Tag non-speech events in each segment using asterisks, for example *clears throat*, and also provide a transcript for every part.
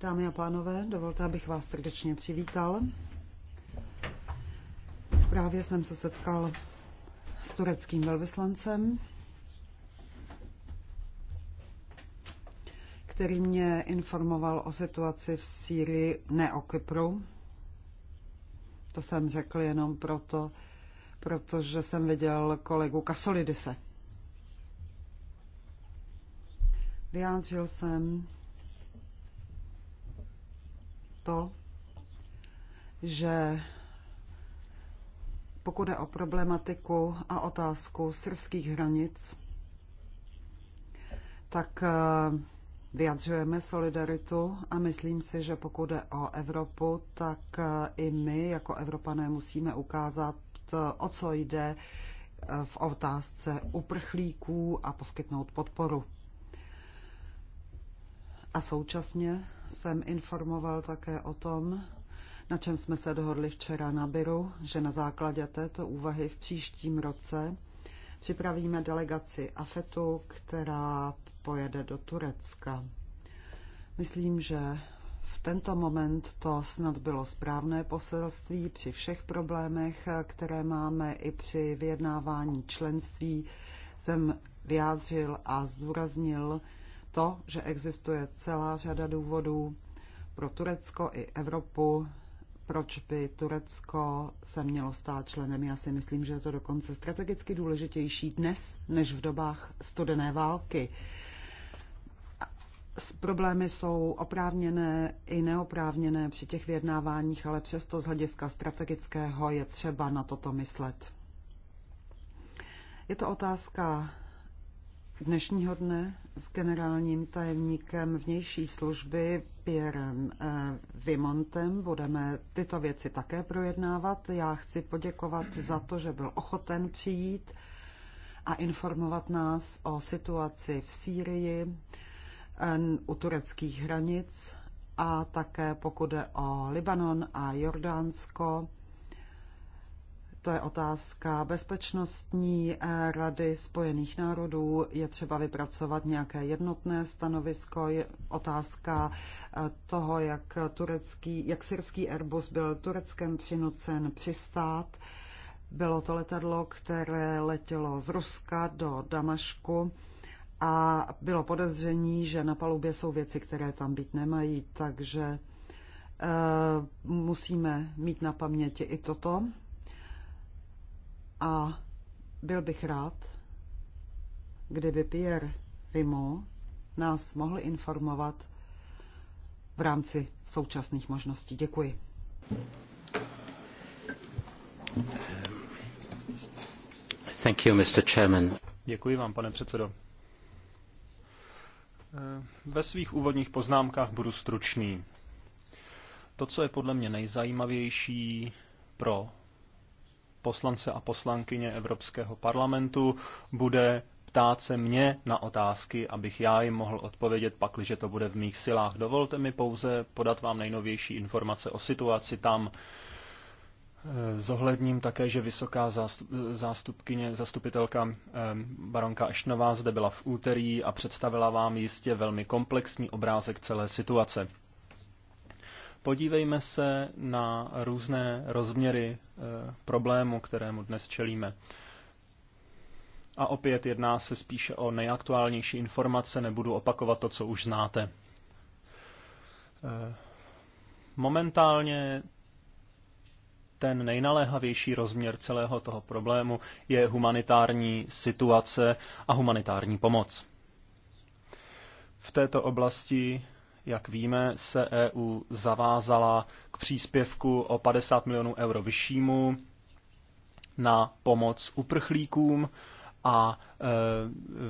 Dámy a pánové, dovolte, abych vás srdečně přivítal. Právě jsem se setkal s tureckým velvyslancem, který mě informoval o situaci v Sýrii, ne o Kypru. To jsem řekl jenom proto, protože jsem viděl kolegu Kasolidise. Vyjádřil jsem to, že pokud je o problematiku a otázku syrských hranic, tak eh, vyjadřujeme solidaritu a myslím si, že pokud je o Evropu, tak eh, i my jako Evropané musíme ukázat, eh, o co jde v otázce uprchlíků a poskytnout podporu. A současně jsem informoval také o tom, na čem jsme se dohodli včera na Biru, že na základě této úvahy v příštím roce připravíme delegaci AFETu, která pojede do Turecka. Myslím, že v tento moment to snad bylo správné poselství při všech problémech, které máme i při vyjednávání členství. Jsem vyjádřil a zdůraznil, to, že existuje celá řada důvodů pro Turecko i Evropu, proč by Turecko se mělo stát členem. Já si myslím, že je to dokonce strategicky důležitější dnes než v dobách studené války. Problémy jsou oprávněné i neoprávněné při těch vyjednáváních, ale přesto z hlediska strategického je třeba na toto myslet. Je to otázka dnešního dne s generálním tajemníkem vnější služby Pierrem eh, Vimontem. Budeme tyto věci také projednávat. Já chci poděkovat za to, že byl ochoten přijít a informovat nás o situaci v Sýrii, eh, u tureckých hranic a také pokud jde o Libanon a Jordánsko to je otázka bezpečnostní eh, rady Spojených národů. Je třeba vypracovat nějaké jednotné stanovisko. Je otázka eh, toho, jak, turecký, jak syrský Airbus byl Tureckem přinucen přistát. Bylo to letadlo, které letělo z Ruska do Damašku a bylo podezření, že na palubě jsou věci, které tam být nemají, takže eh, musíme mít na paměti i toto. A byl bych rád, kdyby Pierre Rimo nás mohl informovat v rámci současných možností. Děkuji. Thank you, Mr. Chairman. Děkuji vám, pane předsedo. Eh, ve svých úvodních poznámkách budu stručný. To, co je podle mě nejzajímavější pro poslance a poslankyně Evropského parlamentu bude ptát se mě na otázky, abych já jim mohl odpovědět, pakliže to bude v mých silách. Dovolte mi pouze podat vám nejnovější informace o situaci tam. Eh, zohledním také, že vysoká zástupkyně, zastupitelka eh, baronka Ešnová zde byla v úterý a představila vám jistě velmi komplexní obrázek celé situace. Podívejme se na různé rozměry eh, problému, kterému dnes čelíme. A opět jedná se spíše o nejaktuálnější informace, nebudu opakovat to, co už znáte. Eh, momentálně ten nejnaléhavější rozměr celého toho problému je humanitární situace a humanitární pomoc. V této oblasti jak víme, se EU zavázala k příspěvku o 50 milionů euro vyššímu na pomoc uprchlíkům a e,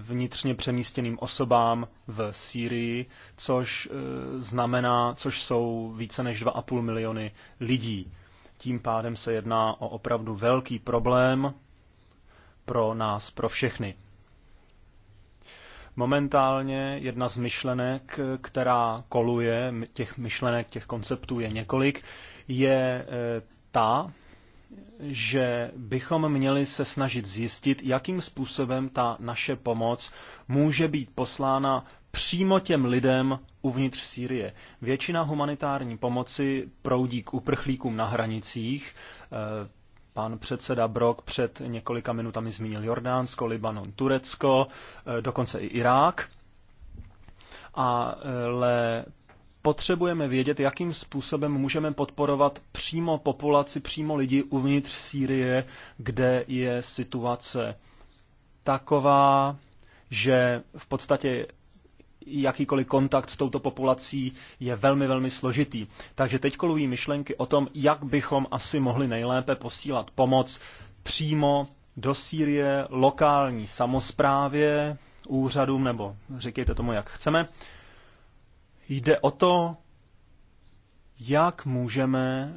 vnitřně přemístěným osobám v Sýrii, což e, znamená, což jsou více než 2,5 miliony lidí. Tím pádem se jedná o opravdu velký problém pro nás, pro všechny. Momentálně jedna z myšlenek, která koluje, těch myšlenek, těch konceptů je několik, je eh, ta, že bychom měli se snažit zjistit, jakým způsobem ta naše pomoc může být poslána přímo těm lidem uvnitř Sýrie. Většina humanitární pomoci proudí k uprchlíkům na hranicích, eh, Pan předseda Brok před několika minutami zmínil Jordánsko, Libanon, Turecko, eh, dokonce i Irák. Ale eh, potřebujeme vědět, jakým způsobem můžeme podporovat přímo populaci, přímo lidi uvnitř Sýrie, kde je situace taková, že v podstatě jakýkoliv kontakt s touto populací je velmi, velmi složitý. Takže teď kolují myšlenky o tom, jak bychom asi mohli nejlépe posílat pomoc přímo do Sýrie lokální samozprávě, úřadům, nebo říkejte tomu, jak chceme. Jde o to, jak můžeme e,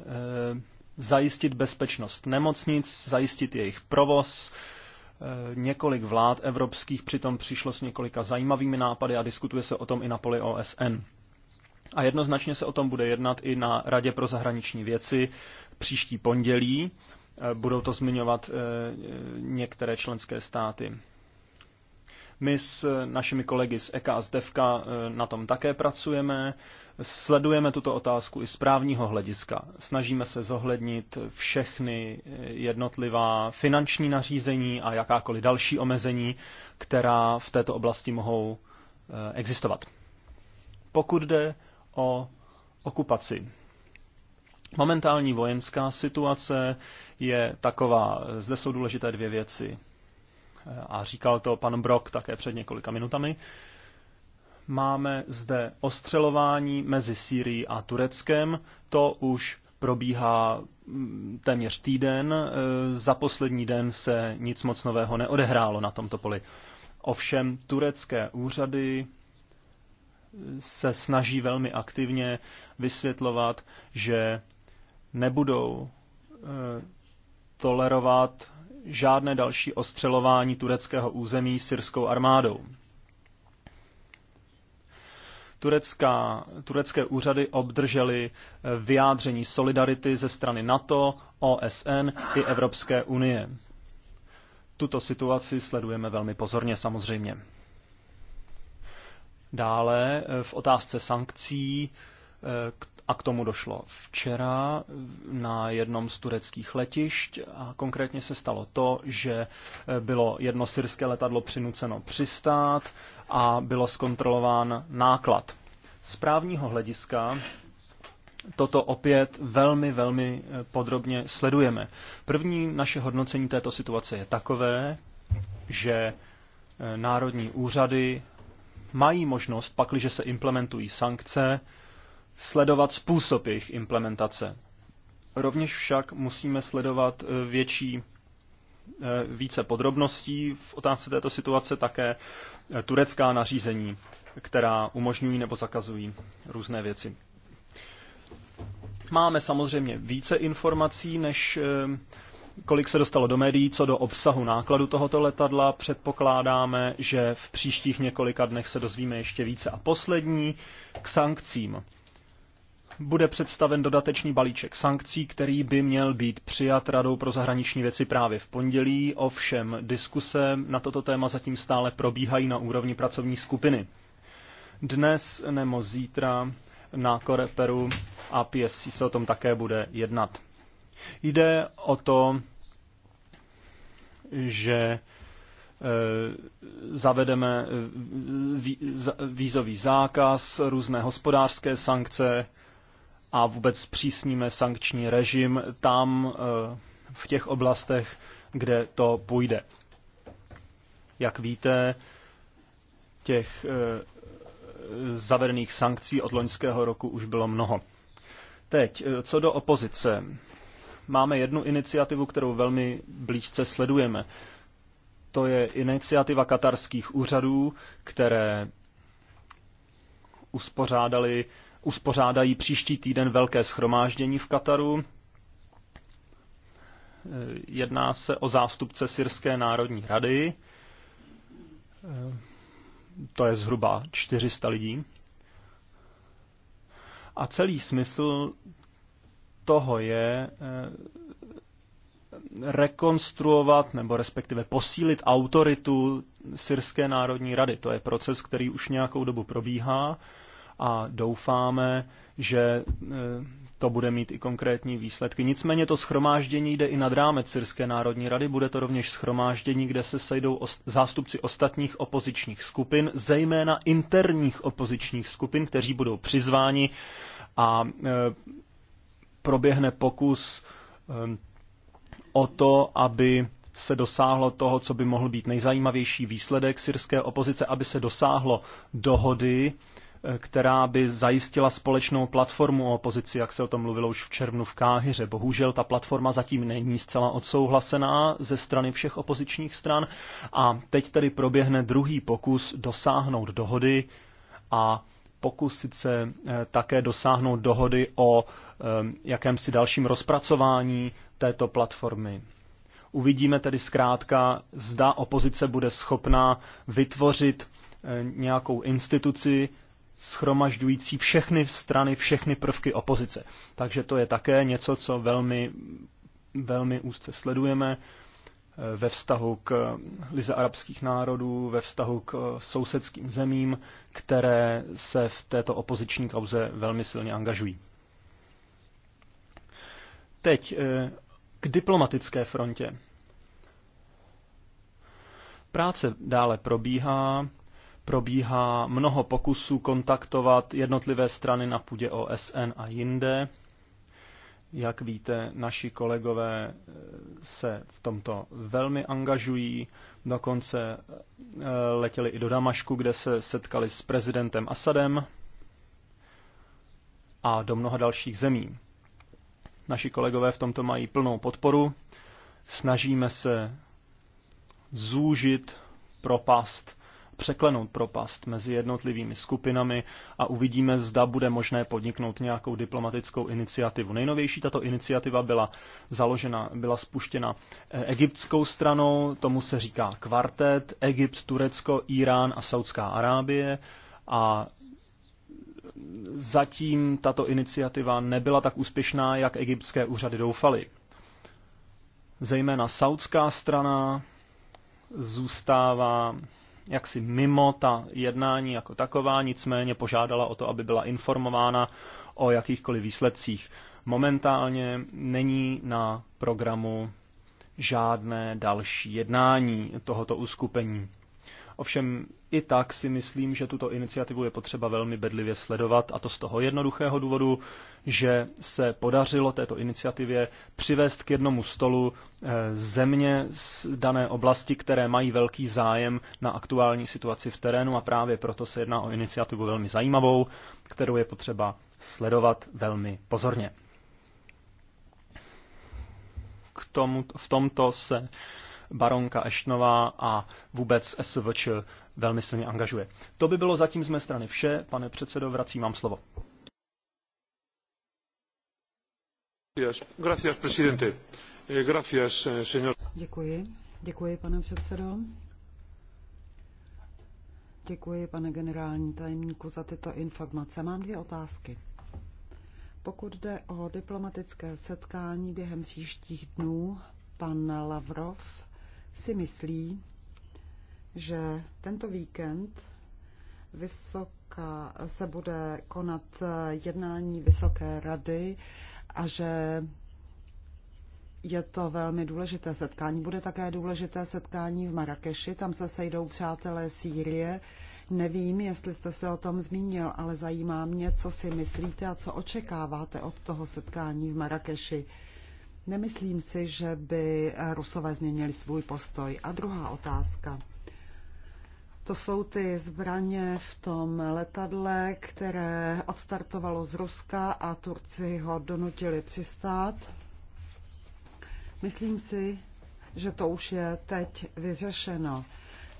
zajistit bezpečnost nemocnic, zajistit jejich provoz, Eh, několik vlád evropských přitom přišlo s několika zajímavými nápady a diskutuje se o tom i na poli OSN. A jednoznačně se o tom bude jednat i na Radě pro zahraniční věci příští pondělí. Eh, budou to zmiňovat eh, některé členské státy. My s našimi kolegy z EKA a z DEVKA eh, na tom také pracujeme. Sledujeme tuto otázku i z právního hlediska. Snažíme se zohlednit všechny eh, jednotlivá finanční nařízení a jakákoliv další omezení, která v této oblasti mohou eh, existovat. Pokud jde o okupaci. Momentální vojenská situace je taková, zde jsou důležité dvě věci a říkal to pan Brok také před několika minutami, máme zde ostřelování mezi Sýrií a Tureckem. To už probíhá mm, téměř týden. E, za poslední den se nic moc nového neodehrálo na tomto poli. Ovšem turecké úřady e, se snaží velmi aktivně vysvětlovat, že nebudou e, tolerovat žádné další ostřelování tureckého území syrskou armádou. Turecká, turecké úřady obdržely eh, vyjádření solidarity ze strany NATO, OSN i Evropské unie. Tuto situaci sledujeme velmi pozorně samozřejmě. Dále eh, v otázce sankcí, k eh, a k tomu došlo včera na jednom z tureckých letišť a konkrétně se stalo to, že e, bylo jedno syrské letadlo přinuceno přistát a bylo zkontrolován náklad. Z právního hlediska toto opět velmi, velmi e, podrobně sledujeme. První naše hodnocení této situace je takové, že e, národní úřady mají možnost, pakliže se implementují sankce, sledovat způsob jejich implementace. Rovněž však musíme sledovat eh, větší eh, více podrobností v otázce této situace také eh, turecká nařízení, která umožňují nebo zakazují různé věci. Máme samozřejmě více informací, než kolik se dostalo do médií, co do obsahu nákladu tohoto letadla. Předpokládáme, že v příštích několika dnech se dozvíme ještě více. A poslední k sankcím bude představen dodatečný balíček sankcí, který by měl být přijat Radou pro zahraniční věci právě v pondělí. Ovšem, diskuse na toto téma zatím stále probíhají na úrovni pracovní skupiny. Dnes nebo zítra na Koreperu a PSC se o tom také bude jednat. Jde o to, že e, zavedeme vízový zákaz, různé hospodářské sankce, a vůbec zpřísníme sankční režim tam eh, v těch oblastech, kde to půjde. Jak víte, těch eh, zavedených sankcí od loňského roku už bylo mnoho. Teď, eh, co do opozice. Máme jednu iniciativu, kterou velmi blízce sledujeme. To je iniciativa katarských úřadů, které uspořádali uspořádají příští týden velké schromáždění v Kataru. E, jedná se o zástupce Syrské národní rady. E, to je zhruba 400 lidí. A celý smysl toho je e, rekonstruovat nebo respektive posílit autoritu Syrské národní rady. To je proces, který už nějakou dobu probíhá a doufáme, že eh, to bude mít i konkrétní výsledky. Nicméně to schromáždění jde i nad rámec Syrské národní rady. Bude to rovněž schromáždění, kde se sejdou ost- zástupci ostatních opozičních skupin, zejména interních opozičních skupin, kteří budou přizváni a e, proběhne pokus e, o to, aby se dosáhlo toho, co by mohl být nejzajímavější výsledek syrské opozice, aby se dosáhlo dohody, která by zajistila společnou platformu o opozici, jak se o tom mluvilo už v červnu v Káhyře. Bohužel ta platforma zatím není zcela odsouhlasená ze strany všech opozičních stran a teď tedy proběhne druhý pokus dosáhnout dohody a pokusit se eh, také dosáhnout dohody o eh, jakémsi dalším rozpracování této platformy. Uvidíme tedy zkrátka, zda opozice bude schopná vytvořit eh, nějakou instituci, schromažďující všechny strany, všechny prvky opozice. Takže to je také něco, co velmi, velmi úzce sledujeme eh, ve vztahu k lize arabských národů, ve vztahu k eh, sousedským zemím, které se v této opoziční kauze velmi silně angažují. Teď eh, k diplomatické frontě. Práce dále probíhá, Probíhá mnoho pokusů kontaktovat jednotlivé strany na půdě OSN a jinde. Jak víte, naši kolegové eh, se v tomto velmi angažují. Dokonce eh, letěli i do Damašku, kde se setkali s prezidentem Asadem a do mnoha dalších zemí. Naši kolegové v tomto mají plnou podporu. Snažíme se zúžit propast překlenout propast mezi jednotlivými skupinami a uvidíme, zda bude možné podniknout nějakou diplomatickou iniciativu. Nejnovější tato iniciativa byla založena, byla spuštěna eh, egyptskou stranou, tomu se říká kvartet, Egypt, Turecko, Irán a Saudská Arábie a zatím tato iniciativa nebyla tak úspěšná, jak egyptské úřady doufaly. Zejména saudská strana zůstává jaksi mimo ta jednání jako taková, nicméně požádala o to, aby byla informována o jakýchkoliv výsledcích. Momentálně není na programu žádné další jednání tohoto uskupení. Ovšem i tak si myslím, že tuto iniciativu je potřeba velmi bedlivě sledovat a to z toho jednoduchého důvodu, že se podařilo této iniciativě přivést k jednomu stolu eh, země z dané oblasti, které mají velký zájem na aktuální situaci v terénu a právě proto se jedná o iniciativu velmi zajímavou, kterou je potřeba sledovat velmi pozorně. K tomu, v tomto se baronka Eštnová a vůbec SVČ velmi silně angažuje. To by bylo zatím z mé strany vše. Pane předsedo, vracím vám slovo. Gracias, presidente. Eh, gracias, eh, señor. Děkuji. Děkuji, pane předsedo. Děkuji, pane generální tajemníku, za tyto informace. Mám dvě otázky. Pokud jde o diplomatické setkání během příštích dnů, pan Lavrov si myslí, že tento víkend vysoká, se bude konat eh, jednání Vysoké rady a že je to velmi důležité setkání. Bude také důležité setkání v Marrakeši, tam se sejdou přátelé Sýrie. Nevím, jestli jste se o tom zmínil, ale zajímá mě, co si myslíte a co očekáváte od toho setkání v Marrakeši. Nemyslím si, že by eh, Rusové změnili svůj postoj. A druhá otázka. To jsou ty zbraně v tom letadle, které odstartovalo z Ruska a Turci ho donutili přistát. Myslím si, že to už je teď vyřešeno.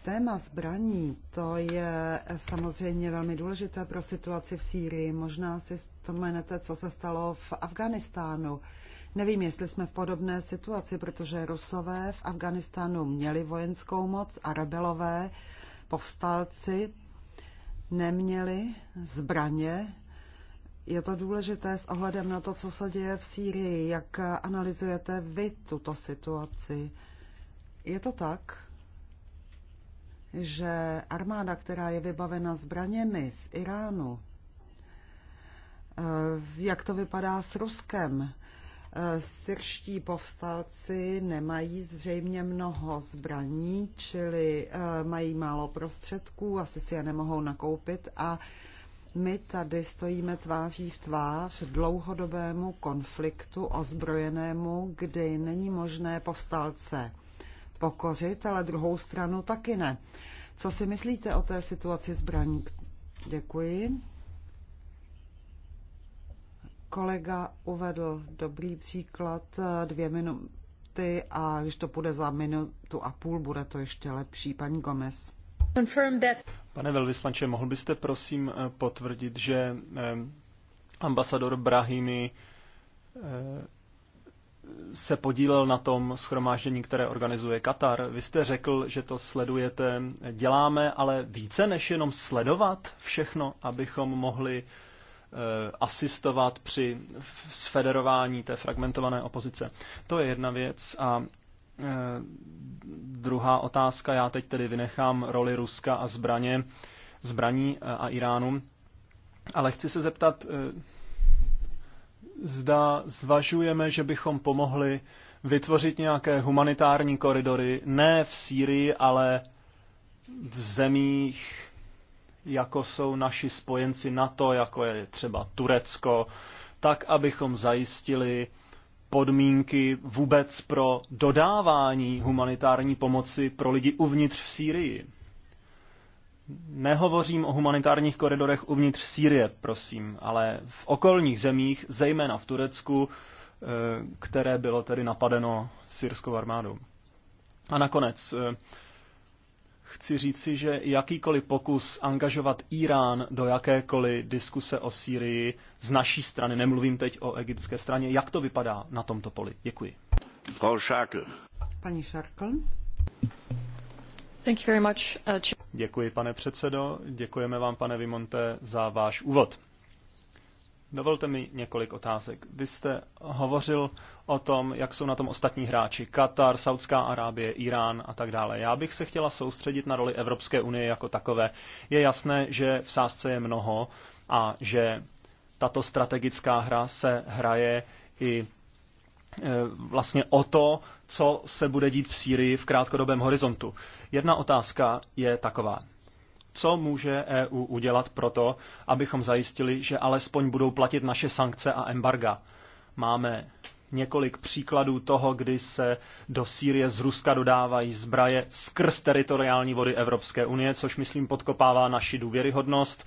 Téma zbraní, to je eh, samozřejmě velmi důležité pro situaci v Sýrii. Možná si vzpomenete, co se stalo v Afganistánu. Nevím, jestli jsme v podobné situaci, protože Rusové v Afganistánu měli vojenskou moc a rebelové, povstalci, neměli zbraně. Je to důležité s ohledem na to, co se děje v Sýrii. Jak analyzujete vy tuto situaci? Je to tak, že armáda, která je vybavena zbraněmi z Iránu, eh, jak to vypadá s Ruskem? Syrští povstalci nemají zřejmě mnoho zbraní, čili eh, mají málo prostředků, asi si je nemohou nakoupit a my tady stojíme tváří v tvář dlouhodobému konfliktu ozbrojenému, kdy není možné povstalce pokořit, ale druhou stranu taky ne. Co si myslíte o té situaci zbraní? Děkuji kolega uvedl dobrý příklad dvě minuty a když to půjde za minutu a půl, bude to ještě lepší. Paní Gomez. Pane velvyslanče, mohl byste prosím eh, potvrdit, že eh, ambasador Brahimi eh, se podílel na tom schromáždění, které organizuje Katar. Vy jste řekl, že to sledujete, děláme, ale více než jenom sledovat všechno, abychom mohli Eh, asistovat při sfederování té fragmentované opozice. To je jedna věc a eh, druhá otázka, já teď tedy vynechám roli Ruska a zbraně, zbraní eh, a Iránu, ale chci se zeptat, zda zvažujeme, že bychom pomohli vytvořit nějaké humanitární koridory, ne v Sýrii, ale v zemích, jako jsou naši spojenci NATO, jako je třeba Turecko, tak, abychom zajistili podmínky vůbec pro dodávání humanitární pomoci pro lidi uvnitř v Sýrii. Nehovořím o humanitárních koridorech uvnitř Sýrie, prosím, ale v okolních zemích, zejména v Turecku, eh, které bylo tedy napadeno syrskou armádou. A nakonec eh, chci říci, že jakýkoliv pokus angažovat Irán do jakékoliv diskuse o Sýrii z naší strany, nemluvím teď o egyptské straně, jak to vypadá na tomto poli? Děkuji. Frau Schake. Paní Šarkl. Thank you very much. Uh, Děkuji, pane předsedo. Děkujeme vám, pane Vimonte, za váš úvod. Dovolte mi několik otázek. Vy jste hovořil o tom, jak jsou na tom ostatní hráči. Katar, Saudská Arábie, Irán a tak dále. Já bych se chtěla soustředit na roli Evropské unie jako takové. Je jasné, že v sázce je mnoho a že tato strategická hra se hraje i e, vlastně o to, co se bude dít v Sýrii v krátkodobém horizontu. Jedna otázka je taková co může EU udělat pro to, abychom zajistili, že alespoň budou platit naše sankce a embarga. Máme několik příkladů toho, kdy se do Sýrie z Ruska dodávají zbraje skrz teritoriální vody Evropské unie, což myslím podkopává naši důvěryhodnost.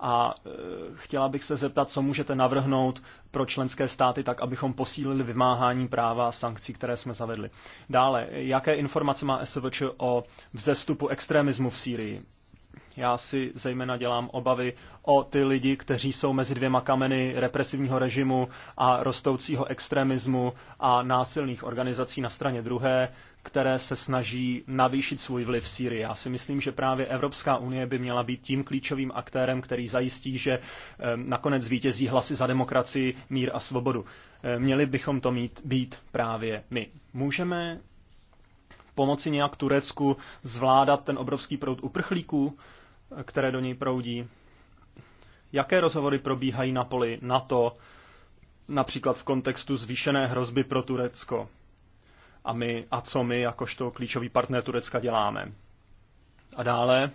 A e, chtěla bych se zeptat, co můžete navrhnout pro členské státy, tak abychom posílili vymáhání práva a sankcí, které jsme zavedli. Dále, jaké informace má SVČ o vzestupu extremismu v Sýrii? Já si zejména dělám obavy o ty lidi, kteří jsou mezi dvěma kameny represivního režimu a rostoucího extremismu a násilných organizací na straně druhé, které se snaží navýšit svůj vliv v Sýrii. Já si myslím, že právě Evropská unie by měla být tím klíčovým aktérem, který zajistí, že eh, nakonec vítězí hlasy za demokracii, mír a svobodu. Eh, měli bychom to mít být právě my. Můžeme pomoci nějak Turecku zvládat ten obrovský proud uprchlíků, které do něj proudí? Jaké rozhovory probíhají na poli NATO, například v kontextu zvýšené hrozby pro Turecko? A my a co my jakožto klíčový partner Turecka děláme? A dále,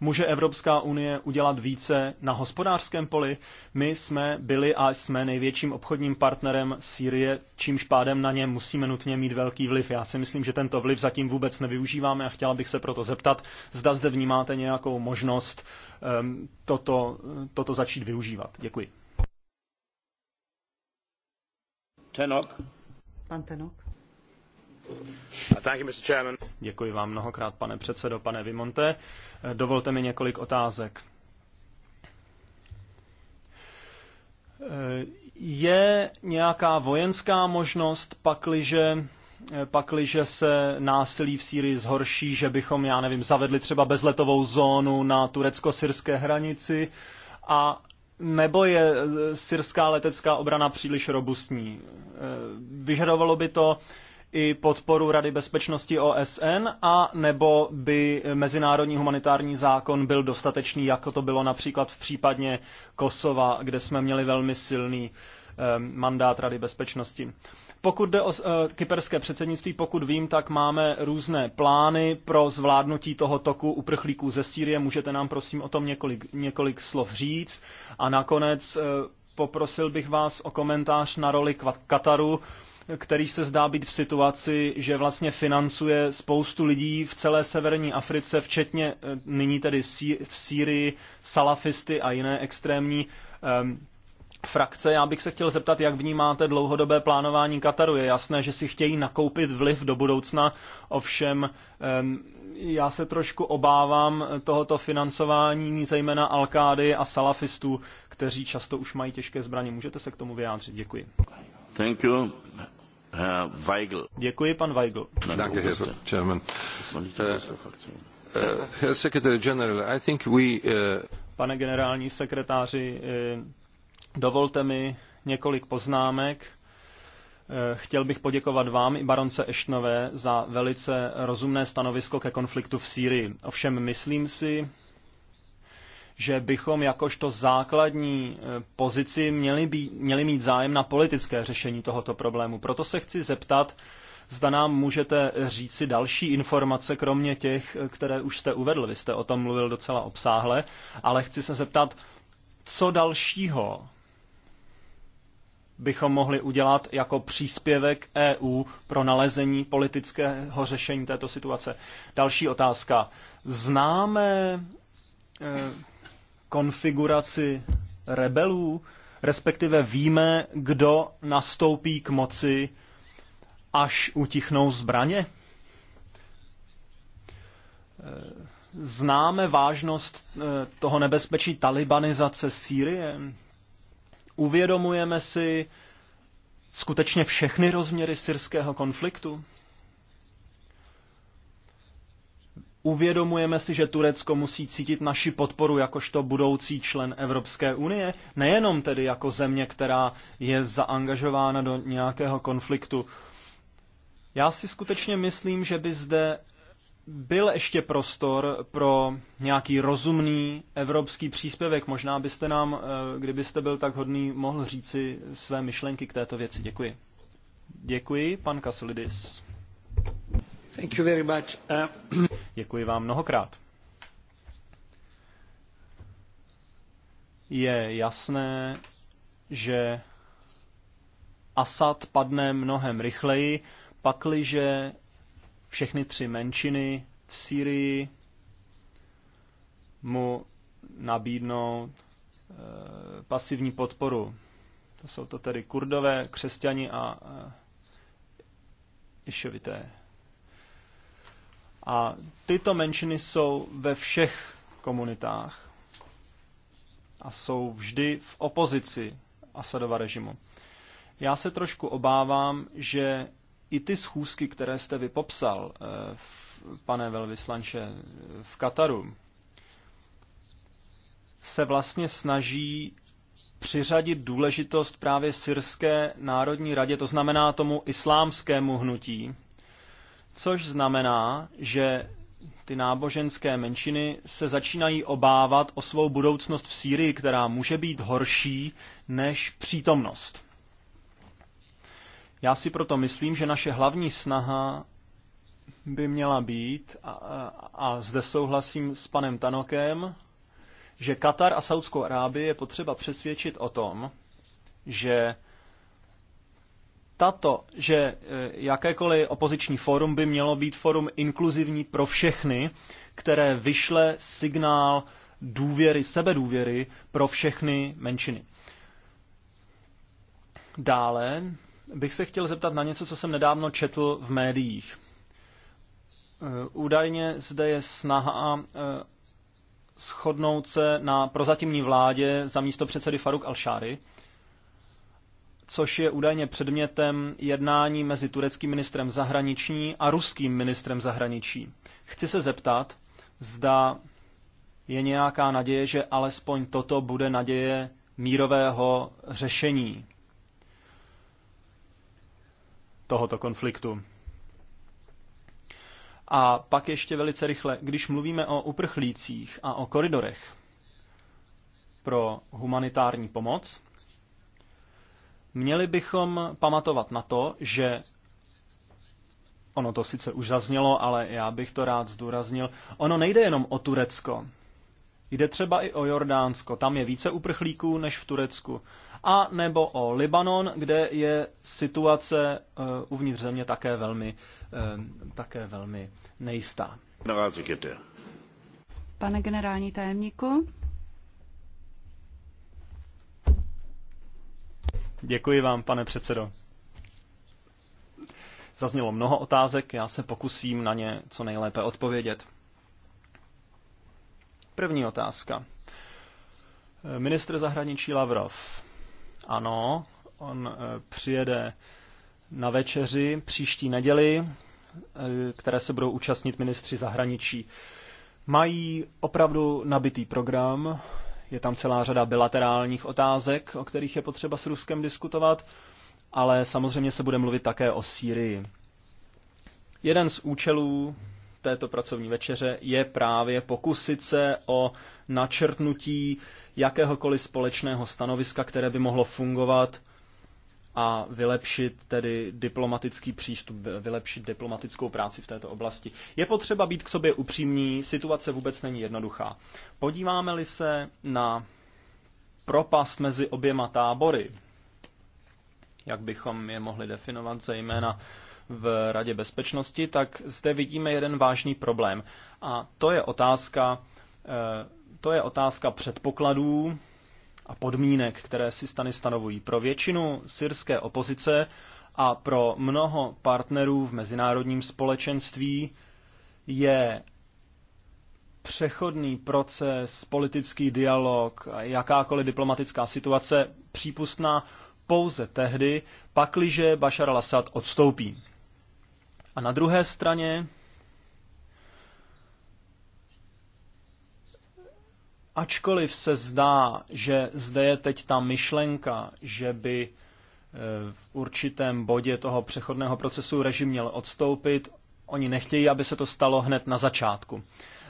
Může Evropská unie udělat více na hospodářském poli? My jsme byli a jsme největším obchodním partnerem Sýrie, čímž pádem na ně musíme nutně mít velký vliv. Já si myslím, že tento vliv zatím vůbec nevyužíváme a chtěla bych se proto zeptat, zda zde vnímáte nějakou možnost um, toto, toto začít využívat. Děkuji. Tenok. Pan Tenok. Děkuji vám mnohokrát, pane předsedo, pane Vimonte. Dovolte mi několik otázek. Je nějaká vojenská možnost, pakliže, pakliže se násilí v Sýrii zhorší, že bychom, já nevím, zavedli třeba bezletovou zónu na turecko-syrské hranici a nebo je syrská letecká obrana příliš robustní? Vyžadovalo by to i podporu Rady bezpečnosti OSN a nebo by mezinárodní humanitární zákon byl dostatečný, jako to bylo například v případě Kosova, kde jsme měli velmi silný ehm, mandát Rady bezpečnosti. Pokud jde o eh, kyperské předsednictví, pokud vím, tak máme různé plány pro zvládnutí toho toku uprchlíků ze Sýrie. Můžete nám prosím o tom několik, několik slov říct. A nakonec eh, poprosil bych vás o komentář na roli Kataru který se zdá být v situaci, že vlastně financuje spoustu lidí v celé severní Africe, včetně eh, nyní tedy v Sýrii, salafisty a jiné extrémní um, frakce. Já bych se chtěl zeptat, jak vnímáte dlouhodobé plánování Kataru. Je jasné, že si chtějí nakoupit vliv do budoucna, ovšem ehm, já se trošku obávám tohoto financování, zejména Alkády a salafistů, kteří často už mají těžké zbraně. Můžete se k tomu vyjádřit? Děkuji. Thank you. Děkuji, pan Weigl. Danke, Herr Chairman. Eh, eh, Herr Secretary General, I think we... Eh, Pane generální sekretáři, dovolte mi několik poznámek. Chtěl bych poděkovat vám i baronce Eštnové za velice rozumné stanovisko ke konfliktu v Sýrii. Ovšem myslím si, že bychom jakožto základní eh, pozici měli, být, měli mít zájem na politické řešení tohoto problému. Proto se chci zeptat, zda nám můžete říci další informace, kromě těch, eh, které už jste uvedl. Vy jste o tom mluvil docela obsáhle, ale chci se zeptat, co dalšího bychom mohli udělat jako příspěvek EU pro nalezení politického řešení této situace. Další otázka. Známe eh, konfiguraci rebelů, respektive víme, kdo nastoupí k moci, až utichnou zbraně? Známe vážnost eh, toho nebezpečí talibanizace Sýrie? Uvědomujeme si skutečně všechny rozměry syrského konfliktu? Uvědomujeme si, že Turecko musí cítit naši podporu jakožto budoucí člen Evropské unie, nejenom tedy jako země, která je zaangažována do nějakého konfliktu. Já si skutečně myslím, že by zde byl ještě prostor pro nějaký rozumný evropský příspěvek. Možná byste nám, eh, kdybyste byl tak hodný, mohl říci své myšlenky k této věci. Děkuji. Děkuji, pan Kasolidis. Uh, *clears throat* Děkuji vám mnohokrát. Je jasné, že Asad padne mnohem rychleji, pakliže všechny tři menšiny v Sýrii mu e, pasivní podporu. To jsou to tedy kurdové, křesťani a eh, ješovité. A tyto menšiny jsou ve všech komunitách a jsou vždy v opozici Asadova režimu. Já se trošku obávám, že i ty schůzky, které jste vy popsal, eh, pane velvyslanče, v Kataru, se vlastně snaží přiřadit důležitost právě syrské národní radě, to znamená tomu islámskému hnutí, což znamená, že ty náboženské menšiny se začínají obávat o svou budoucnost v Sýrii, která může být horší než přítomnost. Já si proto myslím, že naše hlavní snaha by měla být, a, a zde souhlasím s panem Tanokem, že Katar a Saudskou Arábii je potřeba přesvědčit o tom, že tato, že e, jakékoliv opoziční fórum by mělo být fórum inkluzivní pro všechny, které vyšle signál důvěry, sebedůvěry pro všechny menšiny. Dále bych se chtěl zeptat na něco, co jsem nedávno četl v médiích. E, údajně zde je snaha e, shodnout se na prozatímní vládě za místo předsedy Faruk Alšáry, což je údajně předmětem jednání mezi tureckým ministrem zahraničí a ruským ministrem zahraničí. Chci se zeptat, zda je nějaká naděje, že alespoň toto bude naděje mírového řešení tohoto konfliktu. A pak ještě velice rychle, když mluvíme o uprchlících a o koridorech pro humanitární pomoc, Měli bychom pamatovat na to, že ono to sice už zaznělo, ale já bych to rád zdůraznil, ono nejde jenom o Turecko. Jde třeba i o Jordánsko, tam je více uprchlíků než v Turecku. A nebo o Libanon, kde je situace uh, uvnitř země také velmi, uh, také velmi nejistá. Pane generální tajemníku, Děkuji vám, pane předsedo. Zaznělo mnoho otázek, já se pokusím na ně co nejlépe odpovědět. První otázka. Ministr zahraničí Lavrov. Ano, on eh, přijede na večeři příští neděli, eh, které se budou účastnit ministři zahraničí. Mají opravdu nabitý program, je tam celá řada bilaterálních otázek, o kterých je potřeba s Ruskem diskutovat, ale samozřejmě se bude mluvit také o Sýrii. Jeden z účelů této pracovní večeře je právě pokusit se o načrtnutí jakéhokoliv společného stanoviska, které by mohlo fungovat a vylepšit tedy diplomatický přístup, vylepšit diplomatickou práci v této oblasti. Je potřeba být k sobě upřímní, situace vůbec není jednoduchá. Podíváme-li se na propast mezi oběma tábory, jak bychom je mohli definovat, zejména v Radě bezpečnosti, tak zde vidíme jeden vážný problém. A to je otázka, eh, to je otázka předpokladů a podmínek, které si stany stanovují. Pro většinu syrské opozice a pro mnoho partnerů v mezinárodním společenství je přechodný proces, politický dialog, jakákoliv diplomatická situace přípustná pouze tehdy, pakliže Bashar al-Assad odstoupí. A na druhé straně Ačkoliv se zdá, že zde je teď ta myšlenka, že by eh, v určitém bodě toho přechodného procesu režim měl odstoupit, oni nechtějí, aby se to stalo hned na začátku.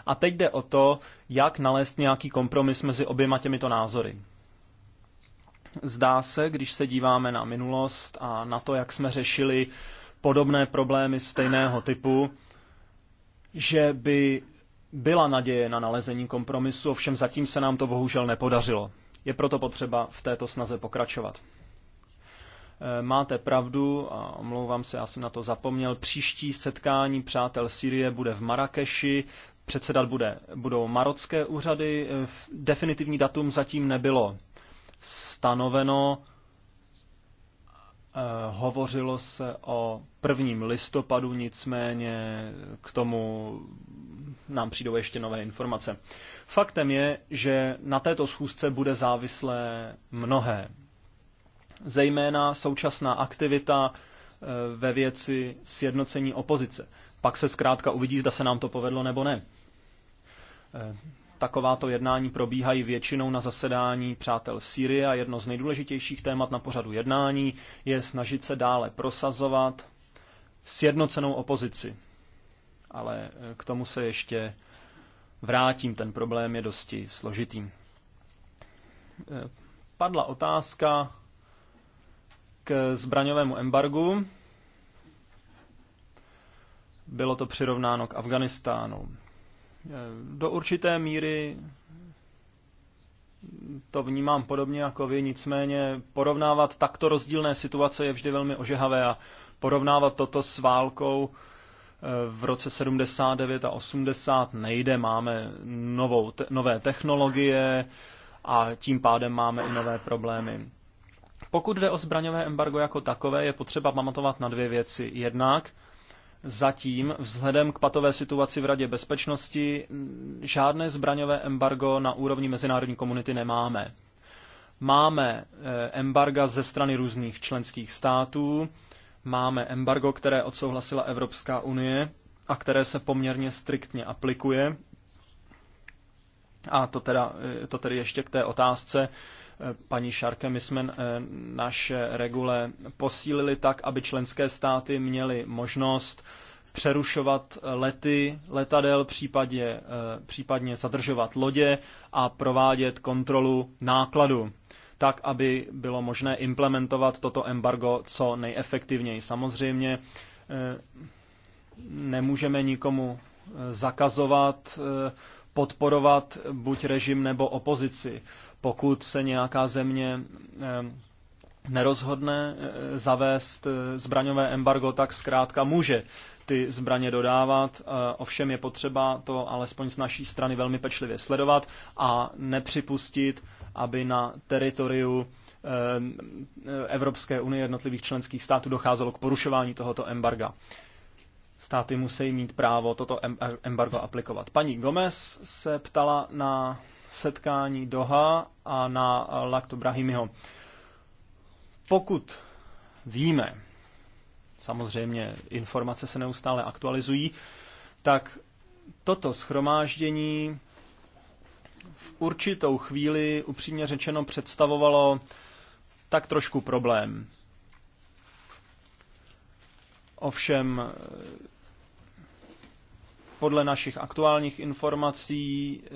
A teď jde o to, jak nalézt nějaký kompromis mezi oběma těmito názory. Zdá se, když se díváme na minulost a na to, jak jsme řešili podobné problémy stejného typu, že by byla naděje na nalezení kompromisu, ovšem zatím se nám to bohužel nepodařilo. Je proto potřeba v této snaze pokračovat. Eh, máte pravdu, a omlouvám se, já jsem na to zapomněl. Příští setkání přátel Syrie bude v Marrakeši. Předsedat bude, budou marocké úřady. Eh, definitivní datum zatím nebylo stanoveno. Eh, hovořilo se o prvním listopadu, nicméně k tomu nám přijdou ještě nové informace. Faktem je, že na této schůzce bude závislé mnohé. Zejména současná aktivita e, ve věci sjednocení opozice. Pak se zkrátka uvidí, zda se nám to povedlo nebo ne. E, takováto jednání probíhají většinou na zasedání přátel Sýrie a jedno z nejdůležitějších témat na pořadu jednání je snažit se dále prosazovat sjednocenou opozici ale eh, k tomu se ještě vrátím. Ten problém je dosti složitý. Eh, padla otázka k zbraňovému embargu. Bylo to přirovnáno k Afganistánu. Eh, do určité míry to vnímám podobně jako vy, nicméně porovnávat takto rozdílné situace je vždy velmi ožehavé a porovnávat toto s válkou v roce 79 a 80 nejde. Máme novou te- nové technologie a tím pádem máme i nové problémy. Pokud jde o zbraňové embargo jako takové, je potřeba pamatovat na dvě věci. Jednak, zatím vzhledem k patové situaci v Radě bezpečnosti žádné zbraňové embargo na úrovni mezinárodní komunity nemáme. Máme eh, embarga ze strany různých členských států, Máme embargo, které odsouhlasila Evropská unie a které se poměrně striktně aplikuje. A to, teda, eh, to tedy ještě k té otázce, eh, paní Šarke, my jsme eh, naše regule posílili tak, aby členské státy měly možnost přerušovat lety letadel, případě, případně zadržovat lodě a provádět kontrolu nákladu tak aby bylo možné implementovat toto embargo co nejefektivněji. Samozřejmě eh, nemůžeme nikomu eh, zakazovat eh, podporovat buď režim nebo opozici. Pokud se nějaká země nerozhodne zavést zbraňové embargo, tak zkrátka může ty zbraně dodávat. Ovšem je potřeba to alespoň z naší strany velmi pečlivě sledovat a nepřipustit, aby na teritoriu ehm, Evropské unie jednotlivých členských států docházelo k porušování tohoto embarga. Státy musí mít právo toto embargo aplikovat. Paní Gomez se ptala na setkání Doha a na Lakto Brahimiho. Pokud víme, samozřejmě informace se neustále aktualizují, tak toto schromáždění v určitou chvíli, upřímně řečeno, představovalo tak trošku problém. Ovšem, podle našich aktuálních informací eh,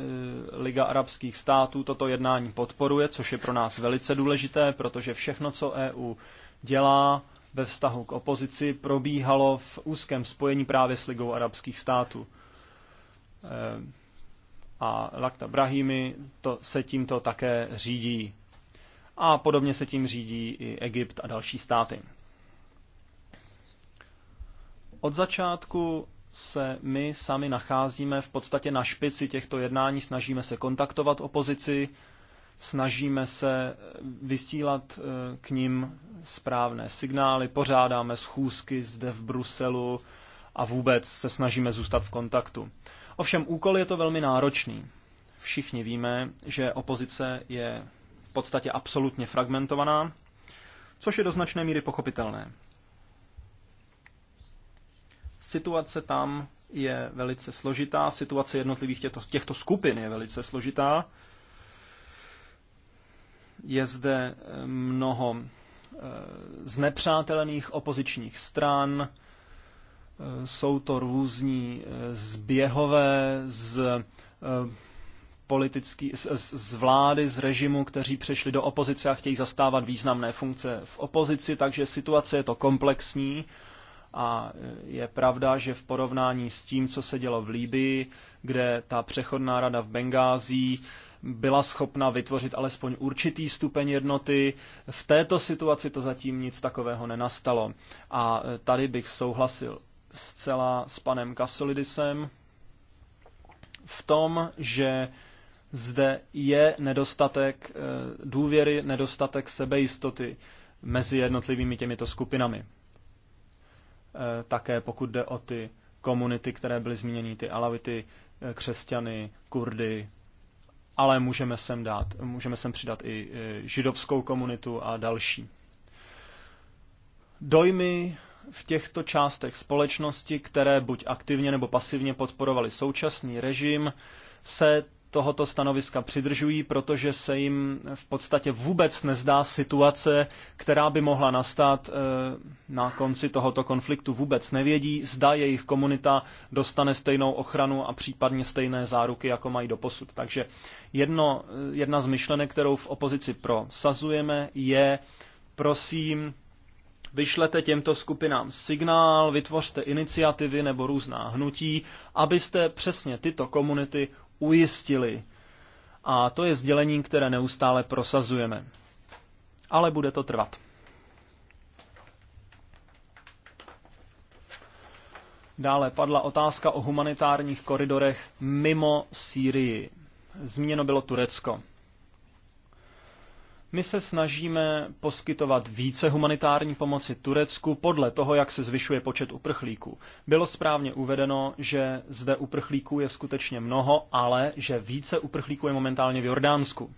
Liga arabských států toto jednání podporuje, což je pro nás velice důležité, protože všechno, co EU dělá ve vztahu k opozici, probíhalo v úzkém spojení právě s Ligou arabských států. Eh, a Lakta Brahimi to se tímto také řídí. A podobně se tím řídí i Egypt a další státy. Od začátku se my sami nacházíme v podstatě na špici těchto jednání, snažíme se kontaktovat opozici, snažíme se vysílat eh, k ním správné signály, pořádáme schůzky zde v Bruselu a vůbec se snažíme zůstat v kontaktu. Ovšem úkol je to velmi náročný. Všichni víme, že opozice je v podstatě absolutně fragmentovaná, což je do značné míry pochopitelné. Situace tam je velice složitá, situace jednotlivých těchto, těchto skupin je velice složitá. Je zde eh, mnoho eh, znepřátelených opozičních stran, jsou to různí eh, zběhové z eh, politický, z, z vlády, z režimu, kteří přešli do opozice a chtějí zastávat významné funkce v opozici, takže situace je to komplexní a eh, je pravda, že v porovnání s tím, co se dělo v Líbii, kde ta přechodná rada v Bengází byla schopna vytvořit alespoň určitý stupeň jednoty. V této situaci to zatím nic takového nenastalo. A tady bych souhlasil zcela s panem Kasolidisem v tom, že zde je nedostatek eh, důvěry, nedostatek sebejistoty mezi jednotlivými těmito skupinami. Eh, také pokud jde o ty komunity, které byly zmíněny, ty alavity, eh, křesťany, kurdy, ale můžeme sem, dát, můžeme sem přidat i židovskou komunitu a další. Dojmy v těchto částech společnosti, které buď aktivně nebo pasivně podporovali současný režim, se tohoto stanoviska přidržují, protože se jim v podstatě vůbec nezdá situace, která by mohla nastat eh, na konci tohoto konfliktu. Vůbec nevědí, zda jejich komunita dostane stejnou ochranu a případně stejné záruky, jako mají do posud. Takže jedno, eh, jedna z myšlenek, kterou v opozici prosazujeme, je prosím vyšlete těmto skupinám signál, vytvořte iniciativy nebo různá hnutí, abyste přesně tyto komunity ujistili. A to je sdělení, které neustále prosazujeme. Ale bude to trvat. Dále padla otázka o humanitárních koridorech mimo Sýrii. Zmíněno bylo Turecko. My se snažíme poskytovat více humanitární pomoci Turecku podle toho, jak se zvyšuje počet uprchlíků. Bylo správně uvedeno, že zde uprchlíků je skutečně mnoho, ale že více uprchlíků je momentálně v Jordánsku.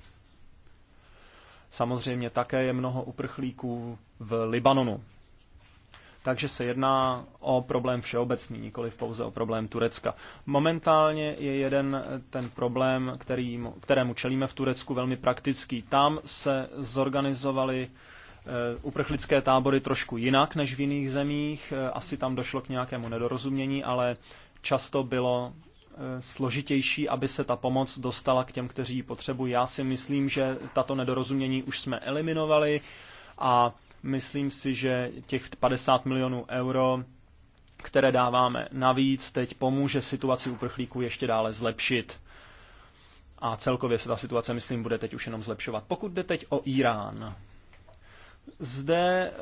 Samozřejmě také je mnoho uprchlíků v Libanonu takže se jedná o problém všeobecný, nikoli pouze o problém Turecka. Momentálně je jeden eh, ten problém, který, kterému čelíme v Turecku, velmi praktický. Tam se zorganizovali eh, uprchlické tábory trošku jinak než v jiných zemích. Eh, asi tam došlo k nějakému nedorozumění, ale často bylo složitější, aby se ta pomoc dostala k těm, kteří ji potřebují. Já si myslím, že tato nedorozumění už jsme eliminovali a Myslím si, že těch 50 milionů euro, které dáváme navíc, teď pomůže situaci uprchlíků ještě dále zlepšit. A celkově se ta situace, myslím, bude teď už jenom zlepšovat. Pokud jde teď o Irán, zde eh,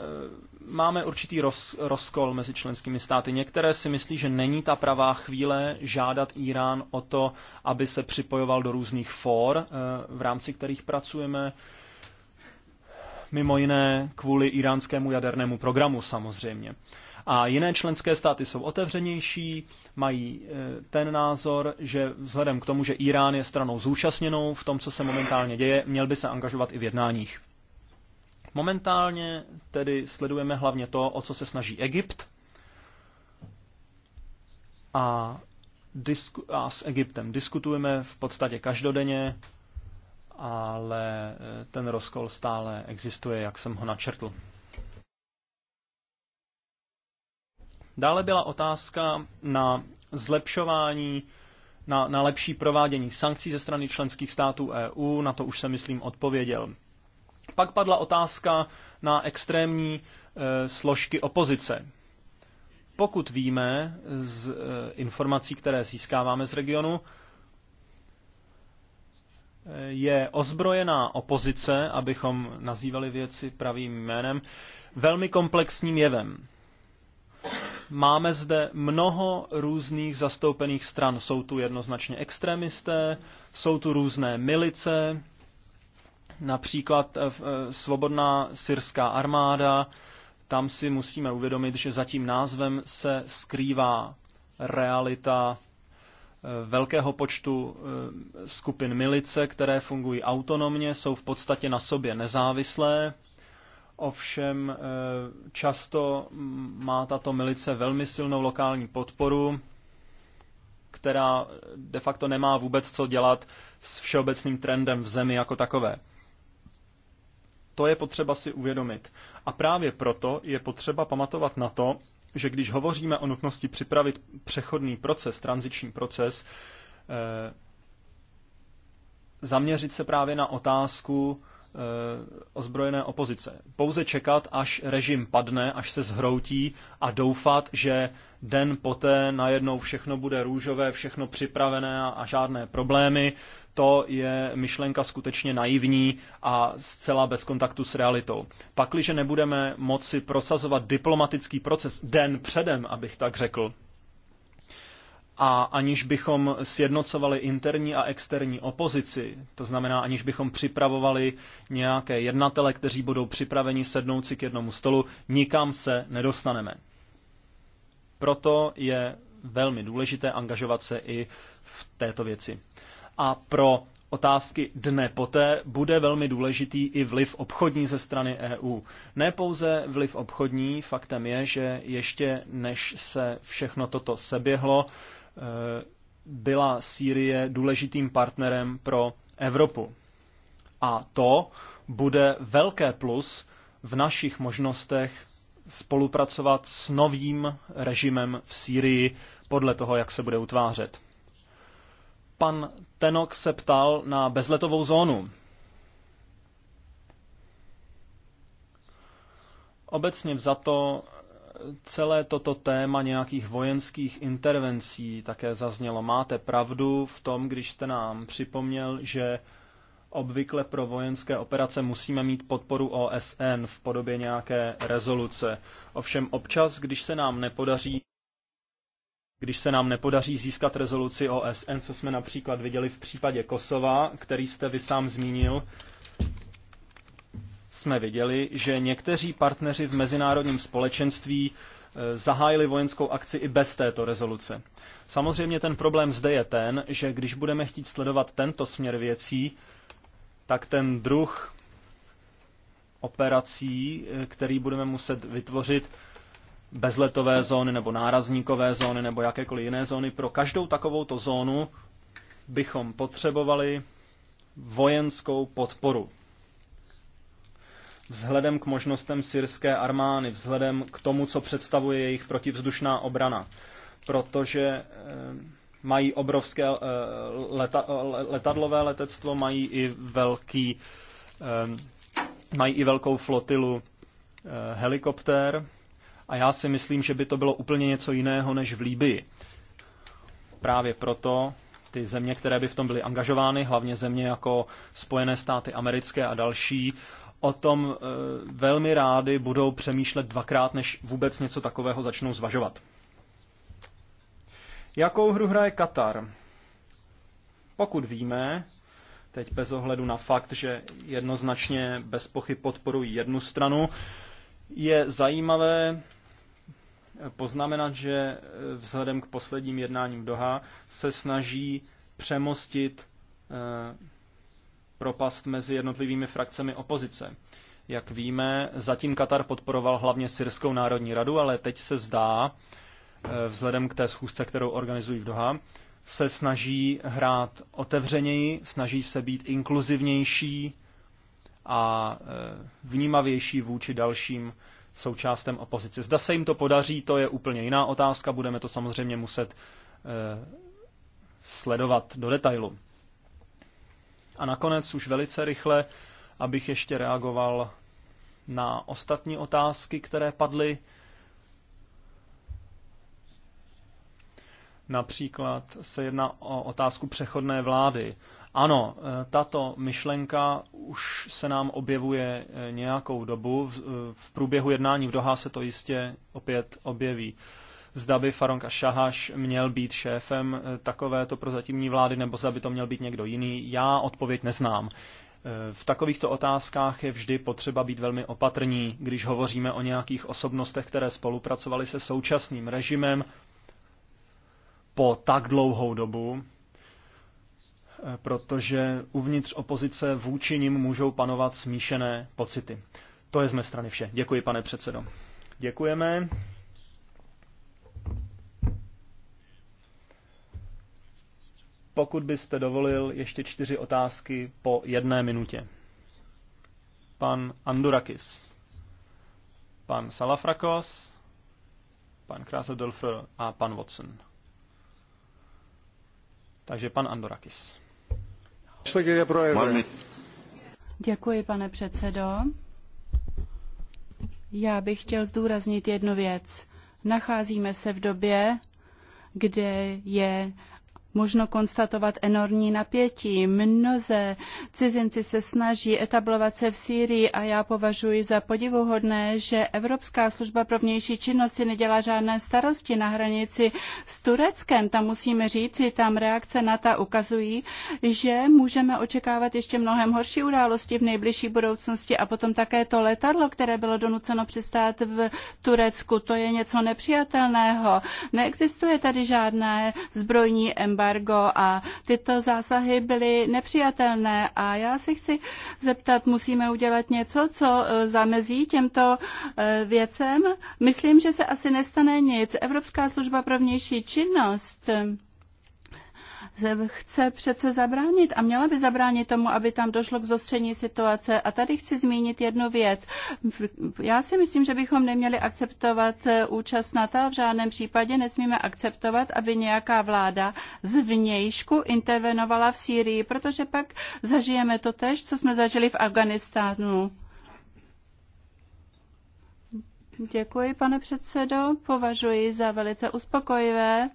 máme určitý roz, rozkol mezi členskými státy. Některé si myslí, že není ta pravá chvíle žádat Irán o to, aby se připojoval do různých for, eh, v rámci kterých pracujeme mimo jiné kvůli iránskému jadernému programu samozřejmě. A jiné členské státy jsou otevřenější, mají e, ten názor, že vzhledem k tomu, že Irán je stranou zúčastněnou v tom, co se momentálně děje, měl by se angažovat i v jednáních. Momentálně tedy sledujeme hlavně to, o co se snaží Egypt a, disku- a s Egyptem diskutujeme v podstatě každodenně ale eh, ten rozkol stále existuje, jak jsem ho načrtl. Dále byla otázka na zlepšování, na, na lepší provádění sankcí ze strany členských států EU, na to už se myslím odpověděl. Pak padla otázka na extrémní e, složky opozice. Pokud víme z e, informací, které získáváme z regionu, e, je ozbrojená opozice, abychom nazývali věci pravým jménem, velmi komplexním jevem. Máme zde mnoho různých zastoupených stran. Jsou tu jednoznačně extremisté, jsou tu různé milice, například eh, eh, Svobodná syrská armáda. Tam si musíme uvědomit, že za tím názvem se skrývá realita velkého počtu eh, skupin milice, které fungují autonomně, jsou v podstatě na sobě nezávislé. Ovšem eh, často má tato milice velmi silnou lokální podporu, která de facto nemá vůbec co dělat s všeobecným trendem v zemi jako takové. To je potřeba si uvědomit. A právě proto je potřeba pamatovat na to, že když hovoříme o nutnosti připravit přechodný proces, tranziční proces, eh, zaměřit se právě na otázku eh, ozbrojené opozice. Pouze čekat, až režim padne, až se zhroutí a doufat, že den poté najednou všechno bude růžové, všechno připravené a žádné problémy, to je myšlenka skutečně naivní a zcela bez kontaktu s realitou. Pakliže nebudeme moci prosazovat diplomatický proces den předem, abych tak řekl, a aniž bychom sjednocovali interní a externí opozici, to znamená, aniž bychom připravovali nějaké jednatele, kteří budou připraveni sednout si k jednomu stolu, nikam se nedostaneme. Proto je velmi důležité angažovat se i v této věci a pro otázky dne poté bude velmi důležitý i vliv obchodní ze strany EU. Ne pouze vliv obchodní, faktem je, že ještě než se všechno toto seběhlo, eh, byla Sýrie důležitým partnerem pro Evropu. A to bude velké plus v našich možnostech spolupracovat s novým režimem v Sýrii podle toho, jak se bude utvářet. Pan Tenok se ptal na bezletovou zónu. Obecně vzato celé toto téma nějakých vojenských intervencí také zaznělo. Máte pravdu v tom, když jste nám připomněl, že obvykle pro vojenské operace musíme mít podporu OSN v podobě nějaké rezoluce. Ovšem občas, když se nám nepodaří když se nám nepodaří získat rezoluci OSN, co jsme například viděli v případě Kosova, který jste vy sám zmínil, jsme viděli, že někteří partneři v mezinárodním společenství eh, zahájili vojenskou akci i bez této rezoluce. Samozřejmě ten problém zde je ten, že když budeme chtít sledovat tento směr věcí, tak ten druh operací, eh, který budeme muset vytvořit, bezletové zóny nebo nárazníkové zóny nebo jakékoliv jiné zóny. Pro každou takovouto zónu bychom potřebovali vojenskou podporu. Vzhledem k možnostem syrské armány, vzhledem k tomu, co představuje jejich protivzdušná obrana, protože eh, mají obrovské eh, eh, letadlové letectvo, mají i velký mají i velkou flotilu helikoptér a já si myslím, že by to bylo úplně něco jiného než v Líbii. Právě proto ty země, které by v tom byly angažovány, hlavně země jako Spojené státy americké a další, o tom e, velmi rády budou přemýšlet dvakrát, než vůbec něco takového začnou zvažovat. Jakou hru hraje Katar? Pokud víme, teď bez ohledu na fakt, že jednoznačně bez pochyb podporují jednu stranu, je zajímavé poznamenat, že eh, vzhledem k posledním jednáním v Doha se snaží přemostit eh, propast mezi jednotlivými frakcemi opozice. Jak víme, zatím Katar podporoval hlavně Syrskou národní radu, ale teď se zdá, eh, vzhledem k té schůzce, kterou organizují v Doha, se snaží hrát otevřeněji, snaží se být inkluzivnější a vnímavější vůči dalším součástem opozice. Zda se jim to podaří, to je úplně jiná otázka, budeme to samozřejmě muset eh, sledovat do detailu. A nakonec už velice rychle, abych ještě reagoval na ostatní otázky, které padly. Například se jedná o otázku přechodné vlády. Ano, eh, tato myšlenka už se nám objevuje eh, nějakou dobu. Eh, v průběhu jednání v Doha se to jistě opět objeví. Zda by Farong a Šahaš měl být šéfem takovéto prozatímní vlády, nebo zda by to měl být někdo jiný, já odpověď neznám. V takovýchto otázkách je vždy potřeba být velmi opatrní, když hovoříme o nějakých osobnostech, které spolupracovaly se současným režimem po tak dlouhou dobu, protože uvnitř opozice vůči nim můžou panovat smíšené pocity. To je z mé strany vše. Děkuji, pane předsedo. Děkujeme. Pokud byste dovolil, ještě čtyři otázky po jedné minutě. Pan Andurakis, pan Salafrakos, pan Krásel a pan Watson. Takže pan Andorakis. Děkuji, pane předsedo. Já bych chtěl zdůraznit jednu věc. Nacházíme se v době, kde je možno konstatovat enormní napětí. Mnoze cizinci se snaží etablovat se v Sýrii a já považuji za podivuhodné, že Evropská služba pro vnější činnosti nedělá žádné starosti na hranici s Tureckem. Tam musíme říci, tam reakce na ta ukazují, že můžeme očekávat ještě mnohem horší události v nejbližší budoucnosti a potom také to letadlo, které bylo donuceno přistát v Turecku. To je něco nepřijatelného. Neexistuje tady žádné zbrojní embargo embargo a tyto zásahy byly nepřijatelné a já si chci zeptat, musíme udělat něco, co eh, zamezí těmto eh, věcem? Myslím, že se asi nestane nic. Evropská služba pro vnější činnost chce přece zabránit a měla by zabránit tomu, aby tam došlo k zostření situace. A tady chci zmínit jednu věc. Já si myslím, že bychom neměli akceptovat eh, účast NATO v žádném případě nesmíme akceptovat, aby nějaká vláda zvnějšku intervenovala v Sýrii, protože pak zažijeme to tež, co jsme zažili v Afganistánu. Děkuji, pane předsedo. Považuji za velice uspokojivé,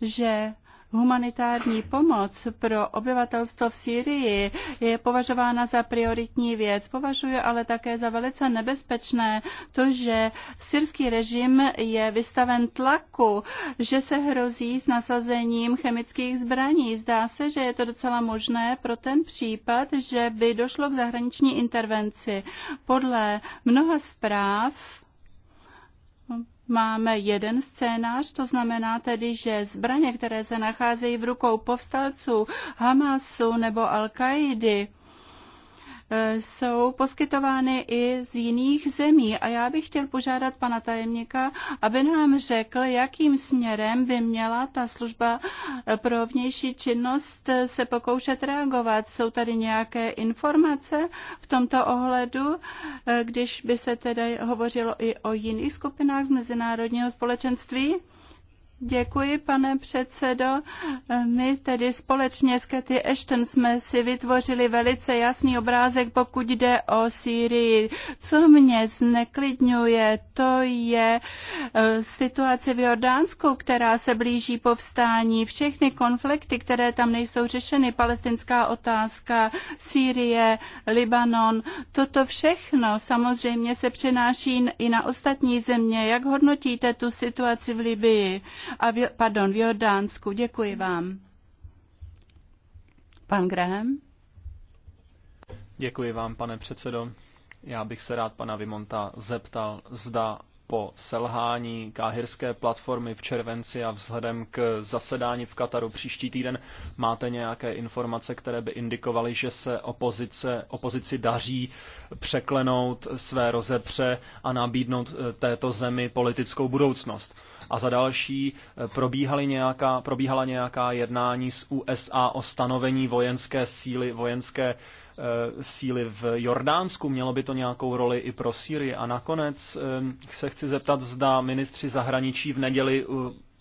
že Humanitární pomoc pro obyvatelstvo v Sýrii je považována za prioritní věc. Považuje ale také za velice nebezpečné to, že syrský režim je vystaven tlaku, že se hrozí s nasazením chemických zbraní. Zdá se, že je to docela možné pro ten případ, že by došlo k zahraniční intervenci. Podle mnoha zpráv Máme jeden scénář, to znamená tedy, že zbraně, které se nacházejí v rukou povstalců Hamasu nebo al kaidy jsou poskytovány i z jiných zemí. A já bych chtěl požádat pana tajemníka, aby nám řekl, jakým směrem by měla ta služba eh, pro vnější činnost eh, se pokoušet reagovat. Jsou tady nějaké informace v tomto ohledu, eh, když by se tedy hovořilo i o jiných skupinách z mezinárodního společenství? Děkuji, pane předsedo. My tedy společně s Katy Ashton jsme si vytvořili velice jasný obrázek, pokud jde o Sýrii. Co mě zneklidňuje, to je eh, situace v Jordánsku, která se blíží povstání. Všechny konflikty, které tam nejsou řešeny, palestinská otázka, Sýrie, Libanon, toto všechno samozřejmě se přenáší i na ostatní země. Jak hodnotíte tu situaci v Libii? a v, pardon, v Jordánsku. Děkuji vám. Pan Graham? Děkuji vám, pane předsedo. Já bych se rád pana Vimonta zeptal, zda po selhání káhirské platformy v červenci a vzhledem k zasedání v Kataru příští týden máte nějaké informace, které by indikovaly, že se opozice, opozici daří překlenout své rozepře a nabídnout eh, této zemi politickou budoucnost? A za další, eh, probíhaly nějaká, probíhala nějaká jednání s USA o stanovení vojenské síly, vojenské Eh, síly v Jordánsku, mělo by to nějakou roli i pro Sýrii. A nakonec eh, se chci zeptat, zda ministři zahraničí v neděli eh,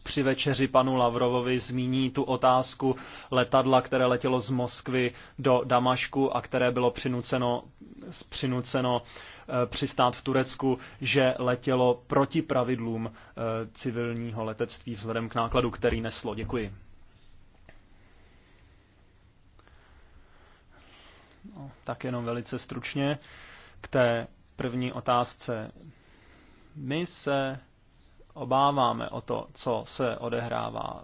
při večeři panu Lavrovovi zmíní tu otázku letadla, které letělo z Moskvy do Damašku a které bylo přinuceno, přinuceno přistát v Turecku, že letělo proti pravidlům civilního letectví vzhledem k nákladu, který neslo. Děkuji. No, tak jenom velice stručně k té první otázce. My se obáváme o to, co se odehrává.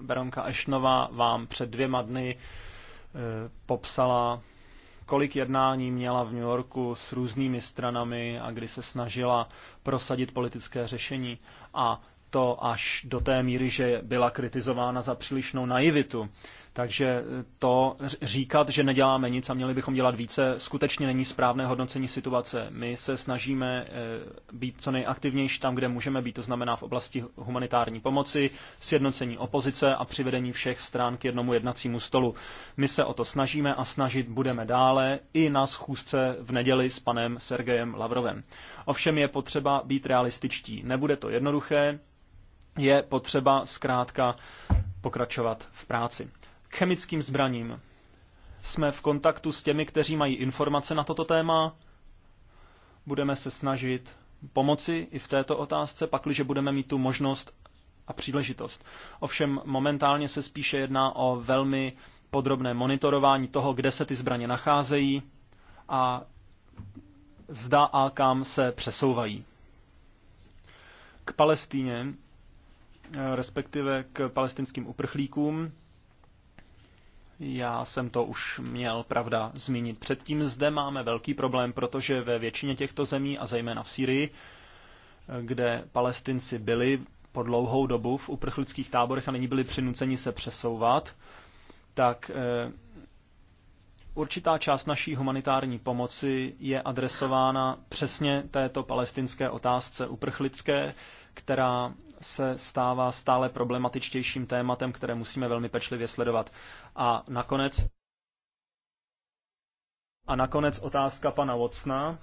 Baronka Ešnova vám před dvěma dny eh, popsala, kolik jednání měla v New Yorku s různými stranami a kdy se snažila prosadit politické řešení. A to až do té míry, že byla kritizována za přílišnou naivitu. Takže to říkat, že neděláme nic a měli bychom dělat více, skutečně není správné hodnocení situace. My se snažíme eh, být co nejaktivnější tam, kde můžeme být, to znamená v oblasti humanitární pomoci, sjednocení opozice a přivedení všech stran k jednomu jednacímu stolu. My se o to snažíme a snažit budeme dále i na schůzce v neděli s panem Sergejem Lavrovem. Ovšem je potřeba být realističtí. Nebude to jednoduché, je potřeba zkrátka pokračovat v práci chemickým zbraním. Jsme v kontaktu s těmi, kteří mají informace na toto téma. Budeme se snažit pomoci i v této otázce, pakliže budeme mít tu možnost a příležitost. Ovšem momentálně se spíše jedná o velmi podrobné monitorování toho, kde se ty zbraně nacházejí a zda a kam se přesouvají. K Palestíně, respektive k palestinským uprchlíkům. Já jsem to už měl, pravda, zmínit předtím. Zde máme velký problém, protože ve většině těchto zemí, a zejména v Syrii, kde palestinci byli po dlouhou dobu v uprchlických táborech a nyní byli přinuceni se přesouvat, tak eh, určitá část naší humanitární pomoci je adresována přesně této palestinské otázce uprchlické, která se stává stále problematičtějším tématem, které musíme velmi pečlivě sledovat. A nakonec, a nakonec otázka pana Watsona.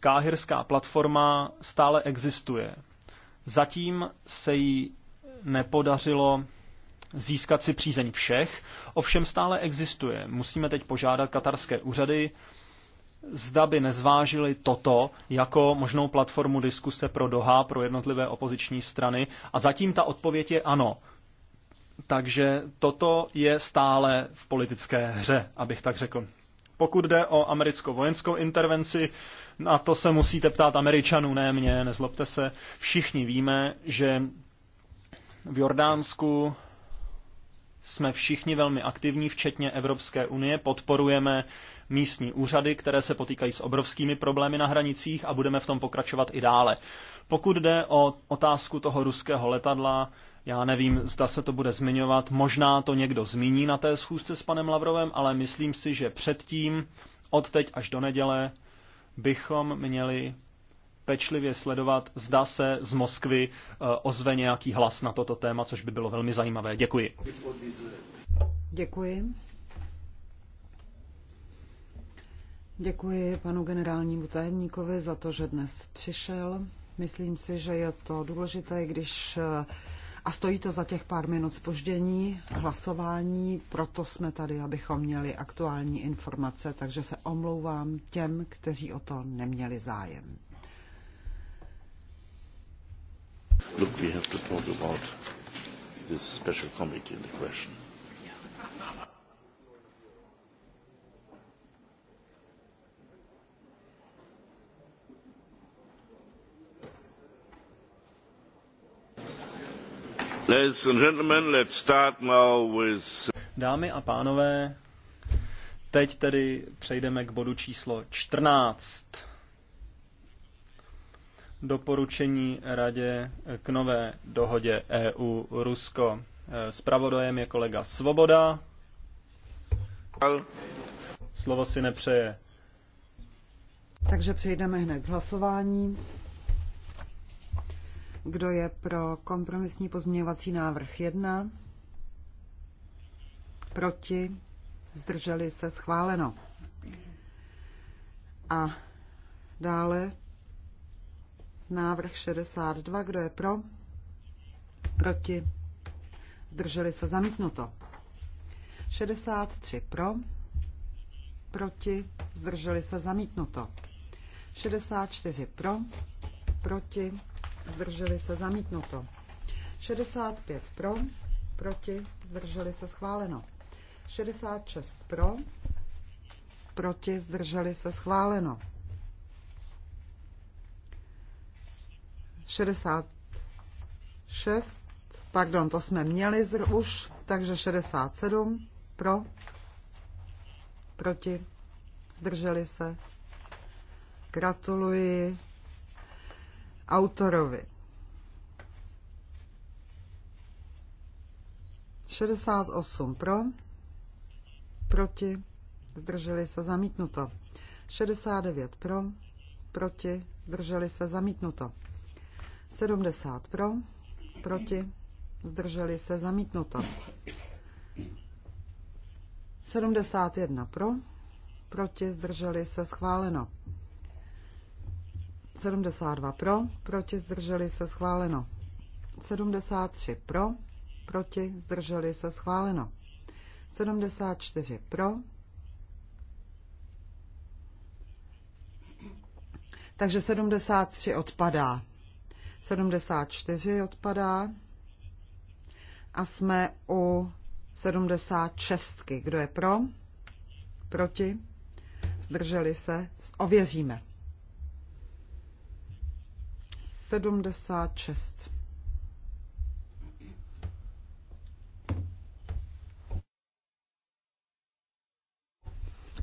Káhirská platforma stále existuje. Zatím se jí nepodařilo získat si přízeň všech, ovšem stále existuje. Musíme teď požádat katarské úřady, zda by nezvážili toto jako možnou platformu diskuse pro Doha pro jednotlivé opoziční strany. A zatím ta odpověď je ano. Takže toto je stále v politické hře, abych tak řekl. Pokud jde o americkou vojenskou intervenci, na to se musíte ptát Američanů, ne mě, nezlobte se. Všichni víme, že v Jordánsku jsme všichni velmi aktivní, včetně Evropské unie, podporujeme místní úřady, které se potýkají s obrovskými problémy na hranicích a budeme v tom pokračovat i dále. Pokud jde o otázku toho ruského letadla, já nevím, zda se to bude zmiňovat, možná to někdo zmíní na té schůzce s panem Lavrovem, ale myslím si, že předtím, od teď až do neděle, bychom měli pečlivě sledovat, zda se z Moskvy eh, ozve nějaký hlas na toto téma, což by bylo velmi zajímavé. Děkuji. Děkuji. Děkuji panu generálnímu tajemníkovi za to, že dnes přišel. Myslím si, že je to důležité, když eh, a stojí to za těch pár minut spoždění hlasování, proto jsme tady, abychom měli aktuální informace, takže se omlouvám těm, kteří o to neměli zájem. Look, we have to talk about this special committee in the question. Dámy a pánové, teď tedy přejdeme k bodu číslo 14. Doporučení radě k nové dohodě EU-Rusko. Spravodajem je kolega Svoboda. Slovo si nepřeje. Takže přejdeme hned k hlasování. Kdo je pro kompromisní pozměňovací návrh 1? Proti? Zdrželi se schváleno. A dále návrh 62. Kdo je pro? Proti? Zdrželi se zamítnuto. 63 pro, proti, zdrželi se zamítnuto. 64 pro, proti, zdrželi se zamítnuto. 65 pro, proti, zdrželi se schváleno. 66 pro, proti, zdrželi se schváleno. 66, pardon, to jsme měli zr už, takže 67 pro, proti, zdrželi se. Gratuluji autorovi. 68 pro, proti, zdrželi se zamítnuto. 69 pro, proti, zdrželi se zamítnuto. 70 pro, proti, zdrželi se zamítnuto. 71 pro, proti, zdrželi se schváleno. 72 pro, proti zdrželi se schváleno. 73 pro, proti zdrželi se schváleno. 74 pro. Takže 73 odpadá. 74 odpadá. A jsme u 76. Kdo je pro? Proti? Zdrželi se? Ověříme. 76.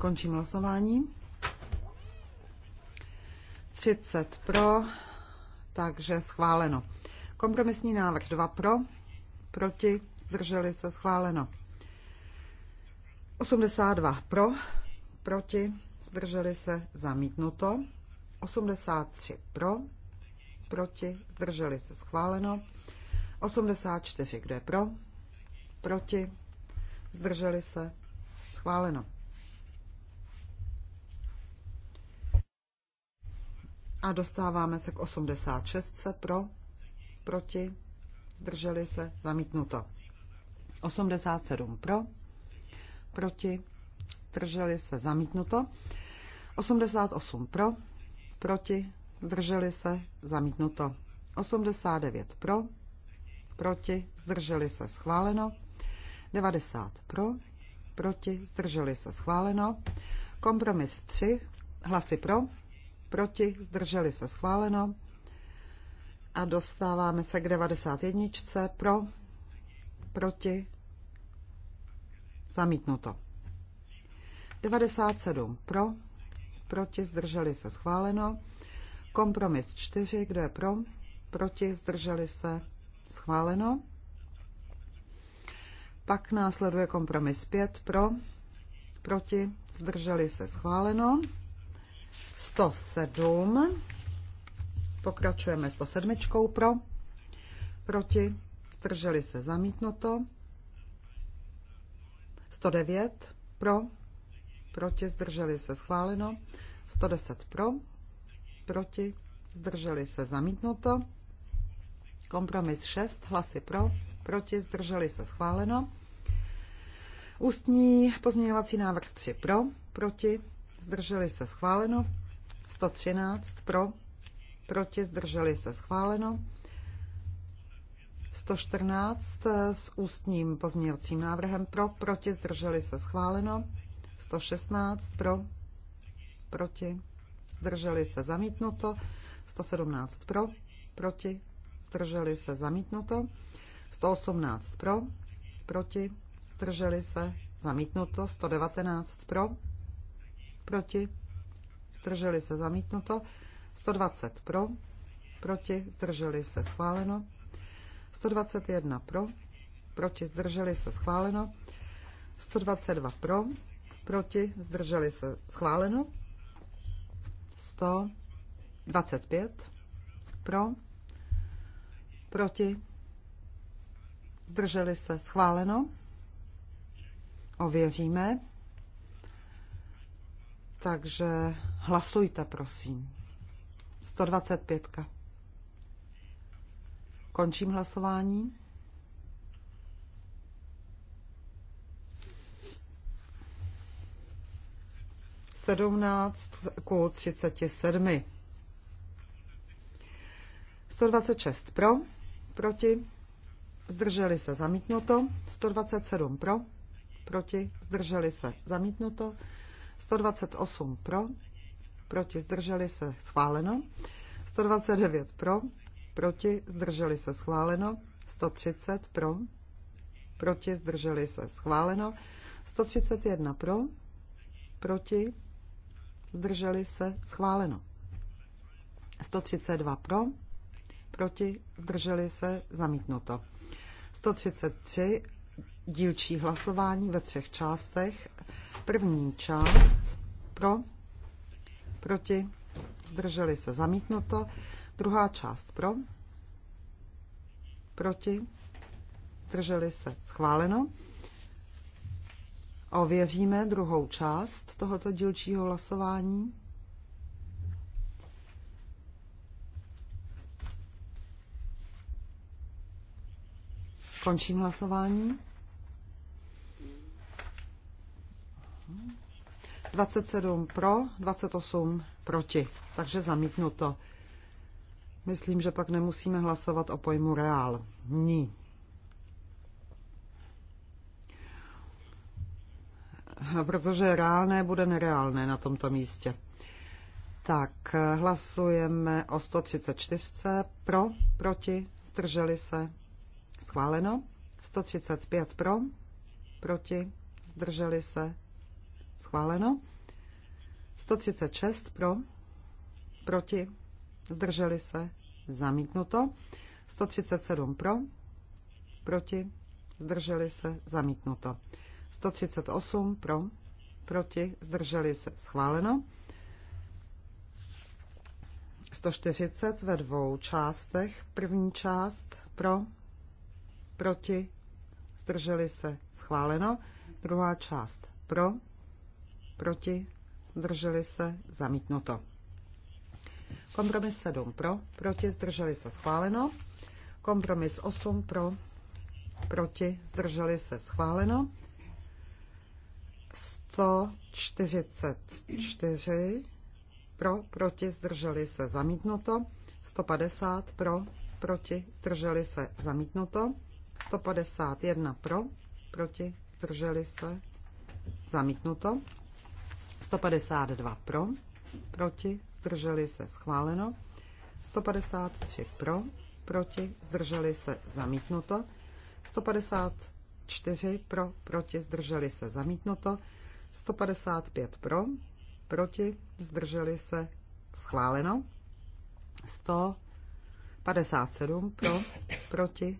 Končím hlasování. 30 pro, takže schváleno. Kompromisní návrh 2 pro, proti, zdrželi se, schváleno. 82 pro, proti, zdrželi se, zamítnuto. 83 pro, proti, zdrželi se schváleno. 84, kdo je pro, proti, zdrželi se schváleno. A dostáváme se k 86 se pro, proti, zdrželi se, zamítnuto. 87 pro, proti, zdrželi se, zamítnuto. 88 pro, proti, zdrželi se, zamítnuto. 89 pro, proti, zdrželi se, schváleno. 90 pro, proti, zdrželi se, schváleno. Kompromis 3, hlasy pro, proti, zdrželi se, schváleno. A dostáváme se k 91. Pro, proti, zamítnuto. 97 pro, proti, zdrželi se, schváleno. Kompromis 4, kdo je pro? Proti, zdrželi se, schváleno. Pak následuje kompromis 5, pro, proti, zdrželi se, schváleno. 107, pokračujeme 107, pro, proti, zdrželi se, zamítnuto. 109, pro, proti, zdrželi se, schváleno. 110 pro, proti, zdrželi se zamítnuto. Kompromis 6, hlasy pro, proti, zdrželi se schváleno. Ústní pozměňovací návrh 3 pro, proti, zdrželi se schváleno. 113 pro, proti, zdrželi se schváleno. 114 s ústním pozměňovacím návrhem pro, proti, zdrželi se schváleno. 116 pro, proti, zdrželi se zamítnuto, 117 pro, proti, zdrželi se zamítnuto, 118 pro, proti, zdrželi se zamítnuto, 119 pro, proti, zdrželi se zamítnuto, 120 pro, proti, zdrželi se schváleno, 121 pro, proti, zdrželi se schváleno, 122 pro, proti, zdrželi se schváleno, 125 pro, proti, zdrželi se, schváleno, ověříme, takže hlasujte, prosím. 125. Končím hlasování. 17 k 37. 126 pro, proti, zdrželi se zamítnuto, 127 pro, proti, zdrželi se zamítnuto, 128 pro, proti, zdrželi se schváleno, 129 pro, proti, zdrželi se schváleno, 130 pro, proti, zdrželi se schváleno, 131 pro, proti, zdrželi se, schváleno. 132 pro, proti, zdrželi se, zamítnuto. 133 dílčí hlasování ve třech částech. První část pro, proti, zdrželi se, zamítnuto. Druhá část pro, proti, zdrželi se, schváleno. Ověříme druhou část tohoto dílčího hlasování. Končím hlasování. 27 pro, 28 proti. Takže zamítnuto. Myslím, že pak nemusíme hlasovat o pojmu reál. Ní. protože reálné bude nereálné na tomto místě. Tak, hlasujeme o 134 pro, proti, zdrželi se, schváleno. 135 pro, proti, zdrželi se, schváleno. 136 pro, proti, zdrželi se, zamítnuto. 137 pro, proti, zdrželi se, zamítnuto. 138 pro, proti, zdrželi se, schváleno. 140 ve dvou částech. První část pro, proti, zdrželi se, schváleno. Druhá část pro, proti, zdrželi se, zamítnuto. Kompromis 7 pro, proti, zdrželi se, schváleno. Kompromis 8 pro, proti, zdrželi se, schváleno. 144 pro, proti, zdrželi se, zamítnuto. 150 pro, proti, zdrželi se, zamítnuto. 151 pro, proti, zdrželi se, zamítnuto. 152 pro, proti, zdrželi se, schváleno. 153 pro, proti, zdrželi se, zamítnuto. 154 pro, proti, zdrželi se, zamítnuto. 155 pro, proti, zdrželi se, schváleno. 157 pro, proti,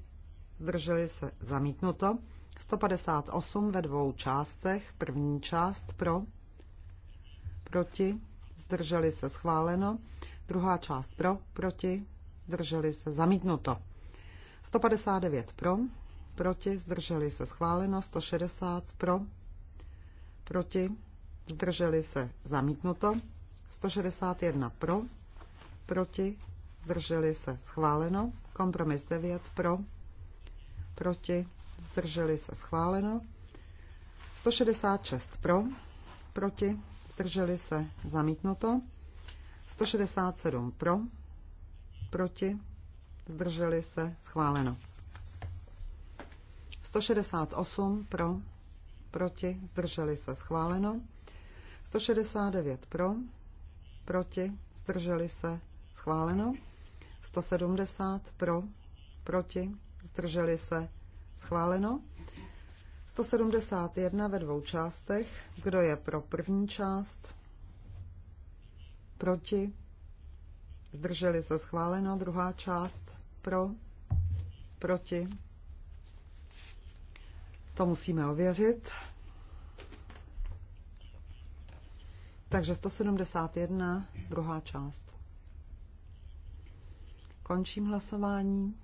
zdrželi se, zamítnuto. 158 ve dvou částech, první část pro, proti, zdrželi se, schváleno. Druhá část pro, proti, zdrželi se, zamítnuto. 159 pro, proti, zdrželi se, schváleno. 160 pro, proti, zdrželi se zamítnuto, 161 pro, proti, zdrželi se schváleno, kompromis 9 pro, proti, zdrželi se schváleno, 166 pro, proti, zdrželi se zamítnuto, 167 pro, proti, zdrželi se schváleno. 168 pro, proti, zdrželi se schváleno. 169 pro, proti, zdrželi se schváleno. 170 pro, proti, zdrželi se schváleno. 171 ve dvou částech. Kdo je pro první část? Proti? Zdrželi se schváleno. Druhá část pro? Proti? To musíme ověřit. Takže 171, druhá část. Končím hlasování.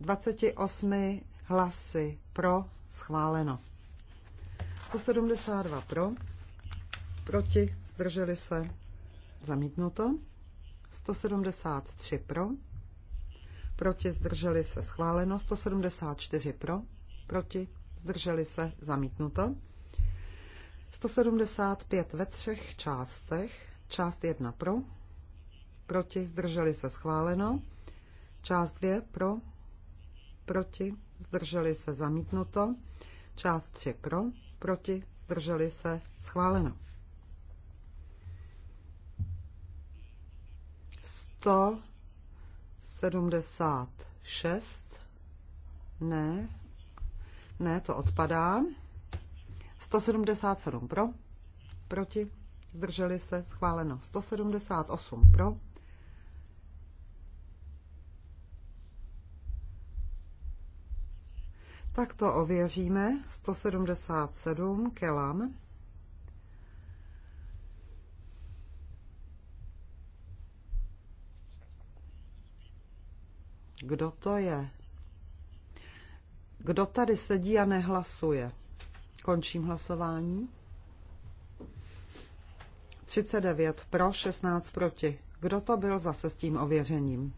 28 hlasy pro schváleno. 172 pro, proti, zdrželi se, zamítnuto. 173 pro, proti, zdrželi se, schváleno. 174 pro, proti, zdrželi se, zamítnuto. 175 ve třech částech. Část 1 pro, proti, zdrželi se, schváleno. Část 2 pro, proti, zdrželi se, zamítnuto. Část 3 pro, proti, zdrželi se, schváleno. 100 76. Ne. Ne, to odpadá. 177 pro. Proti. Zdrželi se. Schváleno. 178 pro. Tak to ověříme. 177 kelam. Kdo to je? Kdo tady sedí a nehlasuje? Končím hlasování. 39 pro, 16 proti. Kdo to byl zase s tím ověřením?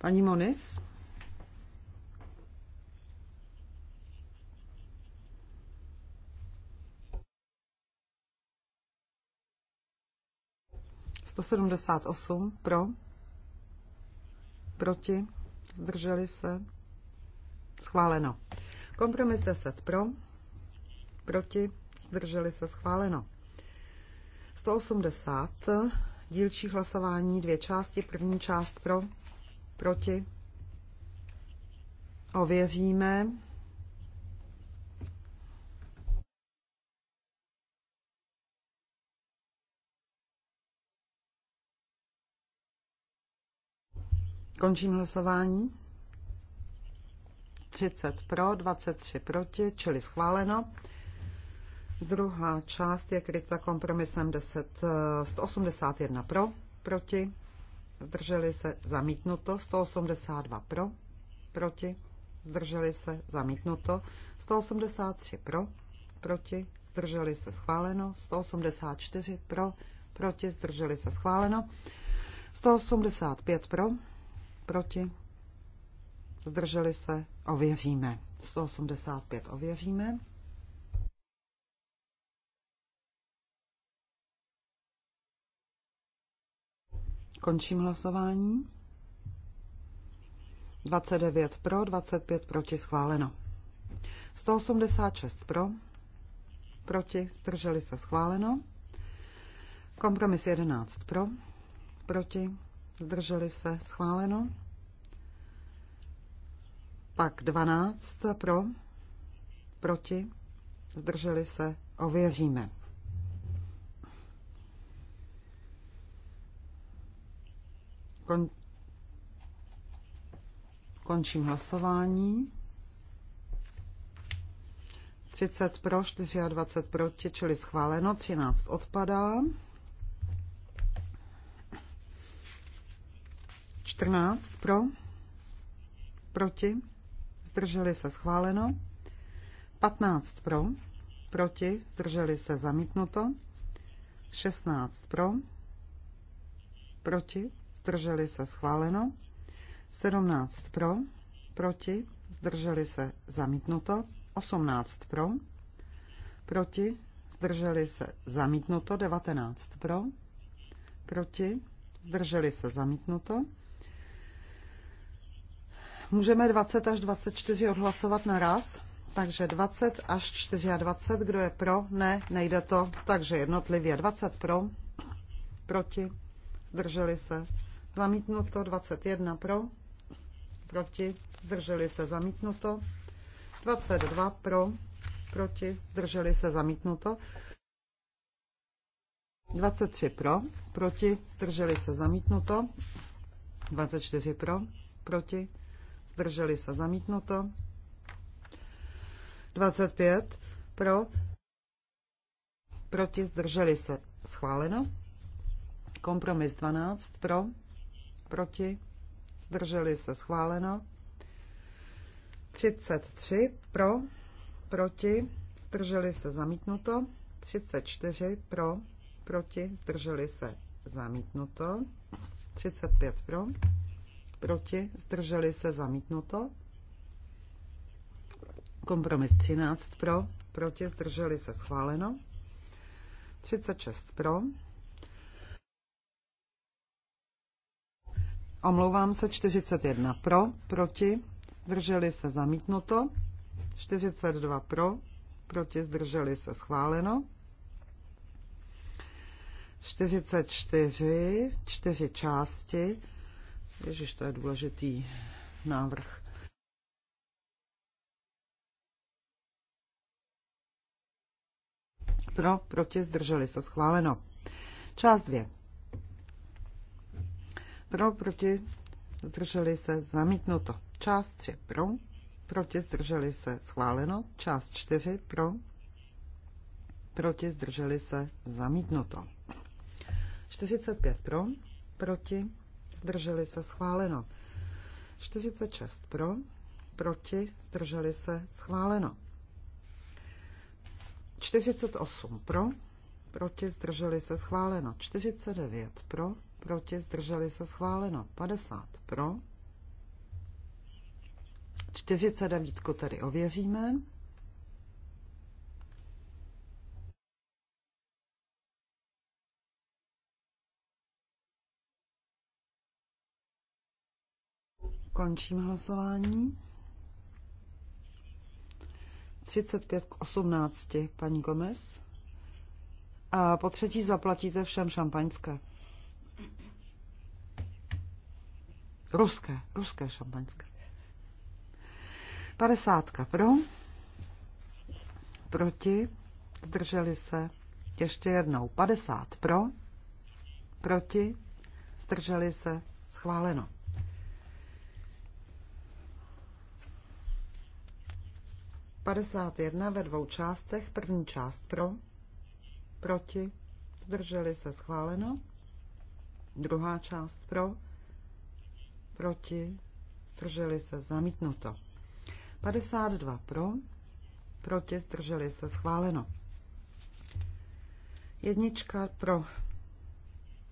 Paní Monis? Sto sedmdesát osm pro proti, zdrželi se, schváleno. Kompromis 10 pro, proti, zdrželi se, schváleno. 180, dílčí hlasování, dvě části, první část pro, proti, ověříme, Končím hlasování. 30 pro, 23 proti, čili schváleno. Druhá část je kryta kompromisem 10, 181 eh, pro, proti, zdrželi se zamítnuto, 182 pro, proti, zdrželi se zamítnuto, 183 pro, proti, zdrželi se schváleno, 184 pro, proti, zdrželi se schváleno, 185 pro, proti, zdrželi se, ověříme. 185 ověříme. Končím hlasování. 29 pro, 25 proti, schváleno. 186 pro, proti, zdrželi se, schváleno. Kompromis 11 pro, proti, zdrželi se, schváleno. Pak 12 pro, proti, zdrželi se, ověříme. Kon... Končím hlasování. 30 pro, 24 proti, čili schváleno, 13 odpadá. 14 pro, proti, zdrželi se schváleno. 15 pro, proti, zdrželi se zamítnuto. 16 pro, proti, zdrželi se schváleno. 17 pro, proti, zdrželi se zamítnuto. 18 pro, proti, zdrželi se zamítnuto. 19 pro, proti, zdrželi se zamítnuto. Můžeme 20 až 24 odhlasovat naraz, takže 20 až 24, kdo je pro, ne, nejde to, takže jednotlivě 20 pro, proti, zdrželi se, zamítnuto, 21 pro, proti, zdrželi se, zamítnuto, 22 pro, proti, zdrželi se, zamítnuto, 23 pro, proti, zdrželi se, zamítnuto, 24 pro, proti, zdrželi se zamítnuto. 25 pro, proti zdrželi se schváleno. Kompromis 12 pro, proti zdrželi se schváleno. 33 pro, proti zdrželi se zamítnuto. 34 pro, proti zdrželi se zamítnuto. 35 pro, proti, zdrželi se zamítnuto. Kompromis 13 pro, proti, zdrželi se schváleno. 36 pro. Omlouvám se, 41 pro, proti, zdrželi se zamítnuto. 42 pro, proti, zdrželi se schváleno. 44, čtyři části. Ježiš, to je důležitý návrh. Pro, proti, zdrželi se, schváleno. Část dvě. Pro, proti, zdrželi se, zamítnuto. Část tři. Pro, proti, zdrželi se, schváleno. Část čtyři. Pro, proti, zdrželi se, zamítnuto. 45 pro, proti, zdrželi se schváleno. 46 pro, proti, zdrželi se schváleno. 48 pro, proti, zdrželi se schváleno. 49 pro, proti, zdrželi se schváleno. 50 pro. 49 tedy ověříme. Končím hlasování. 35 k 18, paní Gomez. A po třetí zaplatíte všem šampaňské. Ruské, ruské šampaňské. 50 pro, proti, zdrželi se, ještě jednou 50 pro, proti, zdrželi se, schváleno. 51 ve dvou částech. První část pro, proti, zdrželi se schváleno. Druhá část pro, proti, zdrželi se zamítnuto. 52 pro, proti, zdrželi se schváleno. Jednička pro,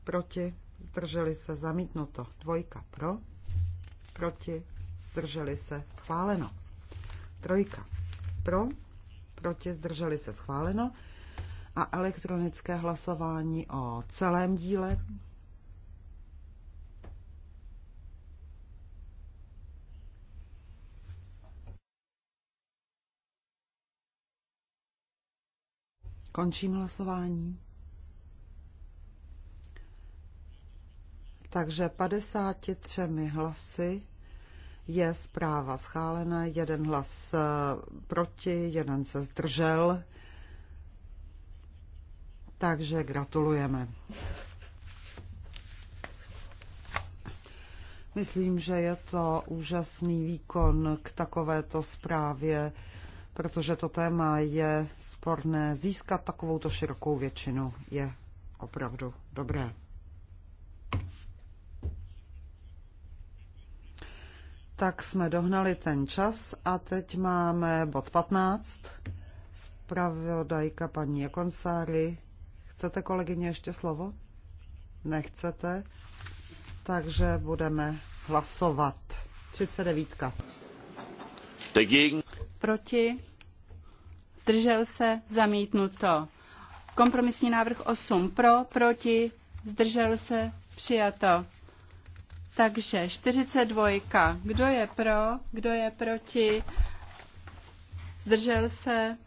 proti, zdrželi se zamítnuto. Dvojka pro, proti, zdrželi se schváleno. Trojka pro, proti, zdrželi se schváleno. A elektronické hlasování o celém díle. Končím hlasování. Takže 53 hlasy je zpráva schválena, jeden hlas eh, proti, jeden se zdržel. Takže gratulujeme. Myslím, že je to úžasný výkon k takovéto zprávě, protože to téma je sporné. Získat takovouto širokou většinu je opravdu dobré. tak jsme dohnali ten čas a teď máme bod 15. Spravodajka paní Jakonsáry. Chcete, kolegyně, ještě slovo? Nechcete? Takže budeme hlasovat. 39. Dagegen. Proti. Zdržel se. Zamítnuto. Kompromisní návrh 8 pro, proti, zdržel se, přijato. Takže 42. Kdo je pro? Kdo je proti? Zdržel se?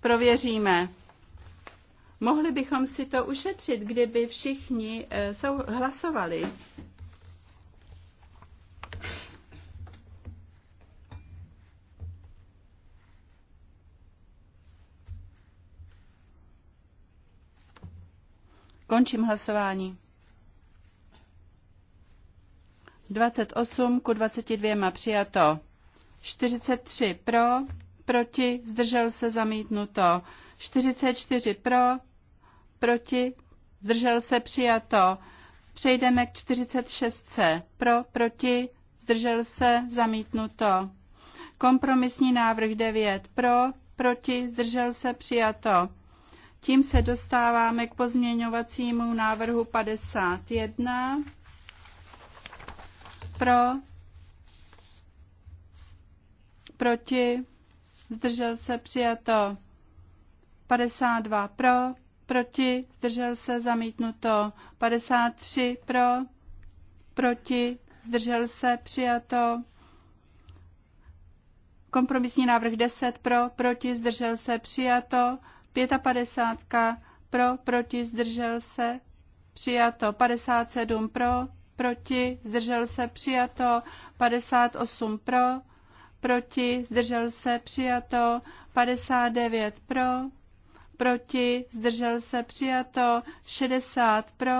Prověříme. Mohli bychom si to ušetřit, kdyby všichni jsou, eh, hlasovali. Končím hlasování. 28 ku 22 přijato. 43 pro, proti, zdržel se zamítnuto. 44 pro, proti, zdržel se přijato. Přejdeme k 46. Pro, proti, zdržel se, zamítnuto. Kompromisní návrh 9. Pro, proti, zdržel se, přijato. Tím se dostáváme k pozměňovacímu návrhu 51. Pro. Proti. Zdržel se přijato. 52 pro. Proti. Zdržel se zamítnuto. 53 pro. Proti. Zdržel se přijato. Kompromisní návrh 10 pro, proti, zdržel se, přijato. 55 pro, proti, zdržel se, přijato. 57 pro, proti, zdržel se, přijato, 58 pro, proti, zdržel se, přijato, 59 pro, proti, zdržel se, přijato, 60 pro,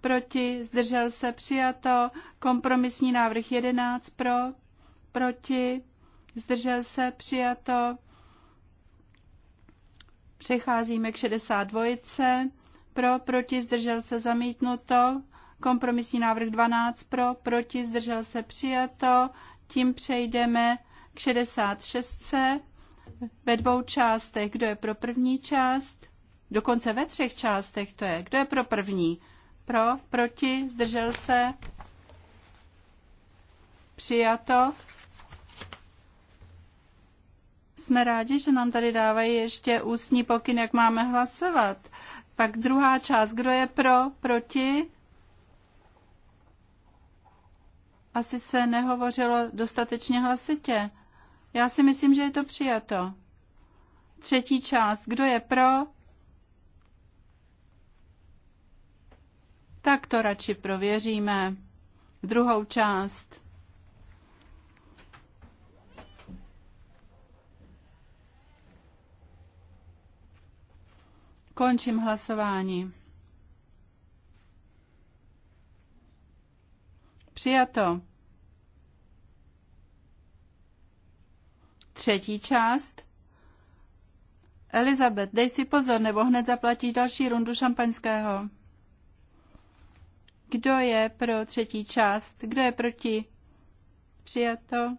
proti, zdržel se, přijato, kompromisní návrh 11 pro, proti, zdržel se, přijato, Přecházíme k 62. Pro, proti, zdržel se, zamítnuto. Kompromisní návrh 12 pro, proti, zdržel se přijato. Tím přejdeme k 66. Ve dvou částech, kdo je pro první část? Dokonce ve třech částech to je. Kdo je pro první? Pro, proti, zdržel se. Přijato. Jsme rádi, že nám tady dávají ještě ústní pokyn, jak máme hlasovat. Pak druhá část, kdo je pro, proti, Asi se nehovořilo dostatečně hlasitě. Já si myslím, že je to přijato. Třetí část. Kdo je pro? Tak to radši prověříme. Druhou část. Končím hlasování. Přijato. Třetí část. Elizabeth, dej si pozor, nebo hned zaplatíš další rundu šampaňského. Kdo je pro třetí část? Kdo je proti? Přijato.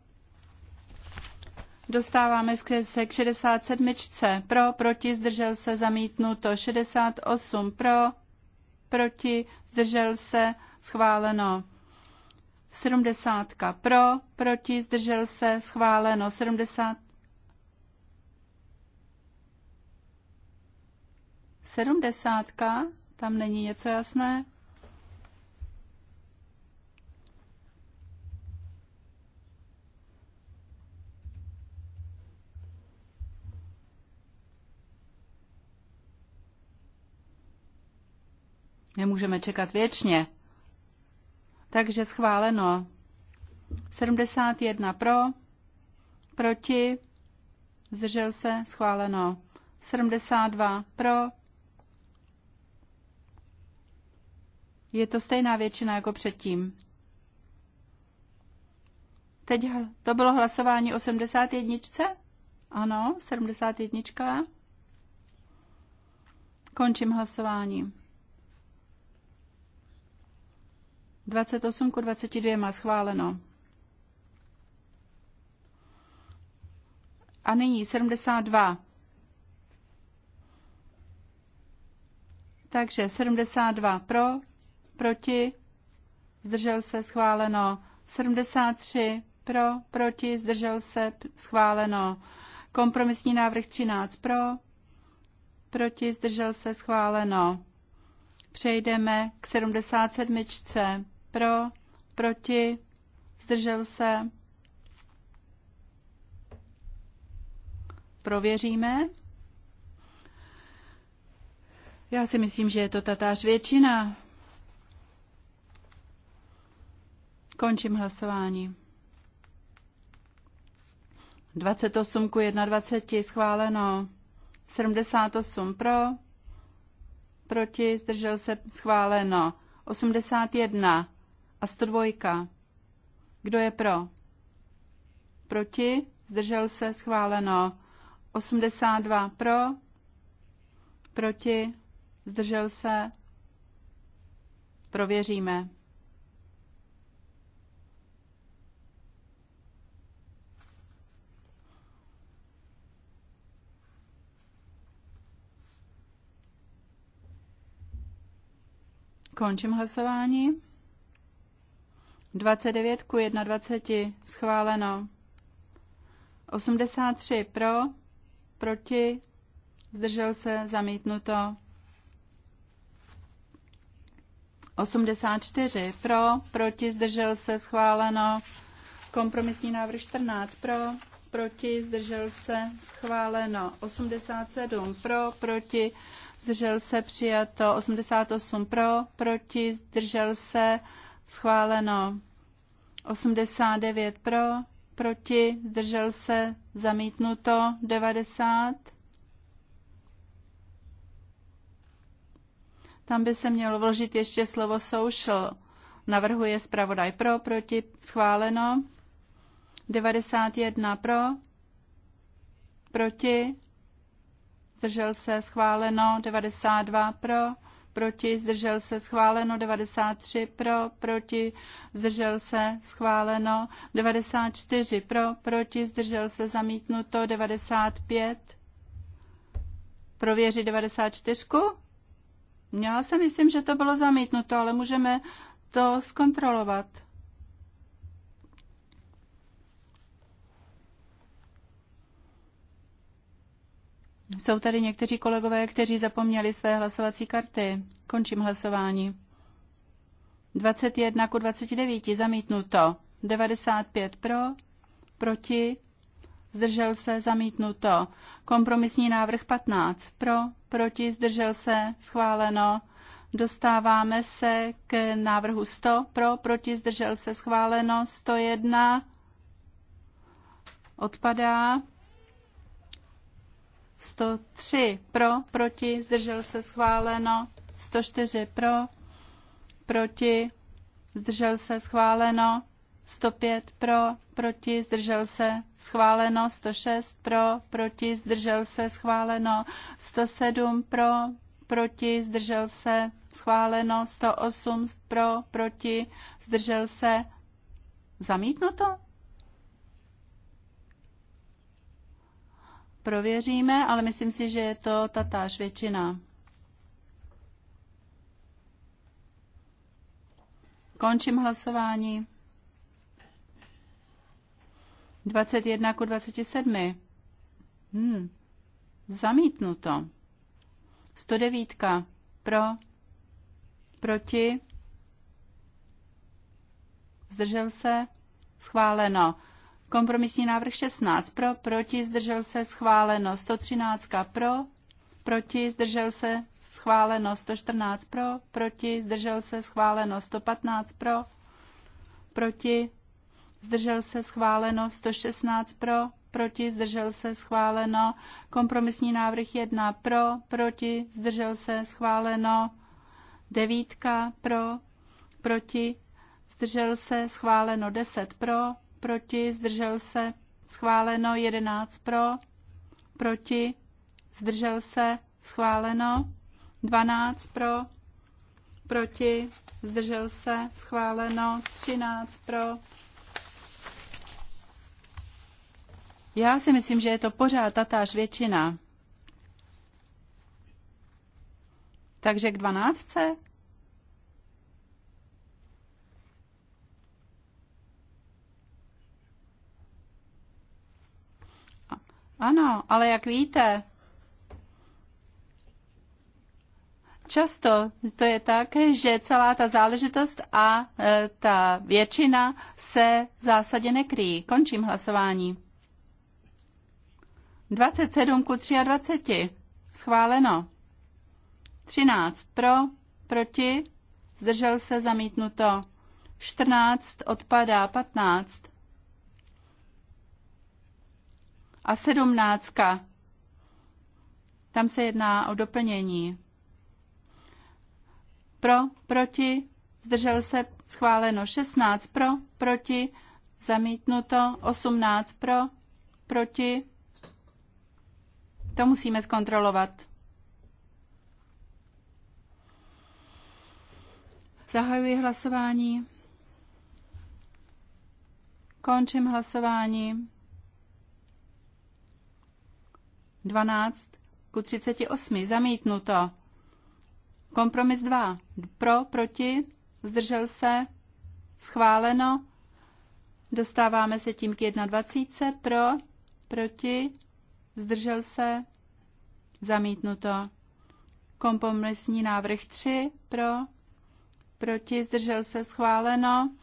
Dostáváme se k 67. Pro, proti, zdržel se, zamítnuto. 68. Pro, proti, zdržel se, schváleno. 70 pro, proti, zdržel se, schváleno 70. 70, tam není něco jasné. Nemůžeme čekat věčně. Takže schváleno. 71 pro, proti, zdržel se, schváleno. 72 pro. Je to stejná většina jako předtím. Teď to bylo hlasování 81 Ano, 71. Končím hlasování. 28 k 22 schváleno. A nyní 72. Takže 72 pro, proti, zdržel se, schváleno. 73 pro, proti, zdržel se, schváleno. Kompromisní návrh 13 pro, proti, zdržel se, schváleno. Přejdeme k 77. Pro, proti, zdržel se. Prověříme. Já si myslím, že je to tatáž většina. Končím hlasování. 28 ku 21 schváleno. 78 pro, proti, zdržel se schváleno. 81 a 102. Kdo je pro? Proti? Zdržel se? Schváleno. 82 pro? Proti? Zdržel se? Prověříme. Končím hlasování. 29 ku 21 schváleno. 83 pro, proti, zdržel se, zamítnuto. 84 pro, proti, zdržel se, schváleno. Kompromisní návrh 14 pro, proti, zdržel se, schváleno. 87 pro, proti, zdržel se, přijato. 88 pro, proti, zdržel se, schváleno. 89 pro, proti, zdržel se, zamítnuto, 90. Tam by se mělo vložit ještě slovo social. Navrhuje zpravodaj pro, proti, schváleno. 91 pro, proti, zdržel se, schváleno. 92 pro, proti, zdržel se, schváleno 93 pro, proti, zdržel se, schváleno 94 pro, proti, zdržel se, zamítnuto 95. Prověřit 94. Já si myslím, že to bylo zamítnuto, ale můžeme to zkontrolovat. Jsou tady někteří kolegové, kteří zapomněli své hlasovací karty. Končím hlasování. 21 ku 29 zamítnuto. 95 pro, proti, zdržel se, zamítnuto. Kompromisní návrh 15 pro, proti, zdržel se, schváleno. Dostáváme se k návrhu 100 pro, proti, zdržel se, schváleno. 101 odpadá. 103 pro, proti, zdržel se schváleno, 104 pro, proti, zdržel se schváleno, 105 pro, proti, zdržel se schváleno, 106 pro, proti, zdržel se schváleno, 107 pro, proti, zdržel se schváleno, 108 pro, proti, zdržel se zamítnuto? prověříme, ale myslím si, že je to tatáž většina. Končím hlasování. 21 ku 27. Hmm. Zamítnuto. 109. Pro. Proti. Zdržel se. Schváleno. Kompromisní návrh 16 pro, proti, zdržel se, schváleno 113 pro, proti, zdržel se, schváleno 114 pro, proti, zdržel se, schváleno 115 pro, proti, zdržel se, schváleno 116 pro, proti, zdržel se, schváleno. Kompromisní návrh 1 pro, proti, zdržel se, schváleno. 9 pro, proti, zdržel se, schváleno 10 pro, proti, zdržel se, schváleno 11 pro, proti, zdržel se, schváleno 12 pro, proti, zdržel se, schváleno 13 pro. Já si myslím, že je to pořád tatáž většina. Takže k dvanáctce? Ano, ale jak víte, často to je tak, že celá ta záležitost a e, ta většina se v zásadě nekryjí. Končím hlasování. 27 ku 23. Schváleno. 13 pro, proti, zdržel se zamítnuto. 14 odpadá, 15 a sedmnáctka. Tam se jedná o doplnění. Pro, proti, zdržel se schváleno 16 pro, proti, zamítnuto 18 pro, proti. To musíme zkontrolovat. Zahajuji hlasování. Končím hlasování. 12 ku 38. Zamítnuto. Kompromis 2. Pro, proti, zdržel se, schváleno. Dostáváme se tím k 21. Pro, proti, zdržel se, zamítnuto. Kompromisní návrh 3. Pro, proti, zdržel se, schváleno.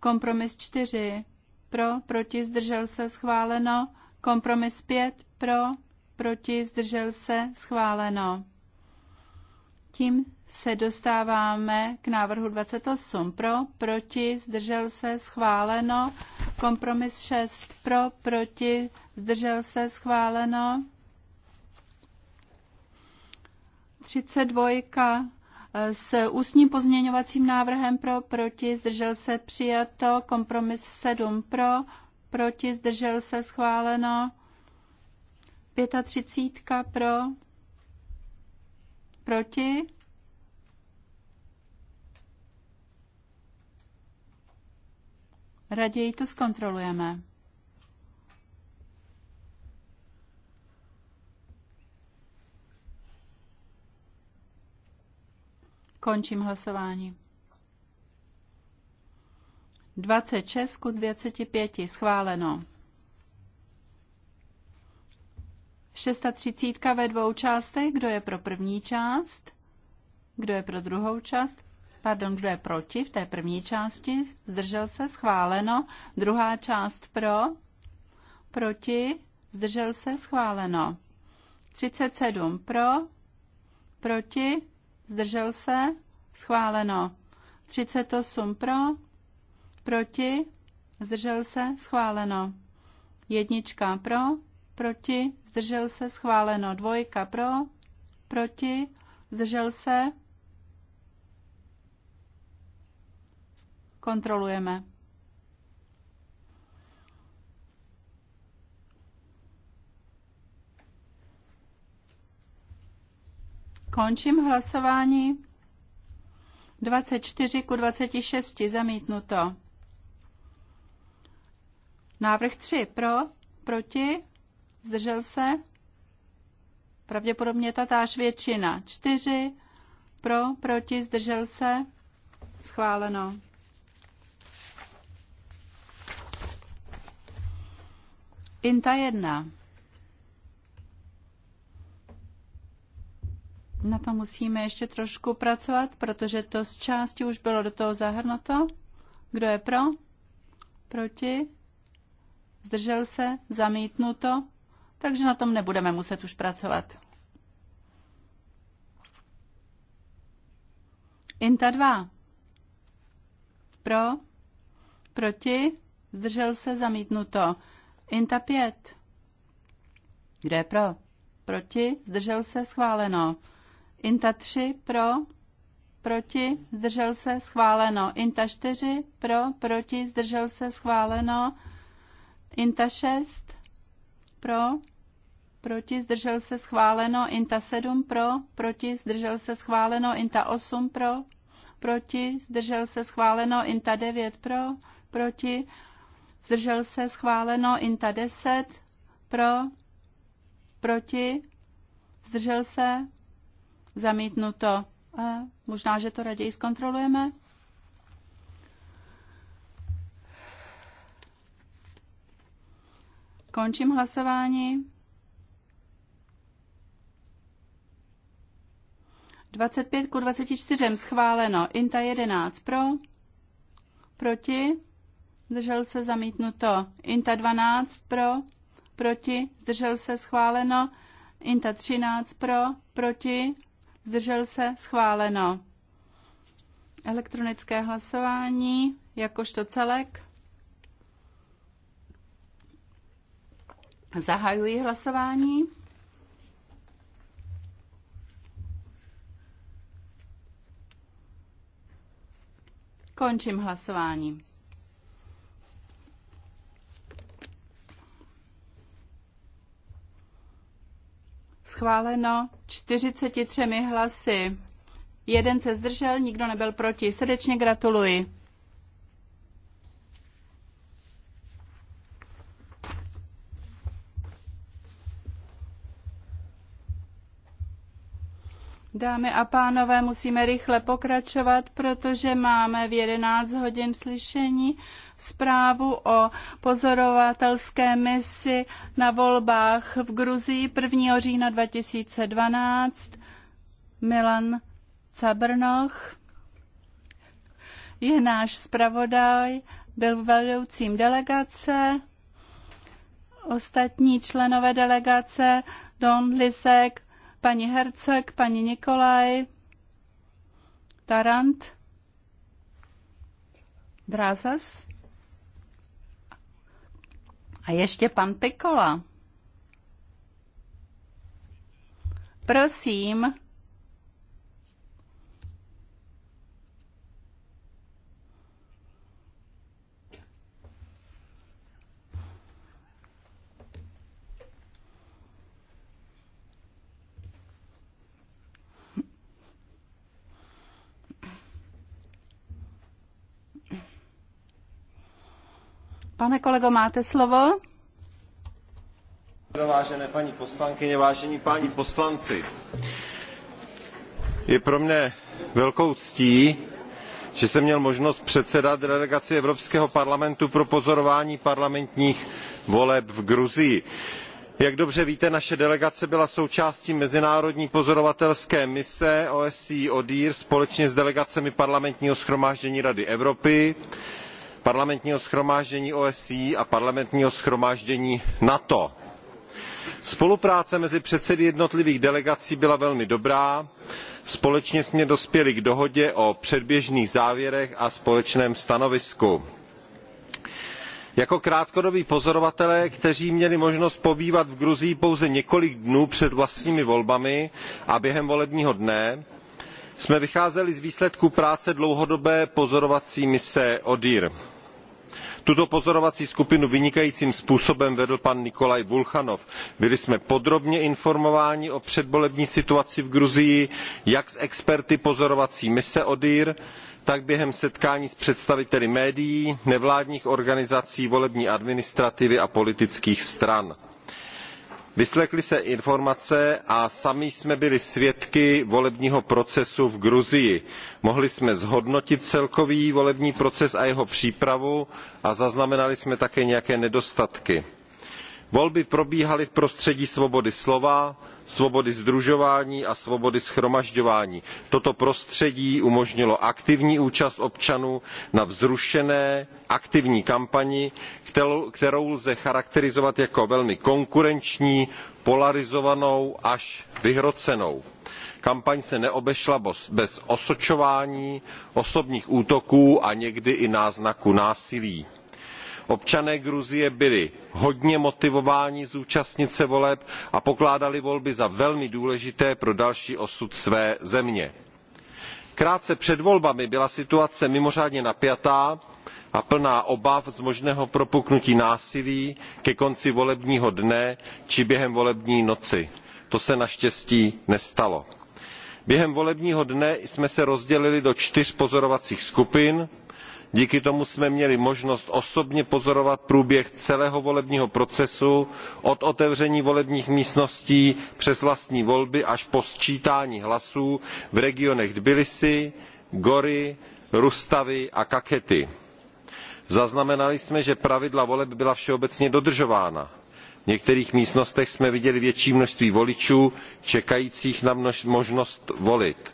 Kompromis 4. Pro, proti, zdržel se, schváleno. Kompromis 5. Pro, proti, zdržel se, schváleno. Tím se dostáváme k návrhu 28. Pro, proti, zdržel se, schváleno. Kompromis 6. Pro, proti, zdržel se, schváleno. 32 eh, s ústním pozměňovacím návrhem pro, proti, zdržel se, přijato. Kompromis 7. Pro, proti, zdržel se, schváleno. 35 pro, proti. Raději to zkontrolujeme. Končím hlasování. 26 ku 25 schváleno. 630 ve dvou částech. Kdo je pro první část? Kdo je pro druhou část? Pardon, kdo je proti v té první části? Zdržel se? Schváleno. Druhá část pro? Proti? Zdržel se? Schváleno. 37 pro? Proti? Zdržel se? Schváleno. 38 pro? Proti? Zdržel se? Schváleno. Jednička pro? Proti? zdržel se, schváleno. Dvojka pro, proti, zdržel se. Kontrolujeme. Končím hlasování. 24 ku 26 zamítnuto. Návrh 3 pro, proti, zdržel se, pravděpodobně tatáž většina. čtyři pro, proti, zdržel se, schváleno. Inta jedna. Na to musíme ještě trošku pracovat, protože to z části už bylo do toho zahrnuto. Kdo je pro? Proti? Zdržel se? Zamítnuto? takže na tom nebudeme muset už pracovat. Inta 2. Pro, proti, zdržel se zamítnuto. Inta 5. Kde je pro? Proti, zdržel se schváleno. Inta 3 pro, proti, zdržel se schváleno. Inta 4 pro, proti, zdržel se schváleno. Inta 6 pro, proti, zdržel se schváleno, INTA 7 pro, proti, zdržel se schváleno, INTA 8 pro, proti, zdržel se schváleno, INTA 9 pro, proti, zdržel se schváleno, INTA 10 pro, proti, zdržel se, zamítnuto. A možná, že to raději zkontrolujeme. Končím hlasování. 25 ku 24 schváleno. Inta 11 pro, proti, zdržel se zamítnuto. Inta 12 pro, proti, zdržel se schváleno. Inta 13 pro, proti, zdržel se schváleno. Elektronické hlasování jakožto celek. Zahajuji hlasování. Končím hlasování. Schváleno 43 hlasy. Jeden se zdržel, nikdo nebyl proti. Srdečně gratuluji. Dámy a pánové, musíme rychle pokračovat, protože máme v 11 hodin slyšení zprávu o pozorovatelské misi na volbách v Gruzii 1. října 2012. Milan Cabrnoch je náš zpravodaj, byl vedoucím delegace, ostatní členové delegace Don Lisek, paní Herceg, paní Nikolaj, Tarant, Drázas a ještě pan Pikola. Prosím, Pane kolego, máte slovo? Vážené paní poslankyně, vážení páni poslanci, je pro mne velkou ctí, že jsem měl možnost předsedat delegaci Evropského parlamentu pro pozorování parlamentních voleb v Gruzii. Jak dobře víte, naše delegace byla součástí mezinárodní pozorovatelské mise OSCE ODIHR společně s delegacemi parlamentního schromáždění Rady Evropy, parlamentního shromáždění osce a parlamentního shromáždění nato. spolupráce mezi předsedy jednotlivých delegací byla velmi dobrá společně jsme dospěli k dohodě o předběžných závěrech a společném stanovisku. jako krátkodobí pozorovatelé kteří měli možnost pobývat v gruzii pouze několik dnů před vlastními volbami a během volebního dne jsme vycházeli z výsledků práce dlouhodobé pozorovací mise ODIHR. Tuto pozorovací skupinu vynikajícím způsobem vedl pan Nikolaj Bulchanov. Byli jsme podrobně informováni o předvolební situaci v Gruzii, jak s experty pozorovací mise ODIHR, tak během setkání s představiteli médií, nevládních organizací, volební administrativy a politických stran vyslechli se informace a sami jsme byli svědky volebního procesu v gruzii. mohli jsme zhodnotit celkový volební proces a jeho přípravu a zaznamenali jsme také nějaké nedostatky volby probíhaly v prostředí svobody slova svobody sdružování a svobody shromažďování. toto prostředí umožnilo aktivní účast občanů na vzrušené aktivní kampani kterou, kterou lze charakterizovat jako velmi konkurenční polarizovanou až vyhrocenou. kampaň se neobešla bez osočování osobních útoků a někdy i náznaků násilí občané gruzie byli hodně motivováni zúčastnit se voleb a pokládali volby za velmi důležité pro další osud své země. krátce před volbami byla situace mimořádně napjatá a plná obav z možného propuknutí násilí ke konci volebního dne či během volební noci. to se naštěstí nestalo. během volebního dne jsme se rozdělili do čtyř pozorovacích skupin díky tomu jsme měli možnost osobně pozorovat průběh celého volebního procesu od otevření volebních místností přes vlastní volby až po sčítání hlasů v regionech tbilisi gori rustavi a kakhety. zaznamenali jsme že pravidla voleb byla všeobecně dodržována. v některých místnostech jsme viděli větší množství voličů čekajících na možnost volit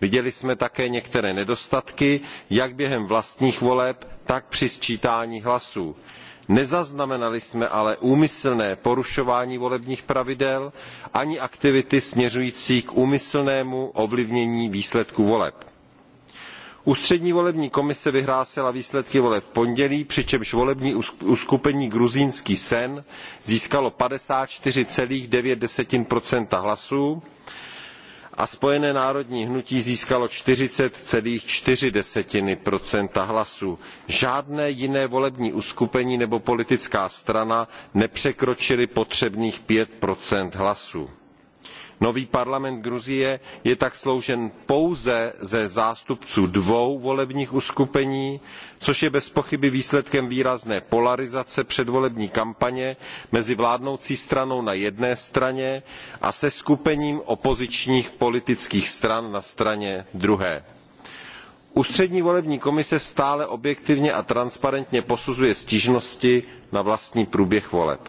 viděli jsme také některé nedostatky jak během vlastních voleb tak při sčítání hlasů. nezaznamenali jsme ale úmyslné porušování volebních pravidel ani aktivity směřující k úmyslnému ovlivnění výsledků voleb. ústřední volební komise vyhlásila výsledky voleb v pondělí přičemž volební uskupení gruzínský sen získalo fifty four nine hlasů a spojené národní hnutí získalo forty four hlasů. žádné jiné volební uskupení nebo politická strana nepřekročily potřebných five hlasů Nový parlament Gruzie je tak složen pouze ze zástupců dvou volebních uskupení, což je bezpochyby výsledkem výrazné polarizace předvolební kampaně mezi vládnoucí stranou na jedné straně a se skupením opozičních politických stran na straně druhé ústřední volební komise stále objektivně a transparentně posuzuje stížnosti na vlastní průběh voleb.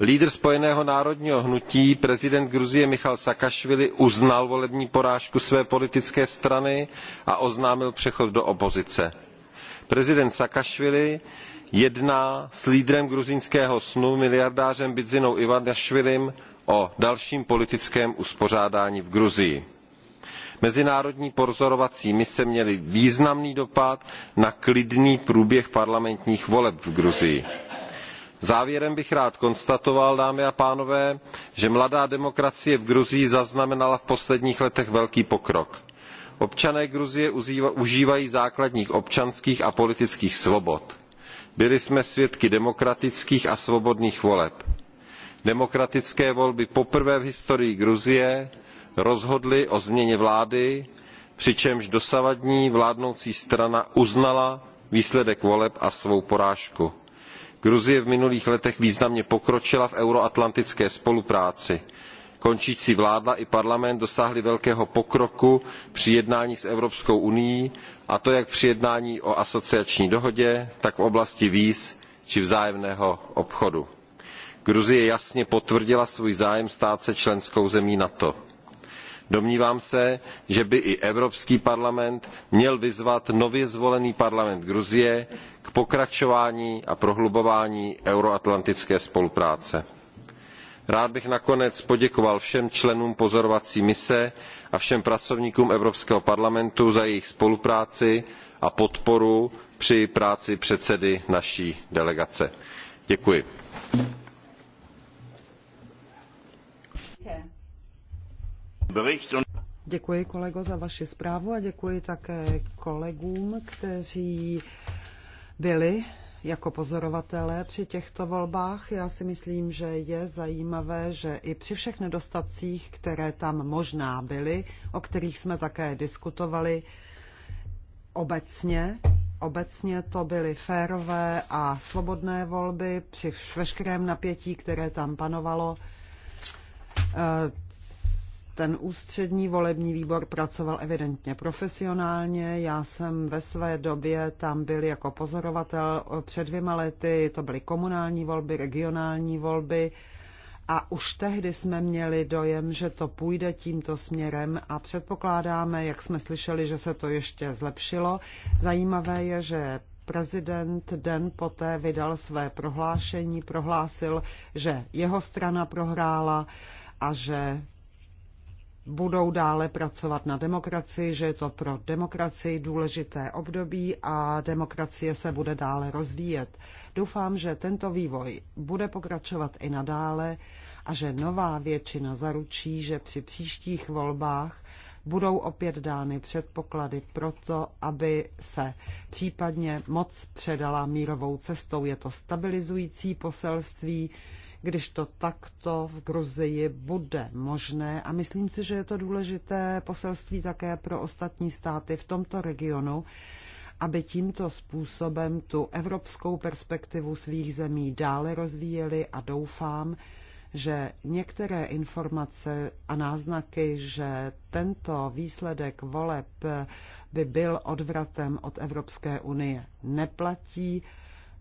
Lídr spojeného národního hnutí, prezident Gruzie Michal Sakašvili, uznal volební porážku své politické strany a oznámil přechod do opozice. Prezident Sakašvili jedná s lídrem gruzínského snu, miliardářem Bidzinou Ivanašvilim, o dalším politickém uspořádání v Gruzii mezinárodní pozorovací mise měly významný dopad na klidný průběh parlamentních voleb v gruzii závěrem bych rád konstatoval dámy a pánové že mladá demokracie v gruzii zaznamenala v posledních letech velký pokrok. občané gruzie užívají základních občanských a politických svobod. byli jsme svědky demokratických a svobodných voleb. demokratické volby poprvé v historii gruzie rozhodly o změně vlády přičemž dosavadní vládnoucí strana uznala výsledek voleb a svou porážku Gruzie v minulých letech významně pokročila v euroatlantické spolupráci. Končící vláda i parlament dosáhli velkého pokroku při jednáních s Evropskou unií, a to jak při jednání o asociační dohodě, tak v oblasti víz či vzájemného obchodu. Gruzie jasně potvrdila svůj zájem stát se členskou zemí NATO Domnívám se, že by i Evropský parlament měl vyzvat nově zvolený parlament Gruzie k pokračování a prohlubování euroatlantické spolupráce. Rád bych nakonec poděkoval všem členům pozorovací mise a všem pracovníkům Evropského parlamentu za jejich spolupráci a podporu při práci předsedy naší delegace. Děkuji. Děkuji kolego za vaši zprávu a děkuji také kolegům, kteří byli jako pozorovatelé při těchto volbách. Já si myslím, že je zajímavé, že i při všech nedostatcích, které tam možná byly, o kterých jsme také diskutovali obecně, obecně to byly férové a svobodné volby při veškerém napětí, které tam panovalo eh, ten ústřední volební výbor pracoval evidentně profesionálně. Já jsem ve své době tam byl jako pozorovatel před dvěma lety. To byly komunální volby, regionální volby. A už tehdy jsme měli dojem, že to půjde tímto směrem a předpokládáme, jak jsme slyšeli, že se to ještě zlepšilo. Zajímavé je, že prezident den poté vydal své prohlášení, prohlásil, že jeho strana prohrála a že budou dále pracovat na demokracii, že je to pro demokracii důležité období a demokracie se bude dále rozvíjet. Doufám, že tento vývoj bude pokračovat i nadále a že nová většina zaručí, že při příštích volbách budou opět dány předpoklady pro to, aby se případně moc předala mírovou cestou. Je to stabilizující poselství, když to takto v Gruzii bude možné. A myslím si, že je to důležité poselství také pro ostatní státy v tomto regionu, aby tímto způsobem tu evropskou perspektivu svých zemí dále rozvíjeli a doufám, že některé informace a náznaky, že tento výsledek voleb by byl odvratem od Evropské unie, neplatí.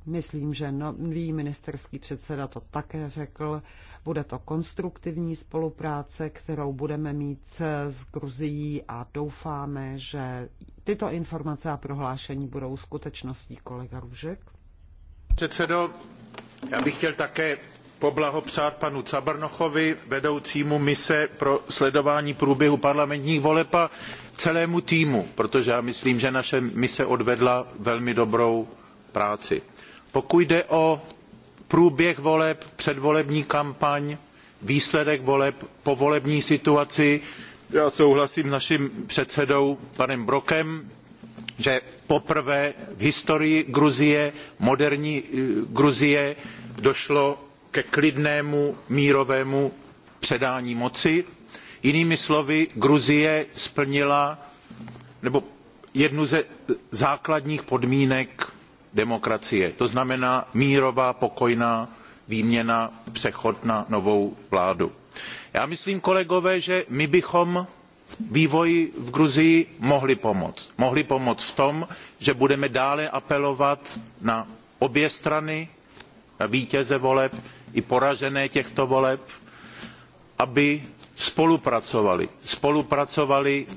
Myslím, že nový ministerský předseda to také řekl. Bude to konstruktivní spolupráce, kterou budeme mít s Gruzií a doufáme, že tyto informace a prohlášení budou skutečností. Kolega Růžek. Předsedo, já bych chtěl také poblahopřát panu Cabrnochovi, vedoucímu mise pro sledování průběhu parlamentních voleb a celému týmu, protože já myslím, že naše mise odvedla velmi dobrou práci. Pokud jde o průběh voleb, předvolební kampaň, výsledek voleb, povolební situaci, já souhlasím s naším předsedou panem Brokem, že poprvé v historii Gruzie, moderní eh, Gruzie, došlo ke klidnému mírovému předání moci. Jinými slovy, Gruzie splnila nebo jednu ze základních podmínek demokracie. To znamená mírová, pokojná výměna, přechod na novou vládu. Já myslím, kolegové, že my bychom vývoji v Gruzii mohli pomoct. Mohli pomoct v tom, že budeme dále apelovat na obě strany, na vítěze voleb i poražené těchto voleb, aby spolupracovali. Spolupracovali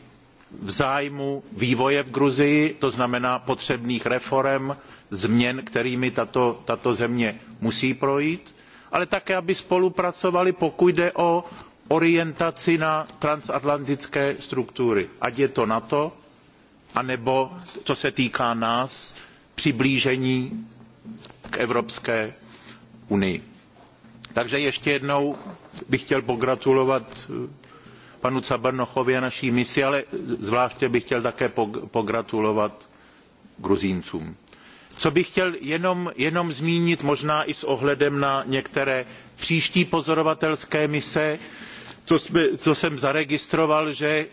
v zájmu vývoje v Gruzii, to znamená potřebných reforem, změn, kterými tato, tato země musí projít, ale také, aby spolupracovali, pokud jde o orientaci na transatlantické struktury. Ať je to NATO, anebo, co se týká nás, přiblížení k Evropské unii. Takže ještě jednou bych chtěl pogratulovat panu Cabernochovi a naší misi, ale zvláště bych chtěl také pogratulovat Gruzíncům. Co bych chtěl jenom, jenom zmínit, možná i s ohledem na některé příští pozorovatelské mise, co, jsme, co jsem zaregistroval, že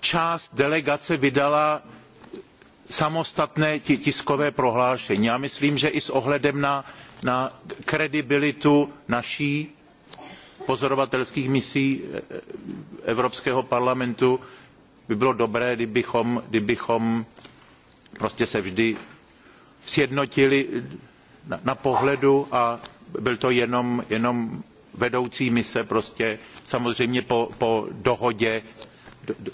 část delegace vydala samostatné tiskové prohlášení. Já myslím, že i s ohledem na, na kredibilitu naší pozorovatelských misí eh, eh, Evropského parlamentu by bylo dobré, kdybychom, kdybychom prostě se vždy sjednotili na, na pohledu a byl to jenom, jenom vedoucí mise prostě samozřejmě po, po dohodě do, do,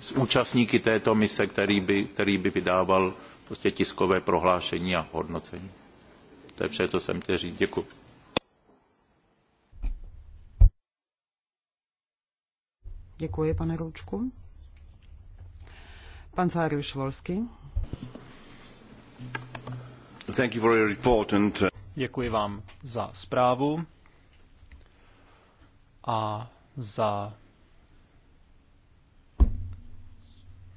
s účastníky této mise, který by, který by vydával prostě tiskové prohlášení a hodnocení. To je vše, co jsem chtěl říct. Děkuji. Děkuji, pane Roučku. Pan Záriuš Volsky. Thank you for your report and... Uh, Děkuji vám za zprávu a za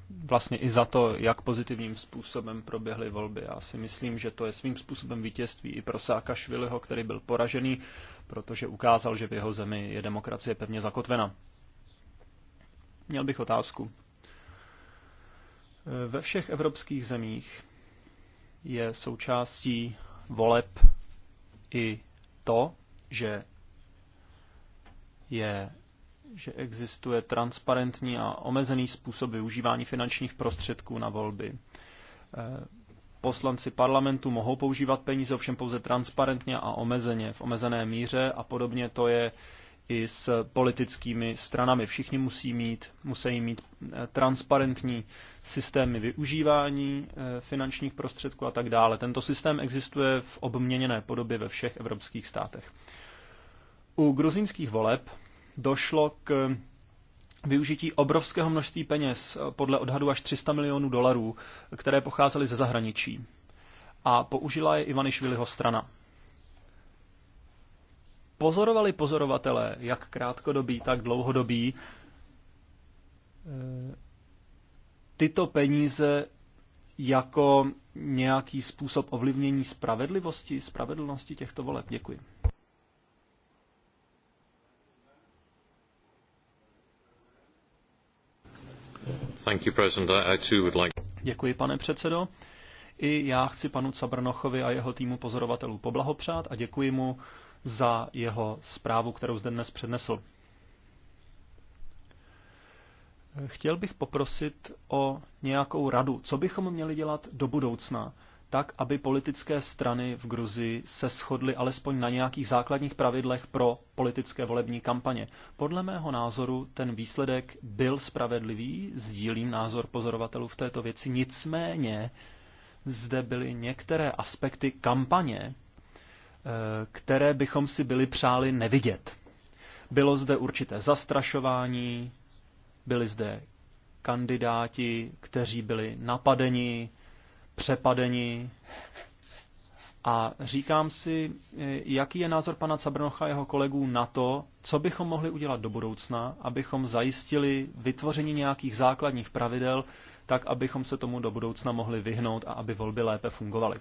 vlastně i za to, jak pozitivním způsobem proběhly volby. Já si myslím, že to je svým způsobem vítězství i pro Sákašviliho, který byl poražený, protože ukázal, že v jeho zemi je demokracie pevně zakotvena. Měl bych otázku. Ve všech evropských zemích je součástí voleb i to, že je že existuje transparentní a omezený způsob využívání finančních prostředků na volby. Eh, poslanci parlamentu mohou používat peníze ovšem pouze transparentně a omezeně, v omezené míře a podobně to je i s politickými stranami. Všichni musí mít, musí mít eh, transparentní systémy využívání eh, finančních prostředků a tak dále. Tento systém existuje v obměněné podobě ve všech evropských státech. U gruzínských voleb došlo k využití obrovského množství peněz, eh, podle odhadu až 300 milionů dolarů, které pocházely ze zahraničí. A použila je Ivanišviliho strana pozorovali pozorovatelé, jak krátkodobí, tak dlouhodobí, eh, tyto peníze jako nějaký způsob ovlivnění spravedlivosti, spravedlnosti těchto voleb? Děkuji. Thank you, President. I too would like... Děkuji, pane předsedo. I já chci panu Cabrnochovi a jeho týmu pozorovatelů poblahopřát a děkuji mu za jeho zprávu, kterou zde dnes přednesl. Chtěl bych poprosit o nějakou radu, co bychom měli dělat do budoucna, tak, aby politické strany v Gruzii se shodly alespoň na nějakých základních pravidlech pro politické volební kampaně. Podle mého názoru ten výsledek byl spravedlivý, sdílím názor pozorovatelů v této věci, nicméně zde byly některé aspekty kampaně, které bychom si byli přáli nevidět. Bylo zde určité zastrašování, byli zde kandidáti, kteří byli napadeni, přepadeni. A říkám si, jaký je názor pana Cabrnocha a jeho kolegů na to, co bychom mohli udělat do budoucna, abychom zajistili vytvoření nějakých základních pravidel, tak abychom se tomu do budoucna mohli vyhnout a aby volby lépe fungovaly.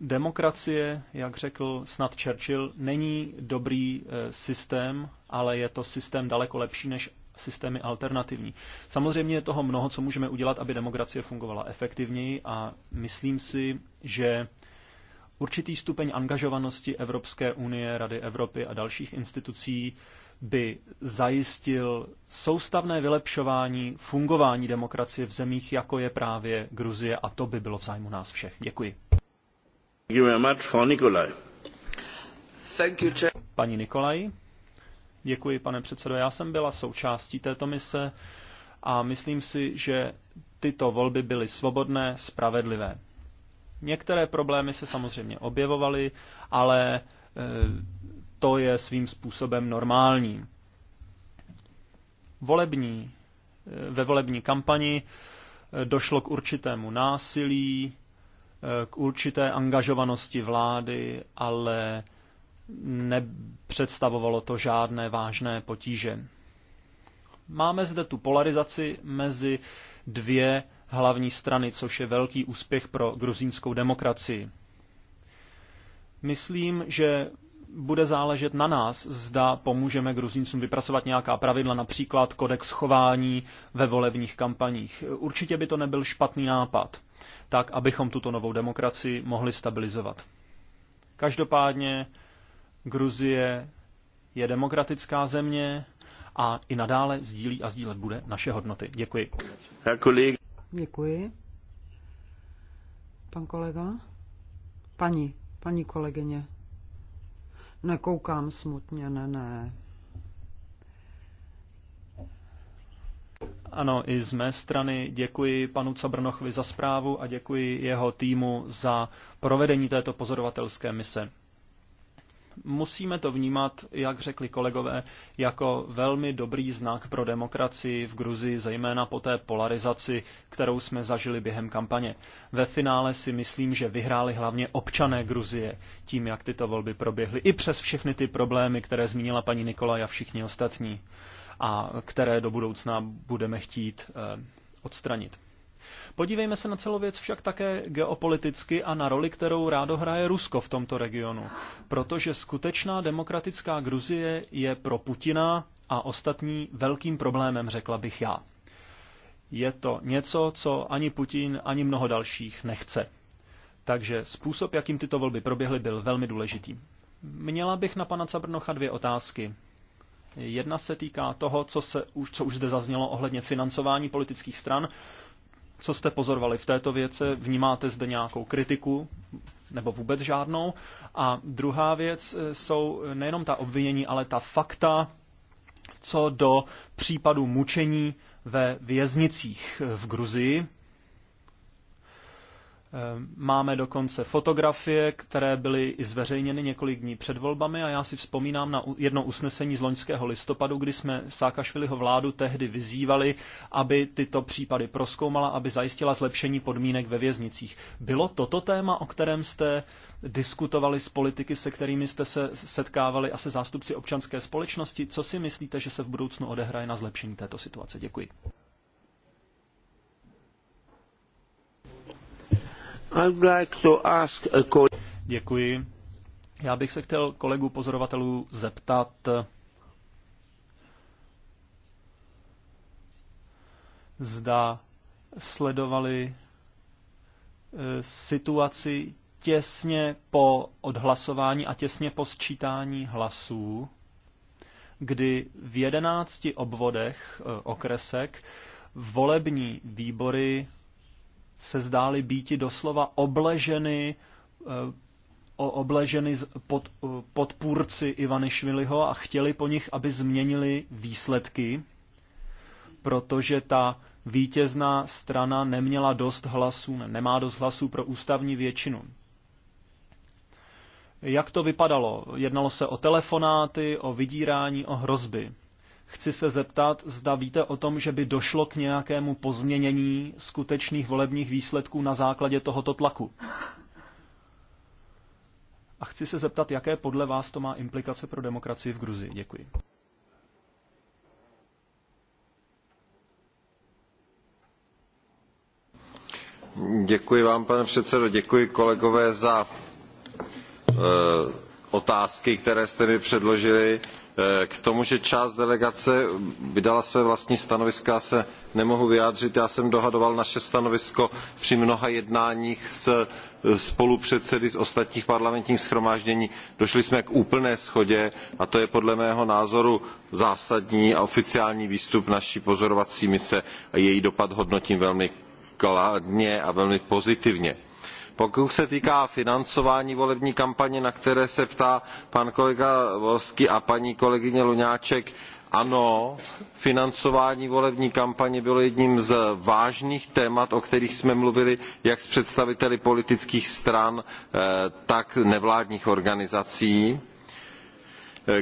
Demokracie, jak řekl snad Churchill, není dobrý eh, systém, ale je to systém daleko lepší než systémy alternativní. Samozřejmě je toho mnoho, co můžeme udělat, aby demokracie fungovala efektivněji a myslím si, že určitý stupeň angažovanosti Evropské unie, Rady Evropy a dalších institucí by zajistil soustavné vylepšování fungování demokracie v zemích, jako je právě Gruzie, a to by bylo v zájmu nás všech. Děkuji. Paní Nikolaj, děkuji pane předsedo. Já jsem byla součástí této mise a myslím si, že tyto volby byly svobodné, spravedlivé. Některé problémy se samozřejmě objevovaly, ale e, to je svým způsobem normální. Volební, e, ve volební kampani e, došlo k určitému násilí, k určité angažovanosti vlády, ale nepředstavovalo to žádné vážné potíže. Máme zde tu polarizaci mezi dvě hlavní strany, což je velký úspěch pro gruzínskou demokracii. Myslím, že bude záležet na nás, zda pomůžeme Gruzíncům vypracovat nějaká pravidla, například kodex chování ve volebních kampaních. Určitě by to nebyl špatný nápad tak abychom tuto novou demokracii mohli stabilizovat. Každopádně Gruzie je demokratická země a i nadále sdílí a sdílet bude naše hodnoty. Děkuji. Děkuji. Pan kolega? Paní, paní kolegyně. Nekoukám smutně, ne, ne. Ano, i z mé strany děkuji panu Cabrnochovi za zprávu a děkuji jeho týmu za provedení této pozorovatelské mise. Musíme to vnímat, jak řekli kolegové, jako velmi dobrý znak pro demokracii v Gruzii, zejména po té polarizaci, kterou jsme zažili během kampaně. Ve finále si myslím, že vyhráli hlavně občané Gruzie tím, jak tyto volby proběhly, i přes všechny ty problémy, které zmínila paní Nikola a všichni ostatní a které do budoucna budeme chtít eh, odstranit. Podívejme se na celou věc však také geopoliticky a na roli, kterou rádo hraje Rusko v tomto regionu, protože skutečná demokratická Gruzie je pro Putina a ostatní velkým problémem, řekla bych já. Je to něco, co ani Putin, ani mnoho dalších nechce. Takže způsob, jakým tyto volby proběhly, byl velmi důležitý. Měla bych na pana Cabrnocha dvě otázky. Jedna se týká toho, co, se, už, co už zde zaznělo ohledně financování politických stran. Co jste pozorovali v této věce? Vnímáte zde nějakou kritiku nebo vůbec žádnou? A druhá věc e, jsou nejenom ta obvinění, ale ta fakta, co do případu mučení ve věznicích v Gruzii. Eh, máme dokonce fotografie, které byly i zveřejněny několik dní před volbami a já si vzpomínám na jedno usnesení z loňského listopadu, kdy jsme Sákašviliho vládu tehdy vyzývali, aby tyto případy proskoumala, aby zajistila zlepšení podmínek ve věznicích. Bylo toto téma, o kterém jste diskutovali s politiky, se kterými jste se setkávali a se zástupci občanské společnosti? Co si myslíte, že se v budoucnu odehraje na zlepšení této situace? Děkuji. Děkuji. Já bych se chtěl kolegu pozorovatelů zeptat, zda sledovali eh, situaci těsně po odhlasování a těsně po sčítání hlasů, kdy v jedenácti obvodech eh, okresek volební výbory se zdály býti doslova obleženy eh, obleženy pod, eh, podpůrci Ivanišviliho a chtěli po nich, aby změnili výsledky, protože ta vítězná strana neměla dost hlasů, nemá dost hlasů pro ústavní většinu. Jak to vypadalo? Jednalo se o telefonáty, o vydírání, o hrozby. Chci se zeptat, zda víte o tom, že by došlo k nějakému pozměnění skutečných volebních výsledků na základě tohoto tlaku. A chci se zeptat, jaké podle vás to má implikace pro demokracii v Gruzii. Děkuji. Děkuji vám, pane předsedo, děkuji kolegové za e, otázky, které jste mi předložili. K tomu, že část delegace vydala své vlastní stanovisko, já se nemohu vyjádřit. Já jsem dohadoval naše stanovisko při mnoha jednáních s spolupředsedy z ostatních parlamentních schromáždění. Došli jsme k úplné shodě a to je podle mého názoru zásadní a oficiální výstup naší pozorovací mise a její dopad hodnotím velmi kladně a velmi pozitivně pokud se týká financování volební kampaně, na které se ptá pan kolega Volský a paní kolegyně Luňáček, ano, financování volební kampaně bylo jedním z vážných témat, o kterých jsme mluvili jak s představiteli politických stran, eh, tak nevládních organizací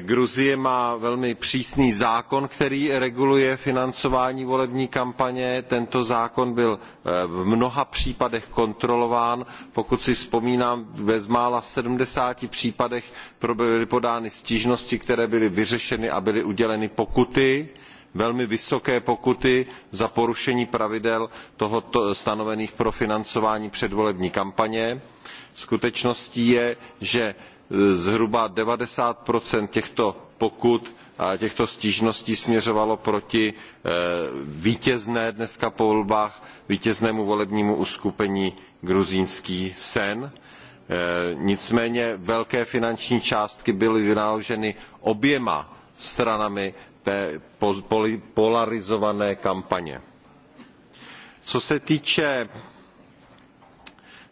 gruzie má velmi přísný zákon který reguluje financování volební kampaně tento zákon byl eh, v mnoha případech kontrolován pokud si vzpomínám bezmála v sedmdesáti případech byly podány stížnosti které byly vyřešeny a byly uděleny pokuty velmi vysoké pokuty za porušení pravidel tohoto, stanovených pro financování předvolební kampaně. skutečností je že zhruba ninety těchto pokut a těchto stížností směřovalo proti eh, vítězné dnes po volbách vítěznému volebnímu uskupení gruzínský sen eh, nicméně velké finanční částky byly vynaloženy oběma stranami té polarizované kampaně. co se týče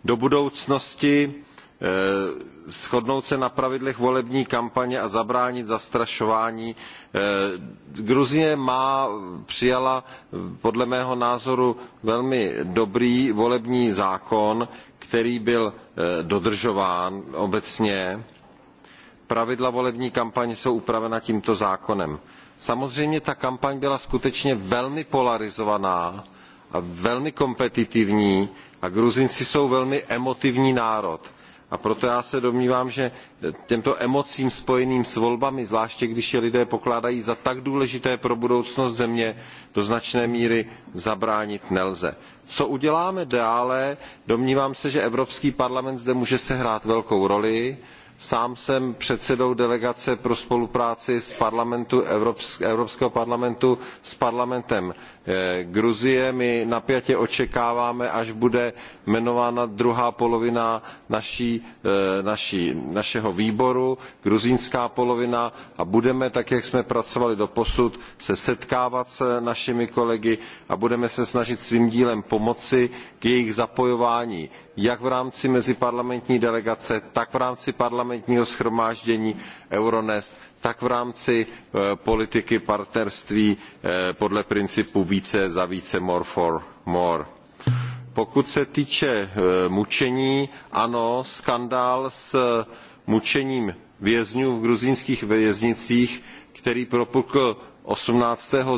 do budoucnosti eh, shodnout se na pravidlech volební kampaně a zabránit zastrašování. E, gruzie má přijala podle mého názoru velmi dobrý volební zákon který byl e, dodržován obecně. pravidla volební kampaně jsou upravena tímto zákonem. samozřejmě ta kampaň byla skutečně velmi polarizovaná a velmi kompetitivní a gruzinci jsou velmi emotivní národ a proto já se domnívám, že těmto emocím spojeným s volbami, zvláště když je lidé pokládají za tak důležité pro budoucnost země, do značné míry zabránit nelze. Co uděláme dále? Domnívám se, že Evropský parlament zde může sehrát velkou roli Sám jsem předsedou delegace pro spolupráci s Evropského parlamentu s parlamentem eh, Gruzie. My napjatě očekáváme, až bude jmenována druhá polovina naší, eh, naší, našeho výboru, gruzínská polovina a budeme, tak jak jsme pracovali doposud, se setkávat s našimi kolegy a budeme se snažit svým dílem pomoci k jejich zapojování jak v rámci meziparlamentní delegace, tak v rámci parlamentu parlamentního schromáždění euronest tak v rámci eh, politiky partnerství eh, podle principu více za více more for more. pokud se týče eh, mučení ano skandál s mučením vězňů v gruzínských věznicích který propukl eighteen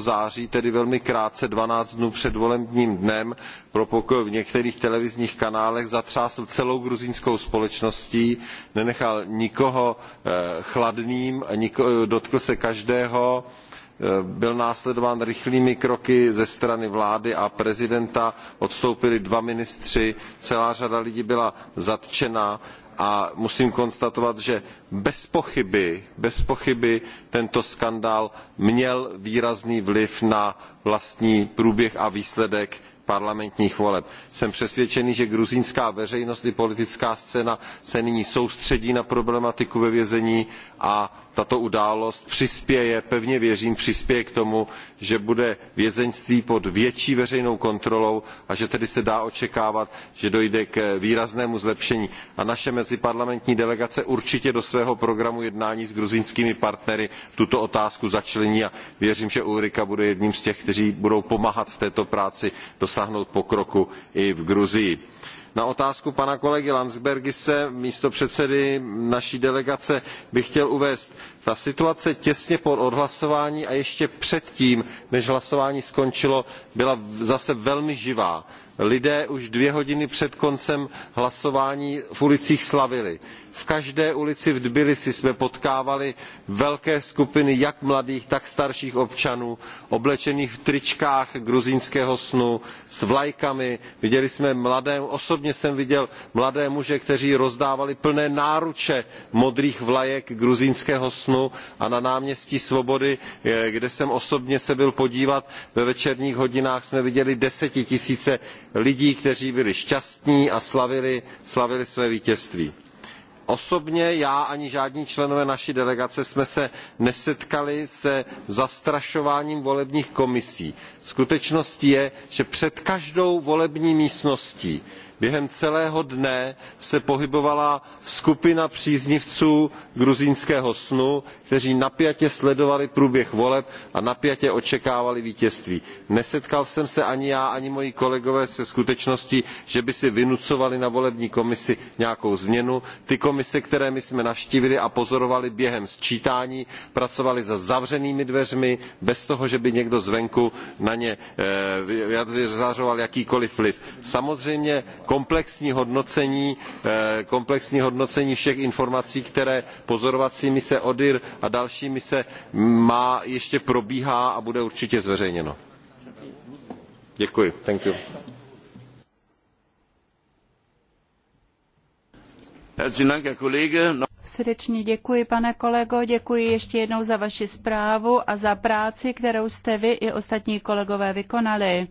září tedy velmi krátce twelve dnů před volebním dnem propukl v některých televizních kanálech zatřásl celou gruzínskou společností nenechal nikoho eh, chladným dotkl se každého eh, byl následován rychlými kroky ze strany vlády a prezidenta odstoupili dva ministři celá řada lidí byla zatčena a musím konstatovat, že bez pochyby, bez pochyby tento skandál měl výrazný vliv na vlastní průběh a výsledek parlamentních voleb. jsem přesvědčený že gruzínská veřejnost i politická scéna se nyní soustředí na problematiku ve vězení a tato událost přispěje pevně věřím přispěje k tomu že bude vězeňství pod větší veřejnou kontrolou a že tedy se dá očekávat že dojde k výraznému zlepšení. a naše meziparlamentní delegace určitě do svého programu jednání s gruzínskými partnery tuto otázku začlení a věřím že ulrika bude jedním z těch kteří budou pomáhat v této práci dosáhnout pokroku i v gruzii na otázku pana kolegy Landsbergise, místo předsedy naší delegace, bych chtěl uvést, ta situace těsně po odhlasování a ještě předtím, než hlasování skončilo, byla zase velmi živá. Lidé už dvě hodiny před koncem hlasování v ulicích slavili v každé ulici v tbilisi jsme potkávali velké skupiny jak mladých tak starších občanů oblečených v tričkách gruzínského snu s vlajkami viděli jsme mladé osobně jsem viděl mladé muže kteří rozdávali plné náruče modrých vlajek gruzínského snu a na náměstí svobody eh, kde jsem osobně se byl podívat ve večerních hodinách jsme viděli desetitisíce lidí kteří byli šťastní a slavili, slavili své vítězství. Osobně já ani žádní členové naší delegace jsme se nesetkali se zastrašováním volebních komisí. Skutečností je, že před každou volební místností během celého dne se pohybovala skupina příznivců gruzínského snu kteří napjatě sledovali průběh voleb a napjatě očekávali vítězství. nesetkal jsem se ani já ani moji kolegové se skutečností že by si vynucovali na volební komisi nějakou změnu. ty komise které my jsme navštívili a pozorovali během sčítání pracovaly za zavřenými dveřmi bez toho že by někdo zvenku na ně eh, vyvíjel jakýkoliv vliv. samozřejmě komplexní hodnocení, eh, komplexní hodnocení všech informací, které pozorovací mise ODIR a další mise má, ještě probíhá a bude určitě zveřejněno. Děkuji. No- Srdečně děkuji, pane kolego, děkuji ještě jednou za vaši zprávu a za práci, kterou jste vy i ostatní kolegové vykonali.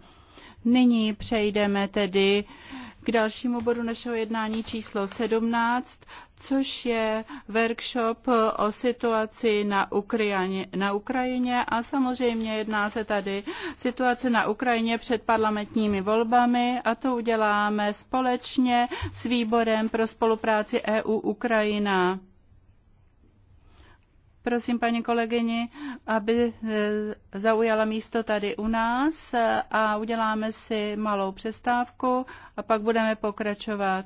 Nyní přejdeme tedy uh, k dalšímu bodu našeho jednání číslo 17, což je workshop o situaci na Ukrajině, na Ukrajině a samozřejmě jedná se tady situace na Ukrajině před parlamentními volbami a to uděláme společně s výborem pro spolupráci EU Ukrajina. Prosím paní kolegyni, aby e, zaujala místo tady u nás e, a uděláme si malou přestávku a pak budeme pokračovat.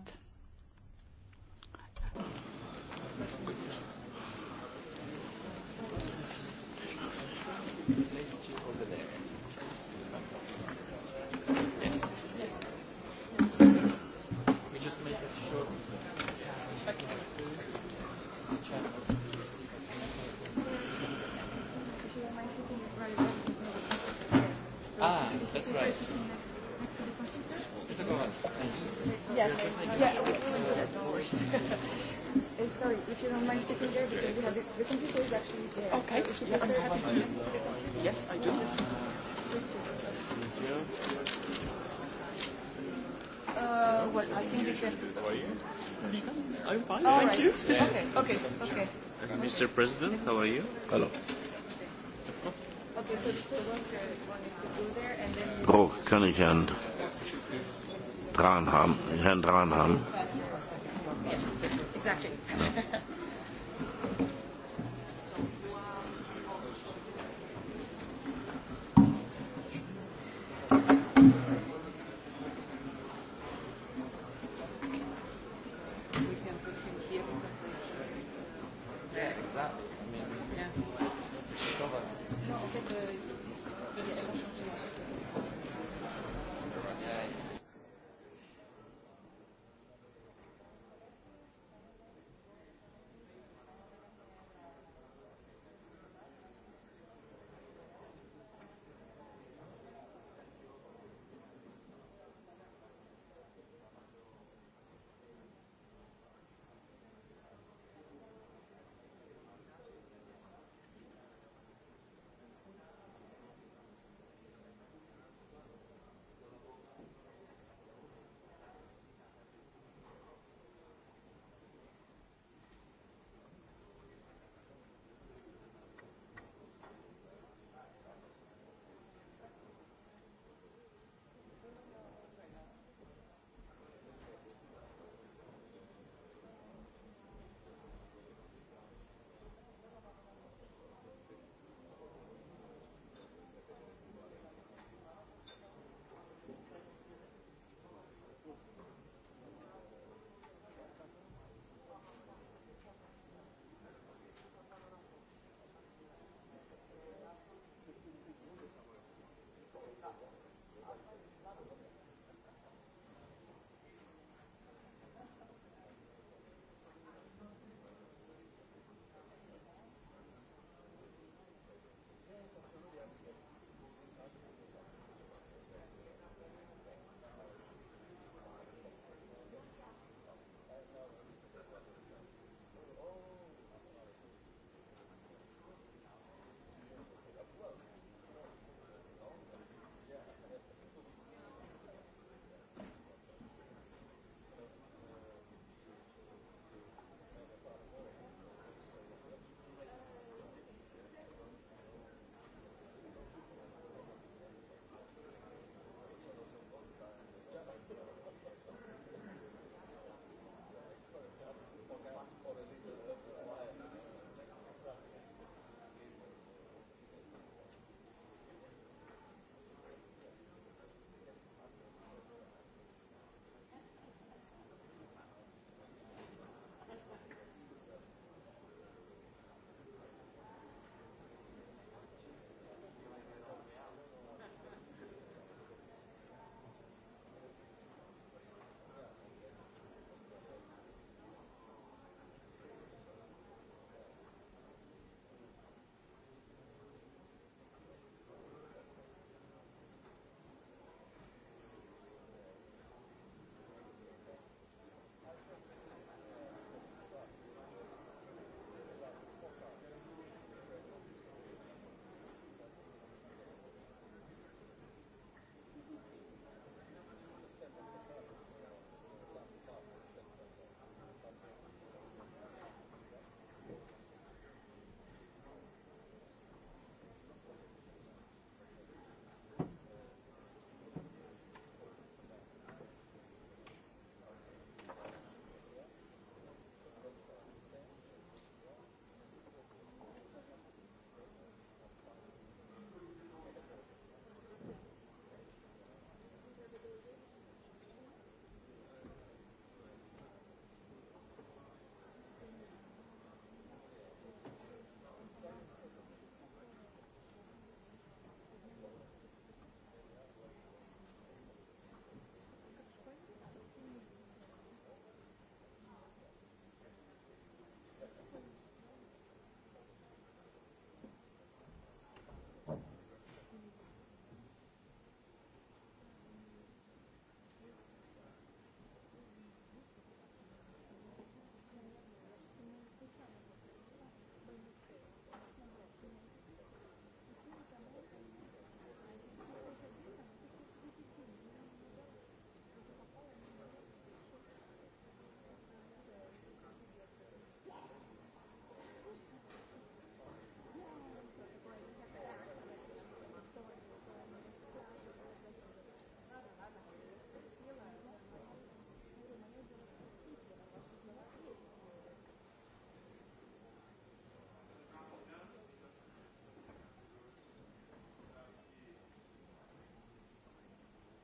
Yes. Yeah. uh, *laughs* sorry, if you don't mind sitting there, because we have the, the computer is actually there. Okay. So yeah, I'm happy to. Yes, I do. Uh, what I think we can. I'm fine. Oh, Thank you. Okay. Okay. Okay. Mr. President, how are you? Hello. Okay, so the worker is wanting to go there, and then. Oh, kann ich an. Dranham, Herrn Dranham. exactly. No. *laughs*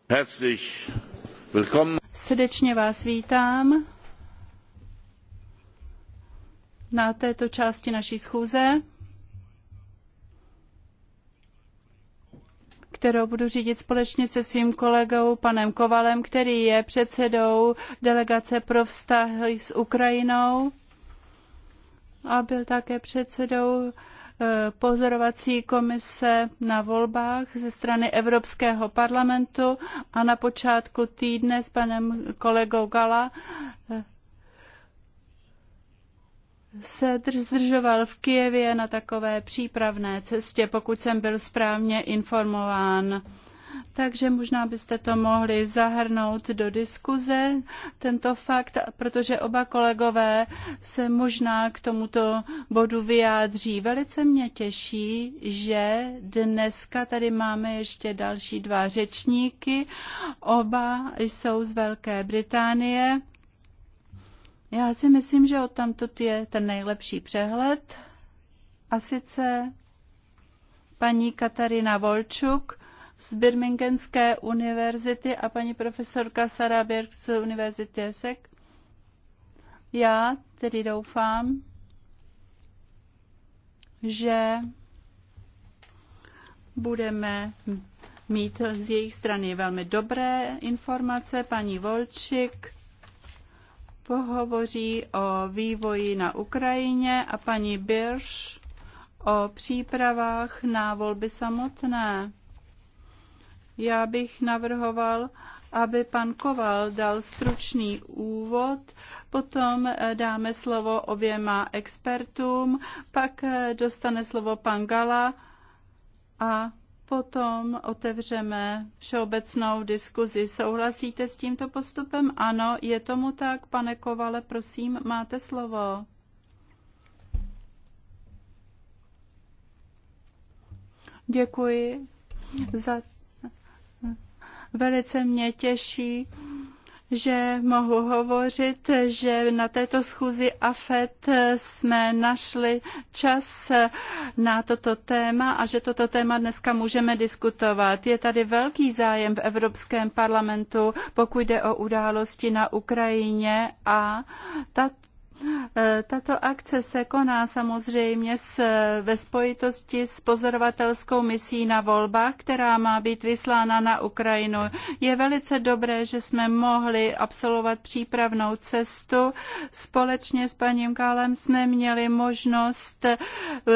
Herzlich willkommen. Srdečně vás vítám na této části naší schůze, kterou budu řídit společně se svým kolegou panem Kovalem, který je předsedou delegace pro vztahy s Ukrajinou a byl také předsedou Eh, pozorovací komise na volbách ze strany Evropského parlamentu a na počátku týdne s panem kolegou Gala eh, se zdržoval v Kijevě na takové přípravné cestě, pokud jsem byl správně informován takže možná byste to mohli zahrnout do diskuze, tento fakt, protože oba kolegové se možná k tomuto bodu vyjádří. Velice mě těší, že dneska tady máme ještě další dva řečníky. Oba jsou z Velké Británie. Já si myslím, že od odtamtud je ten nejlepší přehled. A sice paní Katarina Volčuk, z Birminghamské univerzity a paní profesorka Sara Birk z univerzity Essex. Já tedy doufám, že budeme mít z jejich strany velmi dobré informace. Paní Volčik pohovoří o vývoji na Ukrajině a paní Birš o přípravách na volby samotné. Já bych navrhoval, aby pan Koval dal stručný úvod, potom eh, dáme slovo oběma expertům, pak eh, dostane slovo pan Gala a potom otevřeme všeobecnou diskuzi. Souhlasíte s tímto postupem? Ano, je tomu tak. Pane Kovale, prosím, máte slovo. Děkuji za Velice mě těší, že mohu hovořit, že na této schůzi AFET jsme našli čas na toto téma a že toto téma dneska můžeme diskutovat. Je tady velký zájem v Evropském parlamentu, pokud jde o události na Ukrajině a tato Eh, tato akce se koná samozřejmě s, ve spojitosti s pozorovatelskou misí na volbách, která má být vyslána na Ukrajinu. Je velice dobré, že jsme mohli absolvovat přípravnou cestu. Společně s paním Kálem jsme měli možnost eh,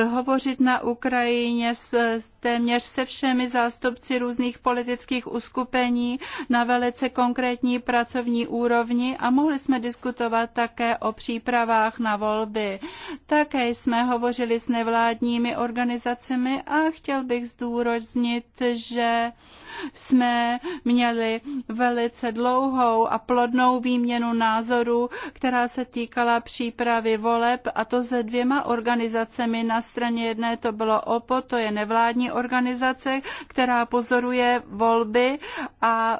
hovořit na Ukrajině s, eh, téměř se všemi zástupci různých politických uskupení na velice konkrétní pracovní úrovni a mohli jsme diskutovat také o přípravě přípravách na volby. Také jsme hovořili s nevládními organizacemi a chtěl bych zdůraznit, že jsme měli velice dlouhou a plodnou výměnu názorů, která se týkala přípravy voleb a to se dvěma organizacemi. Na straně jedné to bylo OPO, to je nevládní organizace, která pozoruje volby a e,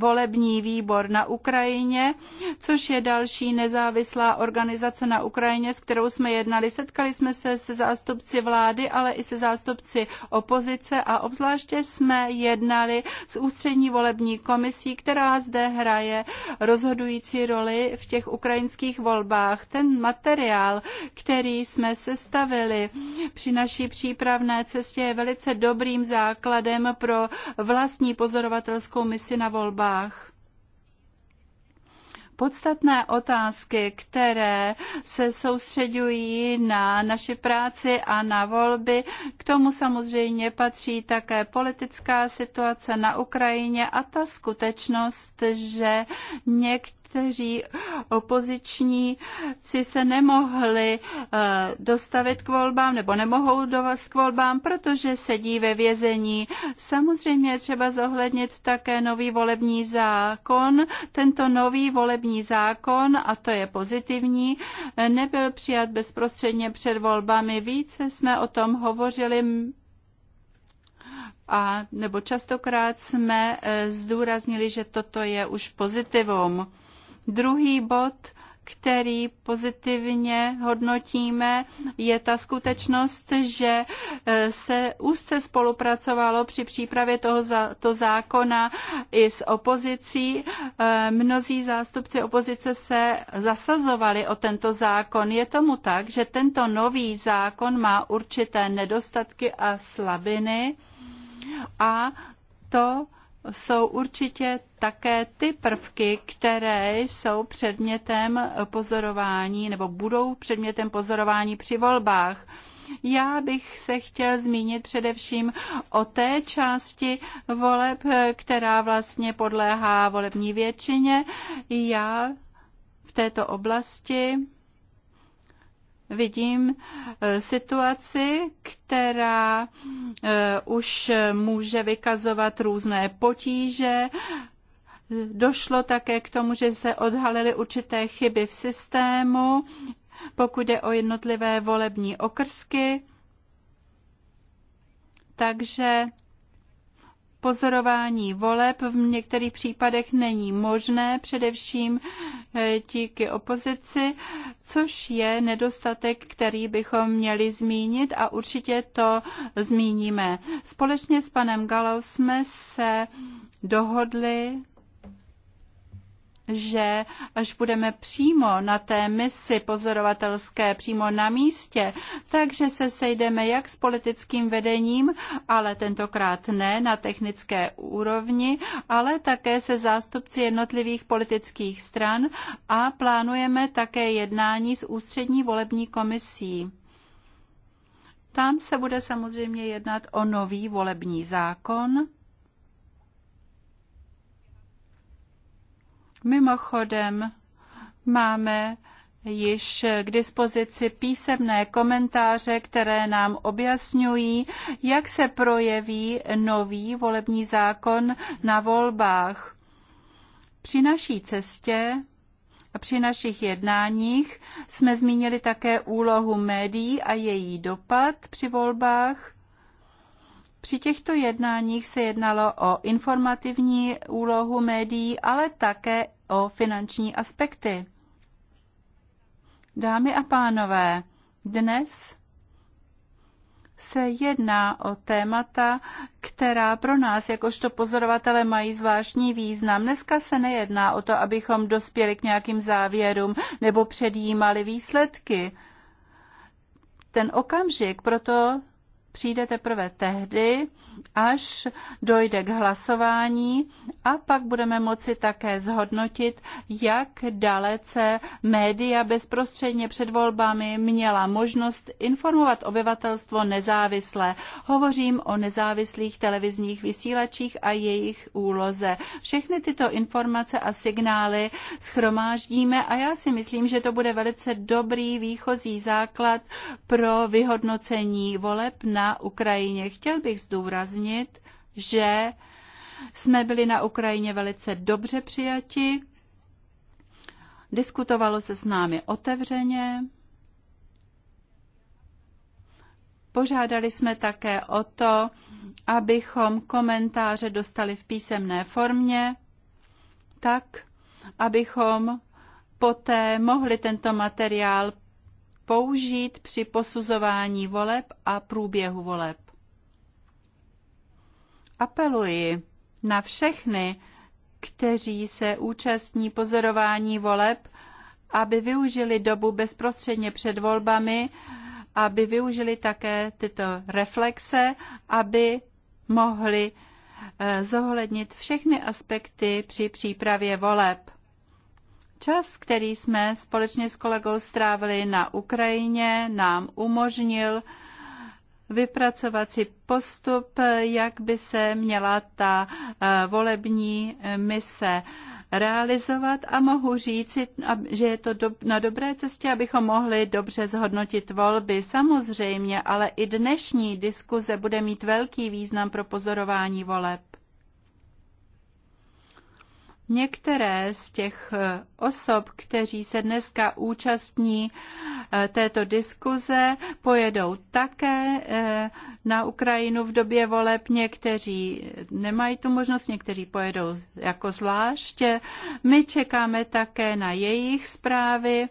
volební výbor na Ukrajině, což je další nezávislá organizace na Ukrajině, s kterou jsme jednali. Setkali jsme se se zástupci vlády, ale i se zástupci opozice a obzvláště jsme jednali s ústřední volební komisí, která zde hraje rozhodující roli v těch ukrajinských volbách. Ten materiál, který jsme sestavili při naší přípravné cestě, je velice dobrým základem pro vlastní pozorovatelskou misi na volbách volbách podstatné otázky, které se soustředují na naši práci a na volby. K tomu samozřejmě patří také politická situace na Ukrajině a ta skutečnost, že někteří někteří opozičníci se nemohli eh, dostavit k volbám nebo nemohou vás k volbám, protože sedí ve vězení. Samozřejmě je třeba zohlednit také nový volební zákon. Tento nový volební zákon, a to je pozitivní, nebyl přijat bezprostředně před volbami. Více jsme o tom hovořili a nebo častokrát jsme eh, zdůraznili, že toto je už pozitivum. Druhý bod, který pozitivně hodnotíme, je ta skutečnost, že e, se úzce spolupracovalo při přípravě toho za, to zákona i s opozicí. E, mnozí zástupci opozice se zasazovali o tento zákon. Je tomu tak, že tento nový zákon má určité nedostatky a slabiny a to jsou určitě také ty prvky, které jsou předmětem pozorování nebo budou předmětem pozorování při volbách. Já bych se chtěl zmínit především o té části voleb, která vlastně podléhá volební většině. Já v této oblasti vidím eh, situaci, která eh, už může vykazovat různé potíže. Došlo také k tomu, že se odhalily určité chyby v systému, pokud je o jednotlivé volební okrsky. Takže pozorování voleb v některých případech není možné, především eh, díky opozici, což je nedostatek, který bychom měli zmínit a určitě to zmíníme. Společně s panem Galou jsme se dohodli že až budeme přímo na té misi pozorovatelské, přímo na místě, takže se sejdeme jak s politickým vedením, ale tentokrát ne na technické úrovni, ale také se zástupci jednotlivých politických stran a plánujeme také jednání s ústřední volební komisí. Tam se bude samozřejmě jednat o nový volební zákon, Mimochodem máme již k dispozici písemné komentáře, které nám objasňují, jak se projeví nový volební zákon na volbách. Při naší cestě a při našich jednáních jsme zmínili také úlohu médií a její dopad při volbách. Při těchto jednáních se jednalo o informativní úlohu médií, ale také o finanční aspekty. Dámy a pánové, dnes se jedná o témata, která pro nás jakožto pozorovatele mají zvláštní význam. Dneska se nejedná o to, abychom dospěli k nějakým závěrům nebo předjímali výsledky. Ten okamžik proto přijde teprve tehdy, až dojde k hlasování a pak budeme moci také zhodnotit, jak dalece média bezprostředně před volbami měla možnost informovat obyvatelstvo nezávisle. Hovořím o nezávislých televizních vysílačích a jejich úloze. Všechny tyto informace a signály schromáždíme a já si myslím, že to bude velice dobrý výchozí základ pro vyhodnocení voleb na Ukrajině. Chtěl bych zdůraznit, zdůraznit, že jsme byli na Ukrajině velice dobře přijati, diskutovalo se s námi otevřeně, Požádali jsme také o to, abychom komentáře dostali v písemné formě, tak, abychom poté mohli tento materiál použít při posuzování voleb a průběhu voleb apeluji na všechny, kteří se účastní pozorování voleb, aby využili dobu bezprostředně před volbami, aby využili také tyto reflexe, aby mohli eh, zohlednit všechny aspekty při přípravě voleb. Čas, který jsme společně s kolegou strávili na Ukrajině, nám umožnil vypracovat si postup, jak by se měla ta eh, volební mise realizovat a mohu říci, že je to na dobré cestě, abychom mohli dobře zhodnotit volby. Samozřejmě, ale i dnešní diskuze bude mít velký význam pro pozorování voleb. Některé z těch eh, osob, kteří se dneska účastní eh, této diskuze, pojedou také eh, na Ukrajinu v době voleb. Někteří nemají tu možnost, někteří pojedou jako zvláště. My čekáme také na jejich zprávy.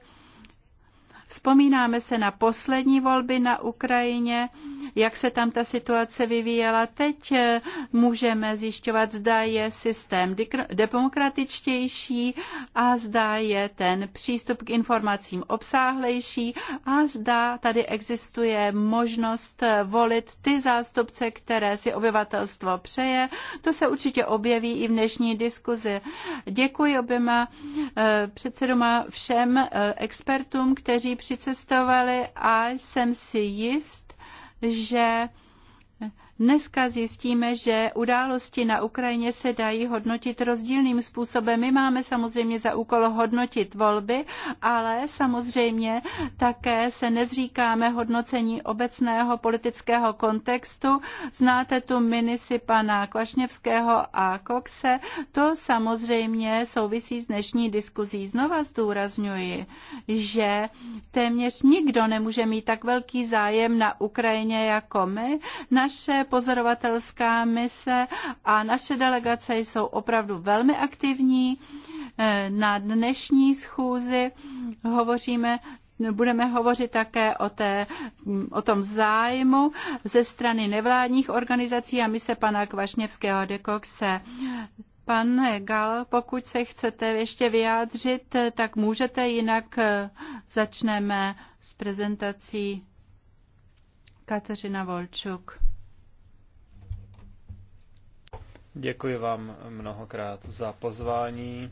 Vzpomínáme se na poslední volby na Ukrajině jak se tam ta situace vyvíjela. Teď eh, můžeme zjišťovat, zda je systém demokratičtější a zda je ten přístup k informacím obsáhlejší a zda tady existuje možnost eh, volit ty zástupce, které si obyvatelstvo přeje. To se určitě objeví i v dnešní diskuzi. Děkuji oběma eh, předsedoma všem expertům, kteří přicestovali a jsem si jist, že Dneska zjistíme, že události na Ukrajině se dají hodnotit rozdílným způsobem. My máme samozřejmě za úkol hodnotit volby, ale samozřejmě také se nezříkáme hodnocení obecného politického kontextu. Znáte tu minisy pana Kvašněvského a Kokse. To samozřejmě souvisí s dnešní diskuzí. Znova zdůrazňuji, že téměř nikdo nemůže mít tak velký zájem na Ukrajině jako my. Naše pozorovatelská mise a naše delegace jsou opravdu velmi aktivní. Eh, Na dnešní schůzi hovoříme budeme hovořit také o, té, mm, o tom zájmu ze strany nevládních organizací a mise pana Kvašněvského de Coxe. Pan Gal, pokud se chcete ještě vyjádřit, eh, tak můžete, jinak eh, začneme s prezentací Kateřina Volčuk. Děkuji vám mnohokrát za pozvání.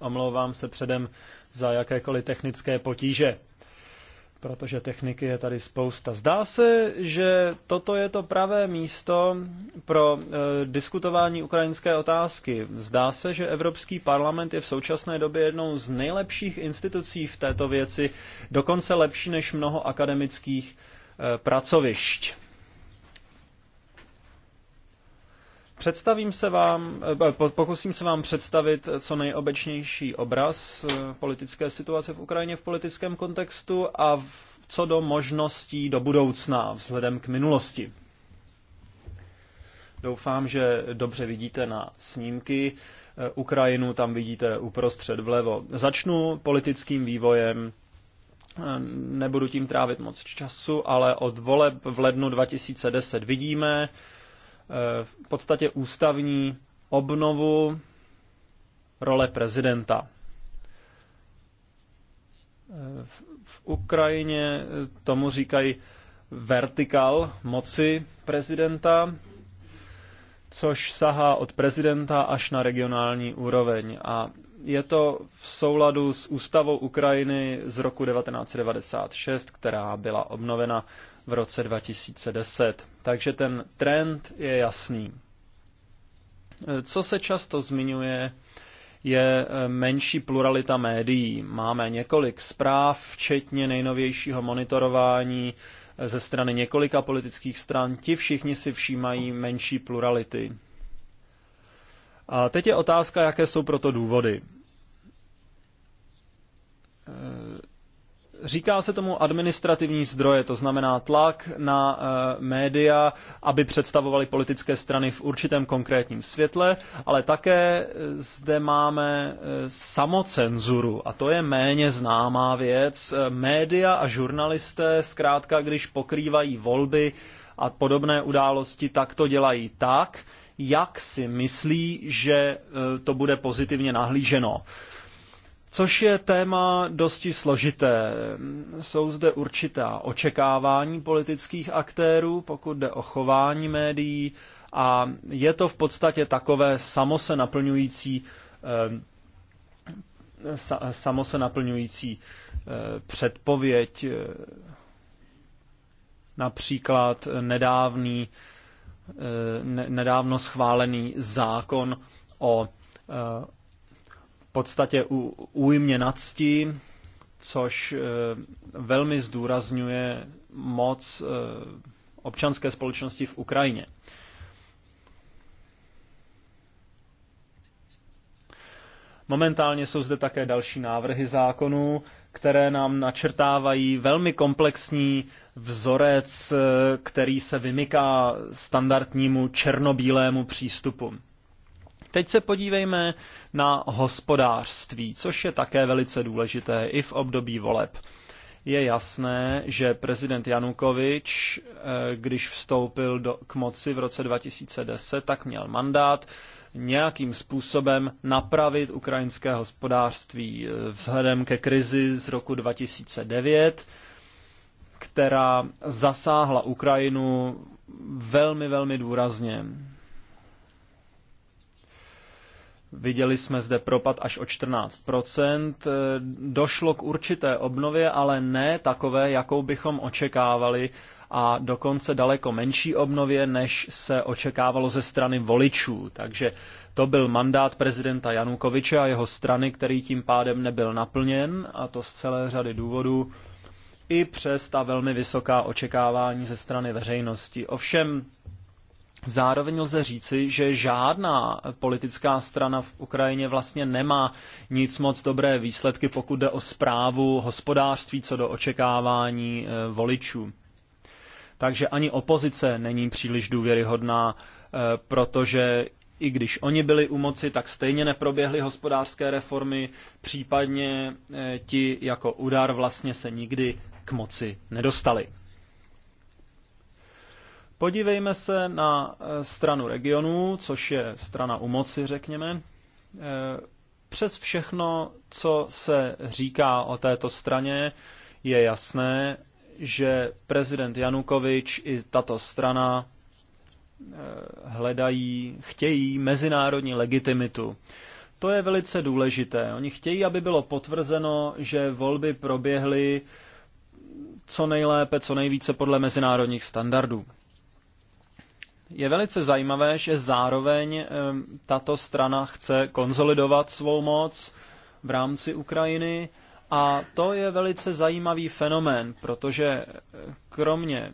Omlouvám se předem za jakékoliv technické potíže, protože techniky je tady spousta. Zdá se, že toto je to pravé místo pro e, diskutování ukrajinské otázky. Zdá se, že Evropský parlament je v současné době jednou z nejlepších institucí v této věci, dokonce lepší než mnoho akademických e, pracovišť. Představím se vám, eh, pokusím se vám představit eh, co nejobecnější obraz eh, politické situace v Ukrajině v politickém kontextu a v, co do možností do budoucna vzhledem k minulosti. Doufám, že dobře vidíte na snímky. Ukrajinu tam vidíte uprostřed vlevo. Začnu politickým vývojem Nebudu tím trávit moc času, ale od voleb v lednu 2010 vidíme, v podstatě ústavní obnovu role prezidenta. V Ukrajině tomu říkají vertikal moci prezidenta, což sahá od prezidenta až na regionální úroveň. A je to v souladu s ústavou Ukrajiny z roku 1996, která byla obnovena v roce 2010. Takže ten trend je jasný. E, co se často zmiňuje, je e, menší pluralita médií. Máme několik zpráv, včetně nejnovějšího monitorování e, ze strany několika politických stran. Ti všichni si všímají menší plurality. A teď je otázka, jaké jsou proto důvody Říká se tomu administrativní zdroje, to znamená tlak na eh, média, aby představovali politické strany v určitém konkrétním světle, ale také eh, zde máme eh, samocenzuru a to je méně známá věc. Média a žurnalisté zkrátka, když pokrývají volby a podobné události, tak to dělají tak, jak si myslí, že to bude pozitivně nahlíženo což je téma dosti složité. Jsou zde určitá očekávání politických aktérů, pokud jde o chování médií, a je to v podstatě takové samo se naplňující eh, sa, samo se naplňující eh, předpověď. Eh, například nedávný, nedávno schválený zákon o podstatě újmě nadstí, což eh, velmi zdůrazňuje moc eh, občanské společnosti v Ukrajině. Momentálně jsou zde také další návrhy zákonů, které nám načrtávají velmi komplexní vzorec, eh, který se vymyká standardnímu černobílému přístupu. Teď se podívejme na hospodářství, což je také velice důležité i v období voleb. Je jasné, že prezident Janukovič, eh, když vstoupil do, k moci v roce 2010, tak měl mandát nějakým způsobem napravit ukrajinské hospodářství eh, vzhledem ke krizi z roku 2009, která zasáhla Ukrajinu velmi, velmi důrazně. Viděli jsme zde propad až o 14%. E, došlo k určité obnově, ale ne takové, jakou bychom očekávali a dokonce daleko menší obnově, než se očekávalo ze strany voličů. Takže to byl mandát prezidenta Janukoviče a jeho strany, který tím pádem nebyl naplněn, a to z celé řady důvodů, i přes ta velmi vysoká očekávání ze strany veřejnosti. Ovšem, Zároveň lze říci, že žádná politická strana v Ukrajině vlastně nemá nic moc dobré výsledky, pokud jde o zprávu hospodářství co do očekávání eh, voličů. Takže ani opozice není příliš důvěryhodná, eh, protože i když oni byli u moci, tak stejně neproběhly hospodářské reformy, případně eh, ti jako udar vlastně se nikdy k moci nedostali. Podívejme se na eh, stranu regionů, což je strana u moci, řekněme. Eh, přes všechno, co se říká o této straně, je jasné, že prezident Janukovič i tato strana eh, hledají, chtějí mezinárodní legitimitu. To je velice důležité. Oni chtějí, aby bylo potvrzeno, že volby proběhly co nejlépe, co nejvíce podle mezinárodních standardů. Je velice zajímavé, že zároveň tato strana chce konsolidovat svou moc v rámci Ukrajiny a to je velice zajímavý fenomén, protože eh, kromě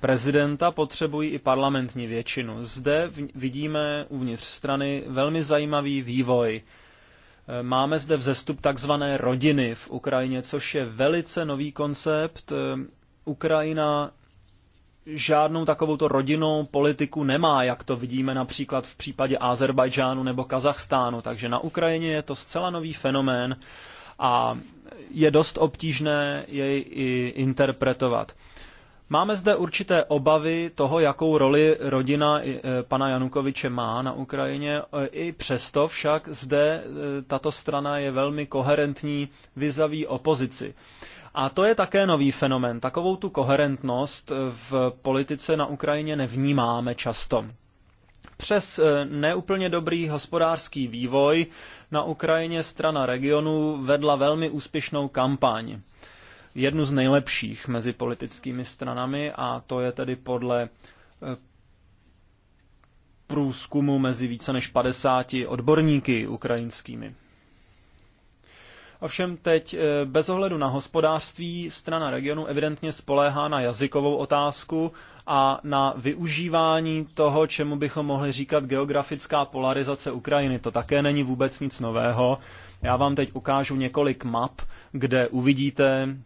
prezidenta potřebují i parlamentní většinu. Zde vidíme uvnitř strany velmi zajímavý vývoj. Eh, máme zde vzestup takzvané rodiny v Ukrajině, což je velice nový koncept. Eh, Ukrajina žádnou takovou rodinnou politiku nemá, jak to vidíme například v případě Azerbajdžánu nebo Kazachstánu. Takže na Ukrajině je to zcela nový fenomén a je dost obtížné jej i interpretovat. Máme zde určité obavy toho, jakou roli rodina eh, pana Janukoviče má na Ukrajině. Eh, I přesto však zde eh, tato strana je velmi koherentní vizaví opozici. A to je také nový fenomen. Takovou tu koherentnost v politice na Ukrajině nevnímáme často. Přes eh, neúplně dobrý hospodářský vývoj na Ukrajině strana regionu vedla velmi úspěšnou kampaň. Jednu z nejlepších mezi politickými stranami a to je tedy podle eh, průzkumu mezi více než 50 odborníky ukrajinskými. Ovšem teď eh, bez ohledu na hospodářství strana regionu evidentně spoléhá na jazykovou otázku a na využívání toho, čemu bychom mohli říkat geografická polarizace Ukrajiny. To také není vůbec nic nového. Já vám teď ukážu několik map, kde uvidíte,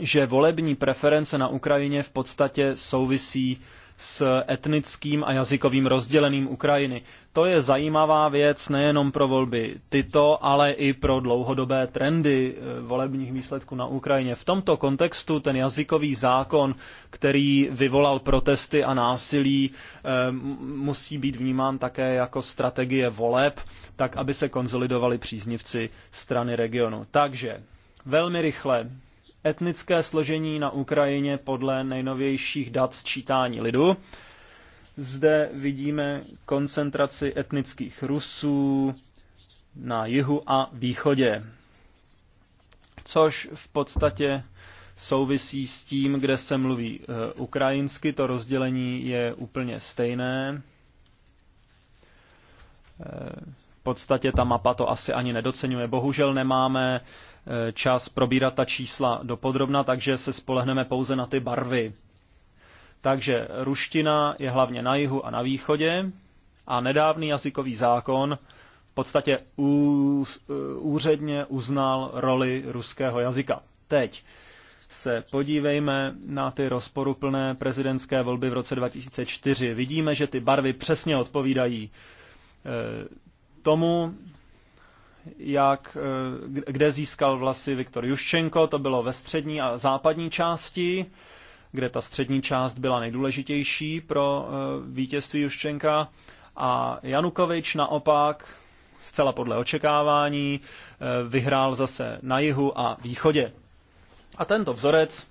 že volební preference na Ukrajině v podstatě souvisí s etnickým a jazykovým rozdělením Ukrajiny. To je zajímavá věc nejenom pro volby tyto, ale i pro dlouhodobé trendy eh, volebních výsledků na Ukrajině. V tomto kontextu ten jazykový zákon, který vyvolal protesty a násilí, eh, musí být vnímán také jako strategie voleb, tak aby se konzolidovali příznivci strany regionu. Takže velmi rychle etnické složení na Ukrajině podle nejnovějších dat sčítání lidu. Zde vidíme koncentraci etnických Rusů na jihu a východě, což v podstatě souvisí s tím, kde se mluví eh, ukrajinsky. To rozdělení je úplně stejné. Eh, v podstatě ta mapa to asi ani nedocenuje. Bohužel nemáme čas probírat ta čísla dopodrobna, takže se spolehneme pouze na ty barvy. Takže ruština je hlavně na jihu a na východě a nedávný jazykový zákon v podstatě úředně uznal roli ruského jazyka. Teď se podívejme na ty rozporuplné prezidentské volby v roce 2004. Vidíme, že ty barvy přesně odpovídají eh, tomu, jak, eh, kde získal vlasy Viktor Juščenko, to bylo ve střední a západní části, kde ta střední část byla nejdůležitější pro eh, vítězství Juščenka a Janukovič naopak zcela podle očekávání eh, vyhrál zase na jihu a východě. A tento vzorec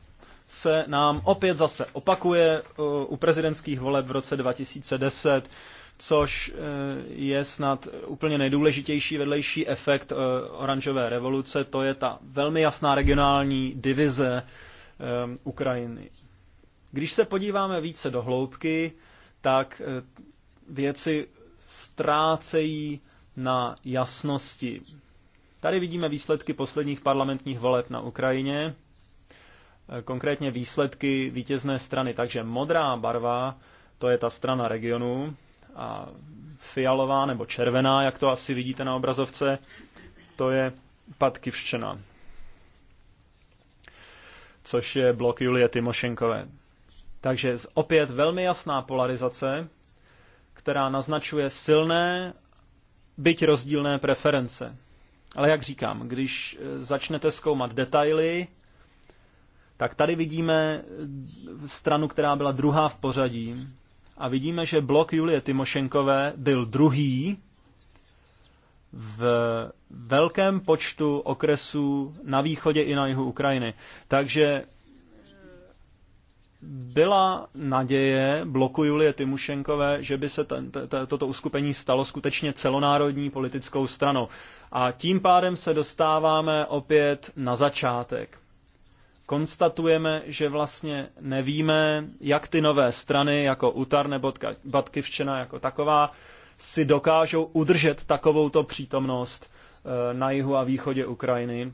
se nám opět zase opakuje u prezidentských voleb v roce 2010 což eh, je snad úplně nejdůležitější vedlejší efekt eh, oranžové revoluce, to je ta velmi jasná regionální divize eh, Ukrajiny. Když se podíváme více do hloubky, tak věci ztrácejí na jasnosti. Tady vidíme výsledky posledních parlamentních voleb na Ukrajině, konkrétně výsledky vítězné strany. Takže modrá barva, to je ta strana regionu, a fialová nebo červená, jak to asi vidíte na obrazovce, to je Patkivščina, což je blok Julie Timošenkové. Takže opět velmi jasná polarizace, která naznačuje silné, byť rozdílné preference. Ale jak říkám, když e, začnete zkoumat detaily, tak tady vidíme stranu, která byla druhá v pořadí, a vidíme, že blok Julie Timošenkové byl druhý v velkém počtu okresů na východě i na jihu Ukrajiny. Takže byla naděje bloku Julie Tymušenkové, že by se ten, toto uskupení stalo skutečně celonárodní politickou stranou. A tím pádem se dostáváme opět na začátek konstatujeme, že vlastně nevíme, jak ty nové strany, jako Utar nebo Batkivčena jako taková, si dokážou udržet takovouto přítomnost eh, na jihu a východě Ukrajiny,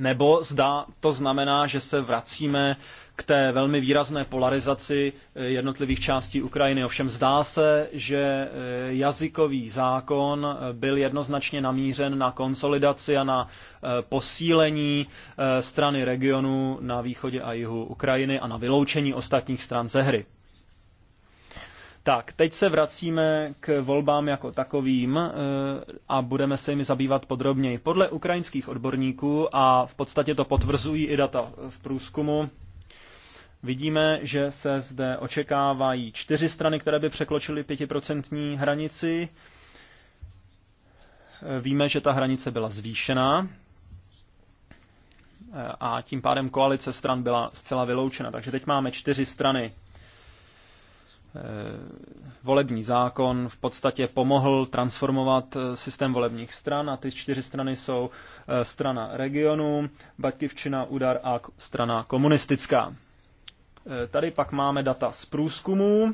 nebo zda to znamená, že se vracíme k té velmi výrazné polarizaci eh, jednotlivých částí Ukrajiny. Ovšem zdá se, že eh, jazykový zákon eh, byl jednoznačně namířen na konsolidaci a na posílení strany regionu na východě a jihu Ukrajiny a na vyloučení ostatních stran ze hry. Tak, teď se vracíme k volbám jako takovým eh, a budeme se jimi zabývat podrobněji. Podle ukrajinských odborníků, a v podstatě to potvrzují i data v průzkumu, vidíme, že se zde očekávají čtyři strany, které by překločily pětiprocentní hranici. Eh, víme, že ta hranice byla zvýšená eh, a tím pádem koalice stran byla zcela vyloučena. Takže teď máme čtyři strany Eh, volební zákon v podstatě pomohl transformovat eh, systém volebních stran a ty čtyři strany jsou eh, strana regionu, Batkivčina, Udar a strana komunistická. Tady pak máme data z průzkumů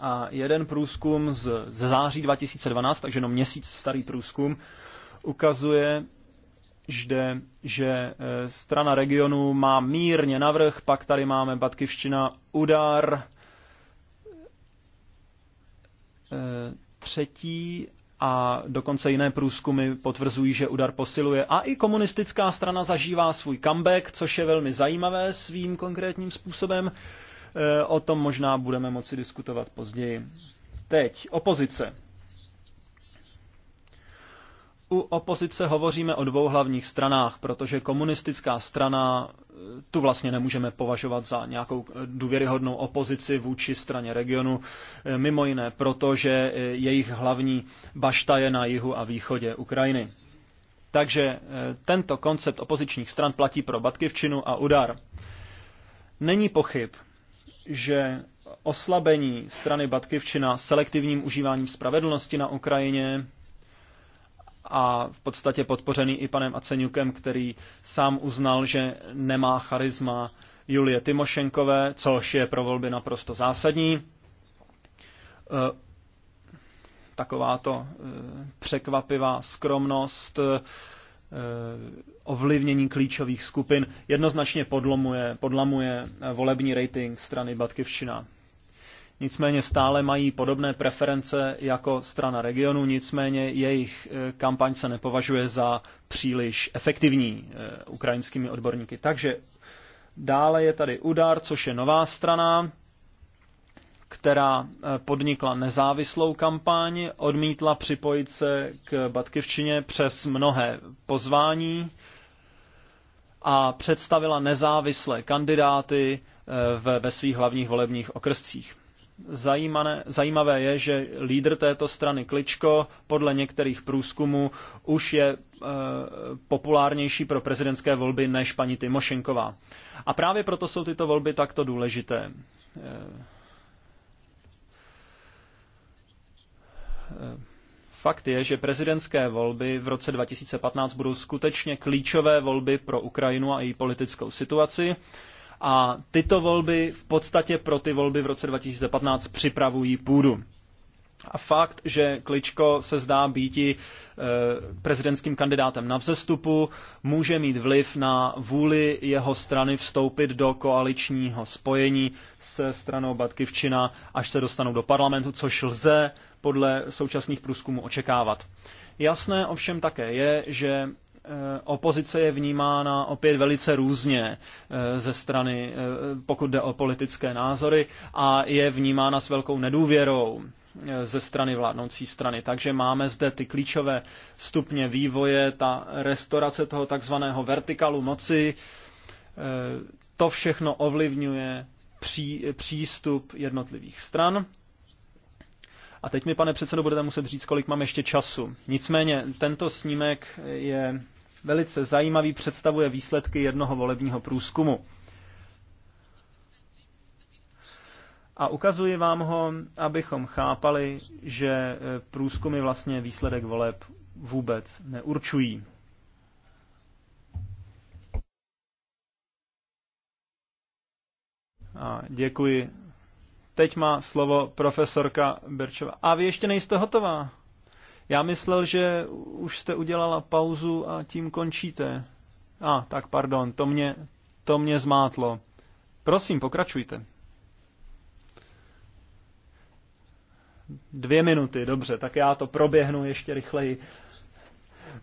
a jeden průzkum z, z září 2012, takže jenom měsíc starý průzkum, ukazuje, že, že strana regionu má mírně navrh, pak tady máme Batkivština, Udar, Eh, třetí a dokonce jiné průzkumy potvrzují, že udar posiluje. A i komunistická strana zažívá svůj comeback, což je velmi zajímavé svým konkrétním způsobem. Eh, o tom možná budeme moci diskutovat později. Teď opozice. U opozice hovoříme o dvou hlavních stranách, protože komunistická strana eh, tu vlastně nemůžeme považovat za nějakou eh, důvěryhodnou opozici vůči straně regionu, eh, mimo jiné protože jejich hlavní bašta je na jihu a východě Ukrajiny. Takže tento koncept opozičních stran platí pro Batkivčinu a Udar. Není pochyb, že oslabení strany Batkivčina selektivním užíváním spravedlnosti na Ukrajině a v podstatě podpořený i panem Aceňukem, který sám uznal, že nemá charisma Julie Timošenkové, což je pro volby naprosto zásadní. E, Taková to e, překvapivá skromnost, e, ovlivnění klíčových skupin jednoznačně podlomuje, podlamuje volební rating strany Batkivčina nicméně stále mají podobné preference jako strana regionu, nicméně jejich eh, kampaň se nepovažuje za příliš efektivní eh, ukrajinskými odborníky. Takže dále je tady Udar, což je nová strana, která eh, podnikla nezávislou kampaň, odmítla připojit se k Batkivčině přes mnohé pozvání a představila nezávislé kandidáty ve, svých hlavních volebních okrscích. Zajímané, zajímavé je, že lídr této strany Kličko podle některých průzkumů už je e, populárnější pro prezidentské volby než paní Tymošenková. A právě proto jsou tyto volby takto důležité. E, Fakt je, že prezidentské volby v roce 2015 budou skutečně klíčové volby pro Ukrajinu a její politickou situaci a tyto volby v podstatě pro ty volby v roce 2015 připravují půdu. A fakt, že Kličko se zdá býti eh, prezidentským kandidátem na vzestupu, může mít vliv na vůli jeho strany vstoupit do koaličního spojení se stranou Batkivčina, až se dostanou do parlamentu, což lze podle současných průzkumů očekávat. Jasné ovšem také je, že Eh, opozice je vnímána opět velice různě eh, ze strany, eh, pokud jde o politické názory, a je vnímána s velkou nedůvěrou ze strany vládnoucí strany. Takže máme zde ty klíčové stupně vývoje, ta restaurace toho takzvaného vertikalu moci, to všechno ovlivňuje pří, přístup jednotlivých stran. A teď mi, pane předsedo, budete muset říct, kolik mám ještě času. Nicméně, tento snímek je velice zajímavý, představuje výsledky jednoho volebního průzkumu. A ukazuji vám ho, abychom chápali, že e, průzkumy vlastně výsledek voleb vůbec neurčují. A děkuji. Teď má slovo profesorka Berčová. A vy ještě nejste hotová. Já myslel, že už jste udělala pauzu a tím končíte. A, ah, tak pardon, to mě, to mě zmátlo. Prosím, pokračujte. Dvě minuty, dobře, tak já to proběhnu ještě rychleji.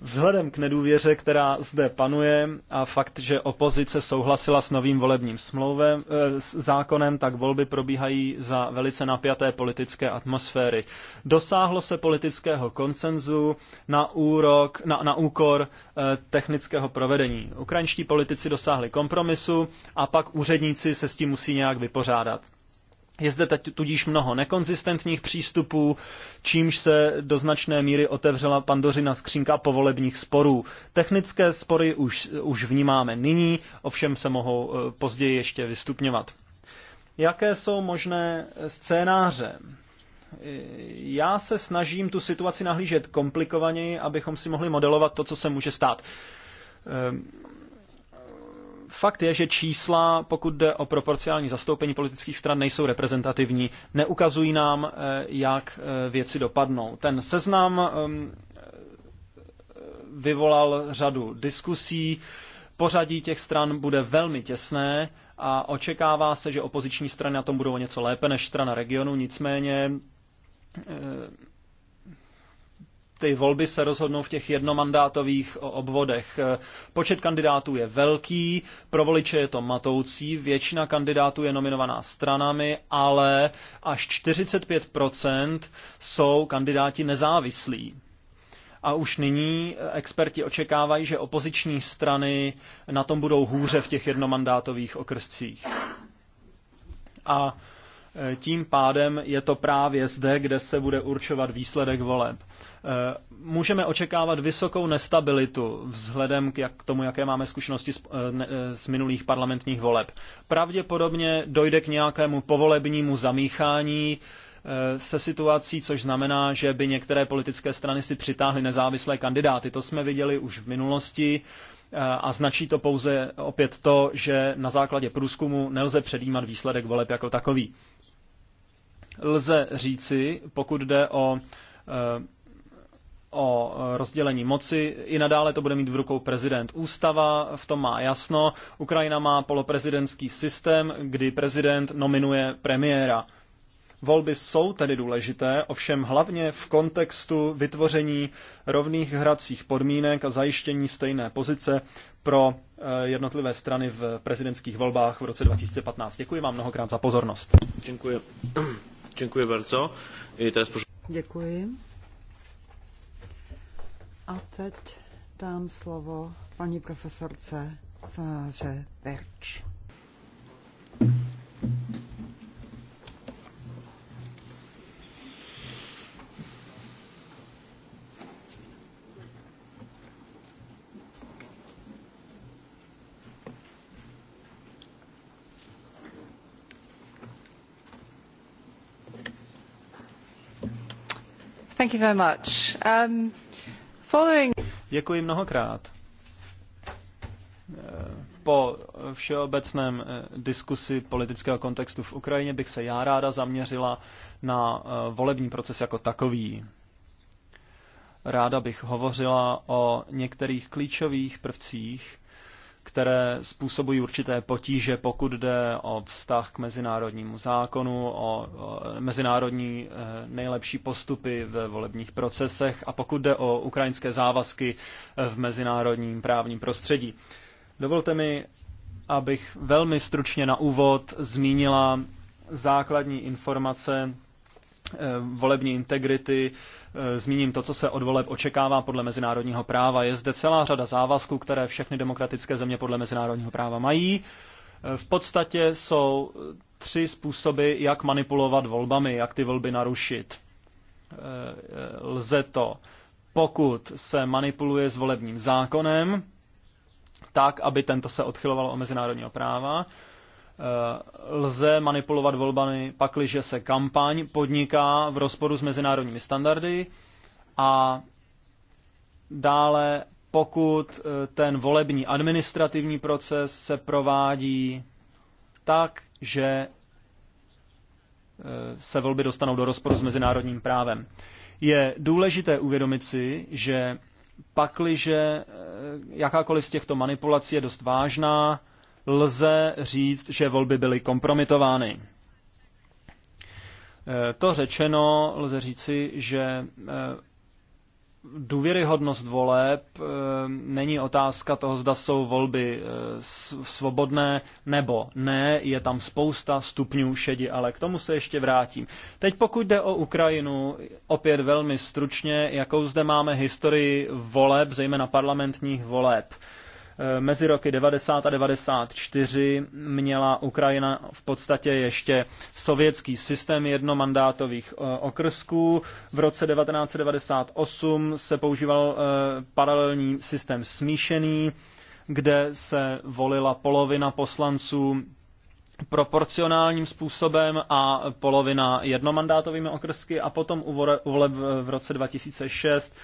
Vzhledem k nedůvěře, která zde panuje a fakt, že opozice souhlasila s novým volebním smlouvem, eh, s zákonem, tak volby probíhají za velice napjaté politické atmosféry. Dosáhlo se politického konsenzu na, úrok, na, na úkor eh, technického provedení. Ukrajinští politici dosáhli kompromisu a pak úředníci se s tím musí nějak vypořádat. Je zde tudíž mnoho nekonzistentních přístupů, čímž se do značné míry otevřela pandořina skřínka povolebních sporů. Technické spory už, už vnímáme nyní, ovšem se mohou eh, později ještě vystupňovat. Jaké jsou možné scénáře? Eh, já se snažím tu situaci nahlížet komplikovaněji, abychom si mohli modelovat to, co se může stát. Eh, Fakt je, že čísla, pokud jde o proporcionální zastoupení politických stran, nejsou reprezentativní. Neukazují nám, eh, jak eh, věci dopadnou. Ten seznam ehm, eh, vyvolal řadu diskusí. Pořadí těch stran bude velmi těsné a očekává se, že opoziční strany na tom budou něco lépe než strana regionu. Nicméně ty volby se rozhodnou v těch jednomandátových obvodech. E, počet kandidátů je velký, pro voliče je to matoucí, většina kandidátů je nominovaná stranami, ale až 45% jsou kandidáti nezávislí. A už nyní e, experti očekávají, že opoziční strany na tom budou hůře v těch jednomandátových okrscích. A e, tím pádem je to právě zde, kde se bude určovat výsledek voleb. Eh, můžeme očekávat vysokou nestabilitu vzhledem k, jak, k tomu, jaké máme zkušenosti z, eh, ne, eh, z minulých parlamentních voleb. Pravděpodobně dojde k nějakému povolebnímu zamíchání se situací, což znamená, že by některé politické strany si přitáhly nezávislé kandidáty. To jsme viděli už v minulosti a značí to pouze opět to, že na základě průzkumu nelze předjímat výsledek voleb jako takový. Lze říci, pokud jde o o e, rozdělení moci. I nadále to bude mít v rukou prezident. Ústava v tom má jasno. Ukrajina má poloprezidentský systém, kdy prezident nominuje premiéra. Volby jsou tedy důležité, ovšem hlavně v kontextu vytvoření rovných hracích podmínek a zajištění stejné pozice pro e, jednotlivé strany v prezidentských volbách v roce 2015. Děkuji vám mnohokrát za pozornost. Děkuji. Děkuji bardzo. Děkuji. A teď dám slovo paní profesorce Sáře Verč. Thank you very much. Um, Following... Děkuji mnohokrát. Po všeobecném eh, diskusi politického kontextu v Ukrajině bych se já ráda zaměřila na eh, volební proces jako takový. Ráda bych hovořila o některých klíčových prvcích, které způsobují určité potíže, pokud jde o vztah k mezinárodnímu zákonu, o, mezinárodní eh, nejlepší postupy ve volebních procesech a pokud jde o ukrajinské závazky eh, v mezinárodním právním prostředí. Dovolte mi, abych velmi stručně na úvod zmínila základní informace Eh, volební integrity, eh, zmíním to, co se od voleb očekává podle mezinárodního práva. Je zde celá řada závazků, které všechny demokratické země podle mezinárodního práva mají. Eh, v podstatě jsou tři způsoby, jak manipulovat volbami, jak ty volby narušit. Lze to, pokud se manipuluje s volebním zákonem, tak, aby tento se odchyloval o mezinárodního práva. Eh, lze manipulovat volbami, pakliže se kampaň podniká v rozporu s mezinárodními standardy a dále pokud eh, ten volební administrativní proces se provádí tak, že eh, se volby dostanou do rozporu s mezinárodním právem. Je důležité uvědomit si, že pakliže jakákoliv z těchto manipulací je dost vážná, lze říct, že volby byly kompromitovány. E, to řečeno, lze říci, že e, důvěryhodnost voleb e, není otázka toho, zda jsou volby svobodné nebo ne. Je tam spousta stupňů šedi, ale k tomu se ještě vrátím. Teď pokud jde o Ukrajinu, opět velmi stručně, jakou zde máme historii voleb, zejména parlamentních voleb. Eh, mezi roky 90 a 94 měla Ukrajina v podstatě ještě sovětský systém jednomandátových eh, okrsků. V roce 1998 se používal eh, paralelní systém smíšený, kde se volila polovina poslanců proporcionálním způsobem a polovina jednomandátovými okrsky a potom u voleb v roce 2006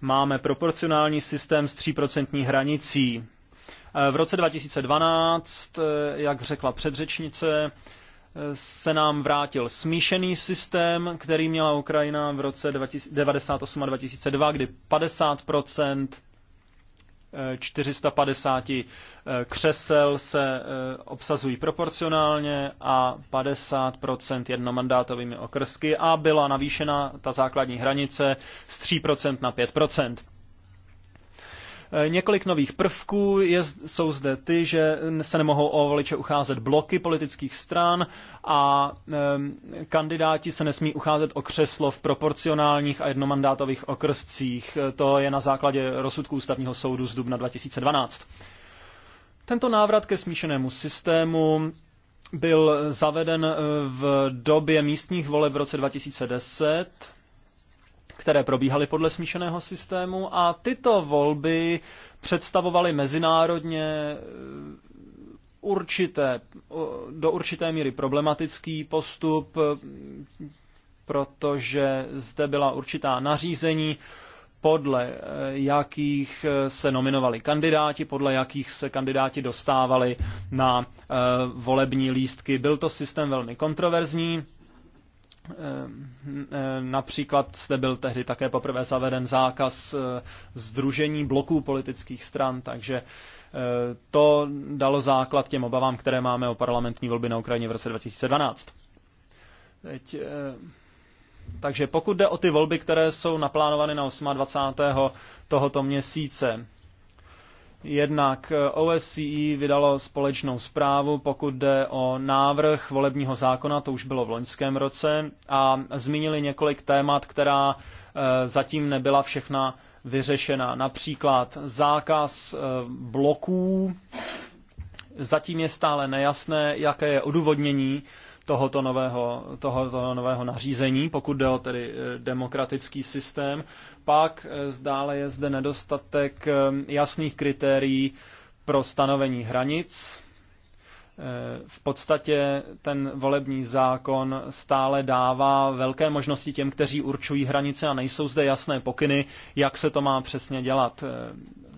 máme proporcionální systém s 3% hranicí. V roce 2012, jak řekla předřečnice, se nám vrátil smíšený systém, který měla Ukrajina v roce 1998 a 2002, kdy 50 450 eh, eh, křesel se eh, obsazují proporcionálně a 50 jednomandátovými okrsky a byla navýšena ta základní hranice z 3 na 5 Eh, několik nových prvků je, jsou zde ty, že se nemohou o voliče ucházet bloky politických stran a e, kandidáti se nesmí ucházet o křeslo v proporcionálních a jednomandátových okrscích. Eh, to je na základě rozsudku ústavního soudu z dubna 2012. Tento návrat ke smíšenému systému byl zaveden eh, v době místních voleb v roce 2010 které probíhaly podle smíšeného systému a tyto volby představovaly mezinárodně eh, určité, do určité míry problematický postup, protože zde byla určitá nařízení, podle eh, jakých eh, se nominovali kandidáti, podle jakých se kandidáti dostávali na volební lístky. Byl to systém velmi kontroverzní, Ehm, ehm, například zde byl tehdy také poprvé zaveden zákaz združení eh, bloků politických stran, takže eh, to dalo základ těm obavám, které máme o parlamentní volby na Ukrajině v roce 2012. Teď, eh, takže pokud jde o ty volby, které jsou naplánovány na 28. tohoto měsíce, Jednak eh, OSCE vydalo společnou zprávu, pokud jde o návrh volebního zákona, to už bylo v loňském roce, a zmínili několik témat, která eh, zatím nebyla všechna vyřešena. Například zákaz eh, bloků. Zatím je stále nejasné, jaké je odůvodnění tohoto nového, tohoto nového nařízení, pokud jde o tedy eh, demokratický systém. Pak eh, zdále je zde nedostatek eh, jasných kritérií pro stanovení hranic. V podstatě ten volební zákon stále dává velké možnosti těm, kteří určují hranice a nejsou zde jasné pokyny, jak se to má přesně dělat.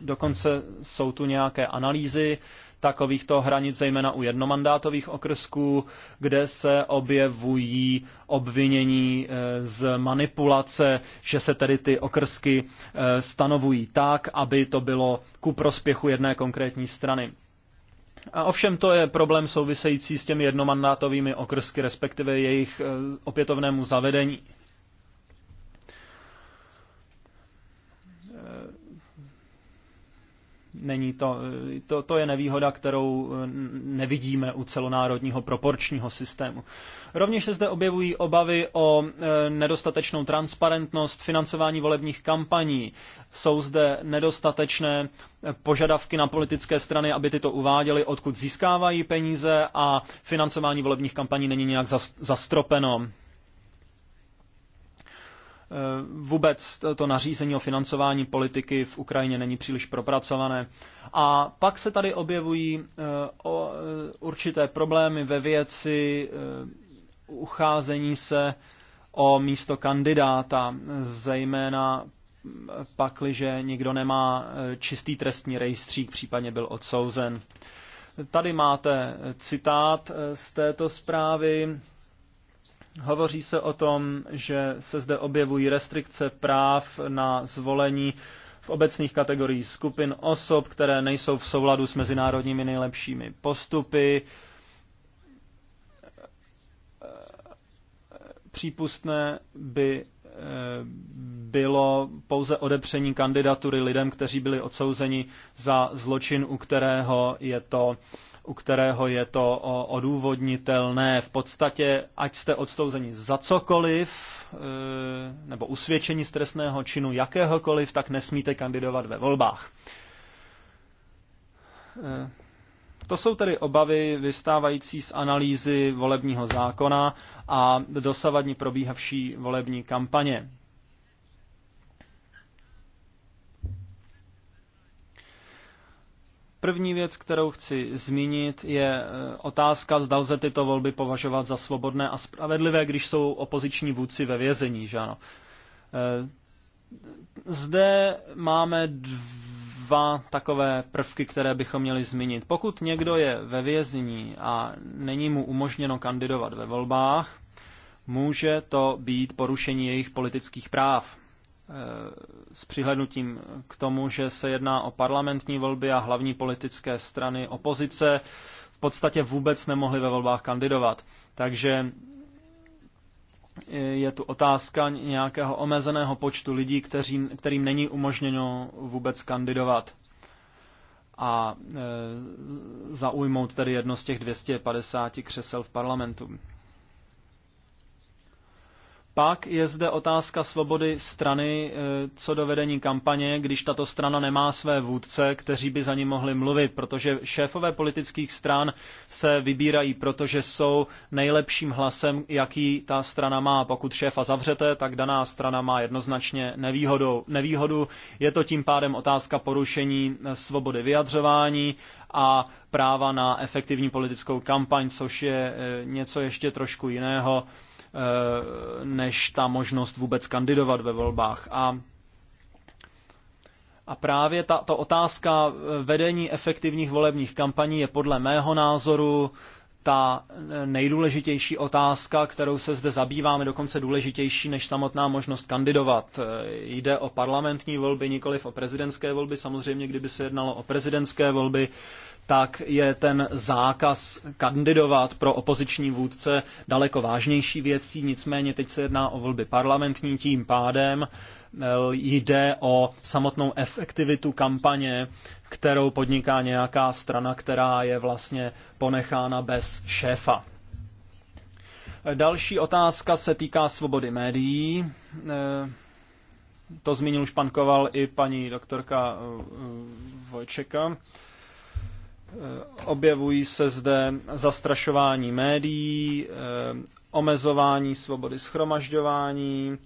Dokonce jsou tu nějaké analýzy, takovýchto hranic, zejména u jednomandátových okrsků, kde se objevují obvinění eh, z manipulace, že se tedy ty okrsky eh, stanovují tak, aby to bylo ku prospěchu jedné konkrétní strany. A ovšem to je problém související s těmi jednomandátovými okrsky, respektive jejich eh, opětovnému zavedení. Není to, eh, to, to je nevýhoda, kterou eh, nevidíme u celonárodního proporčního systému. Rovněž se zde objevují obavy o eh, nedostatečnou transparentnost financování volebních kampaní. Jsou zde nedostatečné požadavky na politické strany, aby tyto uváděly, odkud získávají peníze a financování volebních kampaní není nějak zastropeno. Eh, vůbec to nařízení o financování politiky v Ukrajině není příliš propracované. A pak se tady objevují eh, eh, určité problémy ve věci ucházení se o místo kandidáta, zejména že někdo nemá čistý trestní rejstřík, případně byl odsouzen. Tady máte citát z této zprávy. Hovoří se o tom, že se zde objevují restrikce práv na zvolení v obecných kategoriích skupin osob, které nejsou v souladu s mezinárodními nejlepšími postupy, přípustné by eh, bylo pouze odepření kandidatury lidem, kteří byli odsouzeni za zločin, u kterého je to u kterého je to odůvodnitelné. V podstatě, ať jste odstouzeni za cokoliv, e, nebo usvědčení z trestného činu jakéhokoliv, tak nesmíte kandidovat ve volbách. E, to jsou tedy obavy vystávající z analýzy volebního zákona a dosavadní probíhavší volební kampaně. První věc, kterou chci zmínit, je e, otázka, zda lze tyto volby považovat za svobodné a spravedlivé, když jsou opoziční vůdci ve vězení, že ano. E, zde máme dva takové prvky, které bychom měli zmínit. Pokud někdo je ve vězení a není mu umožněno kandidovat ve volbách, může to být porušení jejich politických práv s přihlednutím k tomu, že se jedná o parlamentní volby a hlavní politické strany opozice v podstatě vůbec nemohly ve volbách kandidovat. Takže eh, je tu otázka nějakého omezeného počtu lidí, kteří, kterým není umožněno vůbec kandidovat a e, zaujmout tedy jedno z těch 250 křesel v parlamentu. Pak je zde otázka svobody strany eh, co do vedení kampaně, když tato strana nemá své vůdce, kteří by za ní mohli mluvit, protože šéfové politických stran se vybírají, protože jsou nejlepším hlasem, jaký ta strana má. Pokud šéfa zavřete, tak daná strana má jednoznačně nevýhodu. nevýhodu. Je to tím pádem otázka porušení eh, svobody vyjadřování a práva na efektivní politickou kampaň, což je eh, něco ještě trošku jiného Eh, než ta možnost vůbec kandidovat ve volbách. A a právě ta, ta otázka eh, vedení efektivních volebních kampaní je podle mého názoru ta eh, nejdůležitější otázka, kterou se zde zabýváme, dokonce důležitější než samotná možnost kandidovat. Jde o parlamentní volby, nikoliv o prezidentské volby. Samozřejmě, kdyby se jednalo o prezidentské volby, tak je ten zákaz kandidovat pro opoziční vůdce daleko vážnější věcí, nicméně teď se jedná o volby parlamentní, tím pádem eh, jde o samotnou efektivitu kampaně, kterou podniká nějaká strana, která je vlastně ponechána bez šéfa. Další otázka se týká svobody médií. Eh, to zmínil už pan Koval i paní doktorka eh, Vojčeka. Eh, objevují se zde zastrašování médií, eh, omezování svobody schromažďování,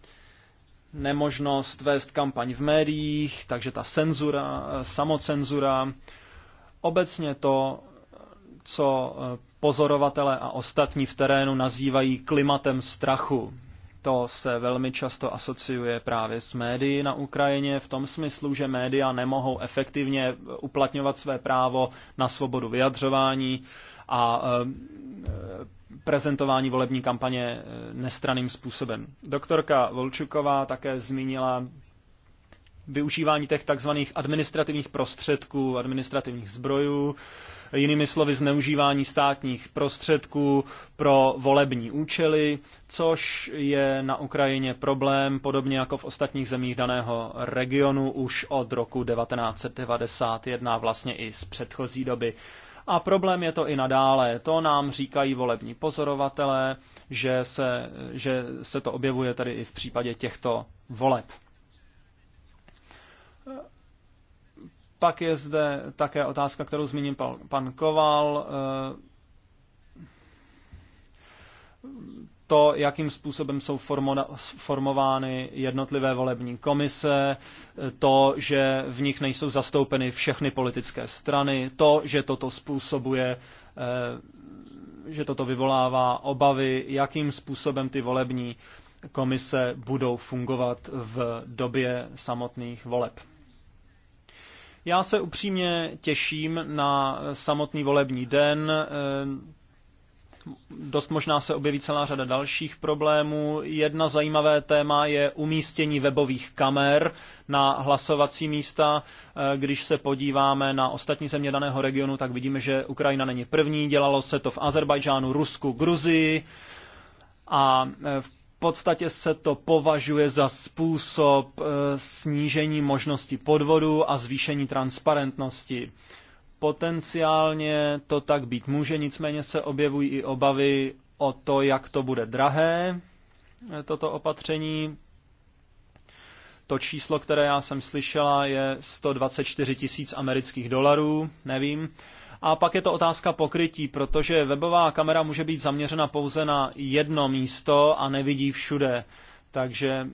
nemožnost vést kampaň v médiích, takže ta cenzura, eh, samocenzura, obecně to, co pozorovatele a ostatní v terénu nazývají klimatem strachu, to se velmi často asociuje právě s médií na Ukrajině v tom smyslu, že média nemohou efektivně uplatňovat své právo na svobodu vyjadřování a e, e, prezentování volební kampaně e, nestraným způsobem. Doktorka Volčuková také zmínila využívání těch takzvaných administrativních prostředků, administrativních zbrojů, jinými slovy zneužívání státních prostředků pro volební účely, což je na Ukrajině problém, podobně jako v ostatních zemích daného regionu už od roku 1991, vlastně i z předchozí doby. A problém je to i nadále. To nám říkají volební pozorovatelé, že se, že se to objevuje tady i v případě těchto voleb. Pak je zde také otázka, kterou zmíním pan Koval. Eh, to, jakým způsobem jsou formovány jednotlivé volební komise, to, že v nich nejsou zastoupeny všechny politické strany, to, že toto způsobuje eh, že toto vyvolává obavy, jakým způsobem ty volební komise budou fungovat v době samotných voleb. Já se upřímně těším na samotný volební den. Eh, dost možná se objeví celá řada dalších problémů. Jedna zajímavé téma je umístění webových kamer na hlasovací místa. Eh, když se podíváme na ostatní země daného regionu, tak vidíme, že Ukrajina není první. Dělalo se to v Azerbajdžánu, Rusku, Gruzii. A eh, v podstatě se to považuje za způsob eh, snížení možnosti podvodu a zvýšení transparentnosti. Potenciálně to tak být může, nicméně se objevují i obavy o to, jak to bude drahé, eh, toto opatření. To číslo, které já jsem slyšela, je 124 tisíc amerických dolarů, nevím. A pak je to otázka pokrytí, protože webová kamera může být zaměřena pouze na jedno místo a nevidí všude. Takže e,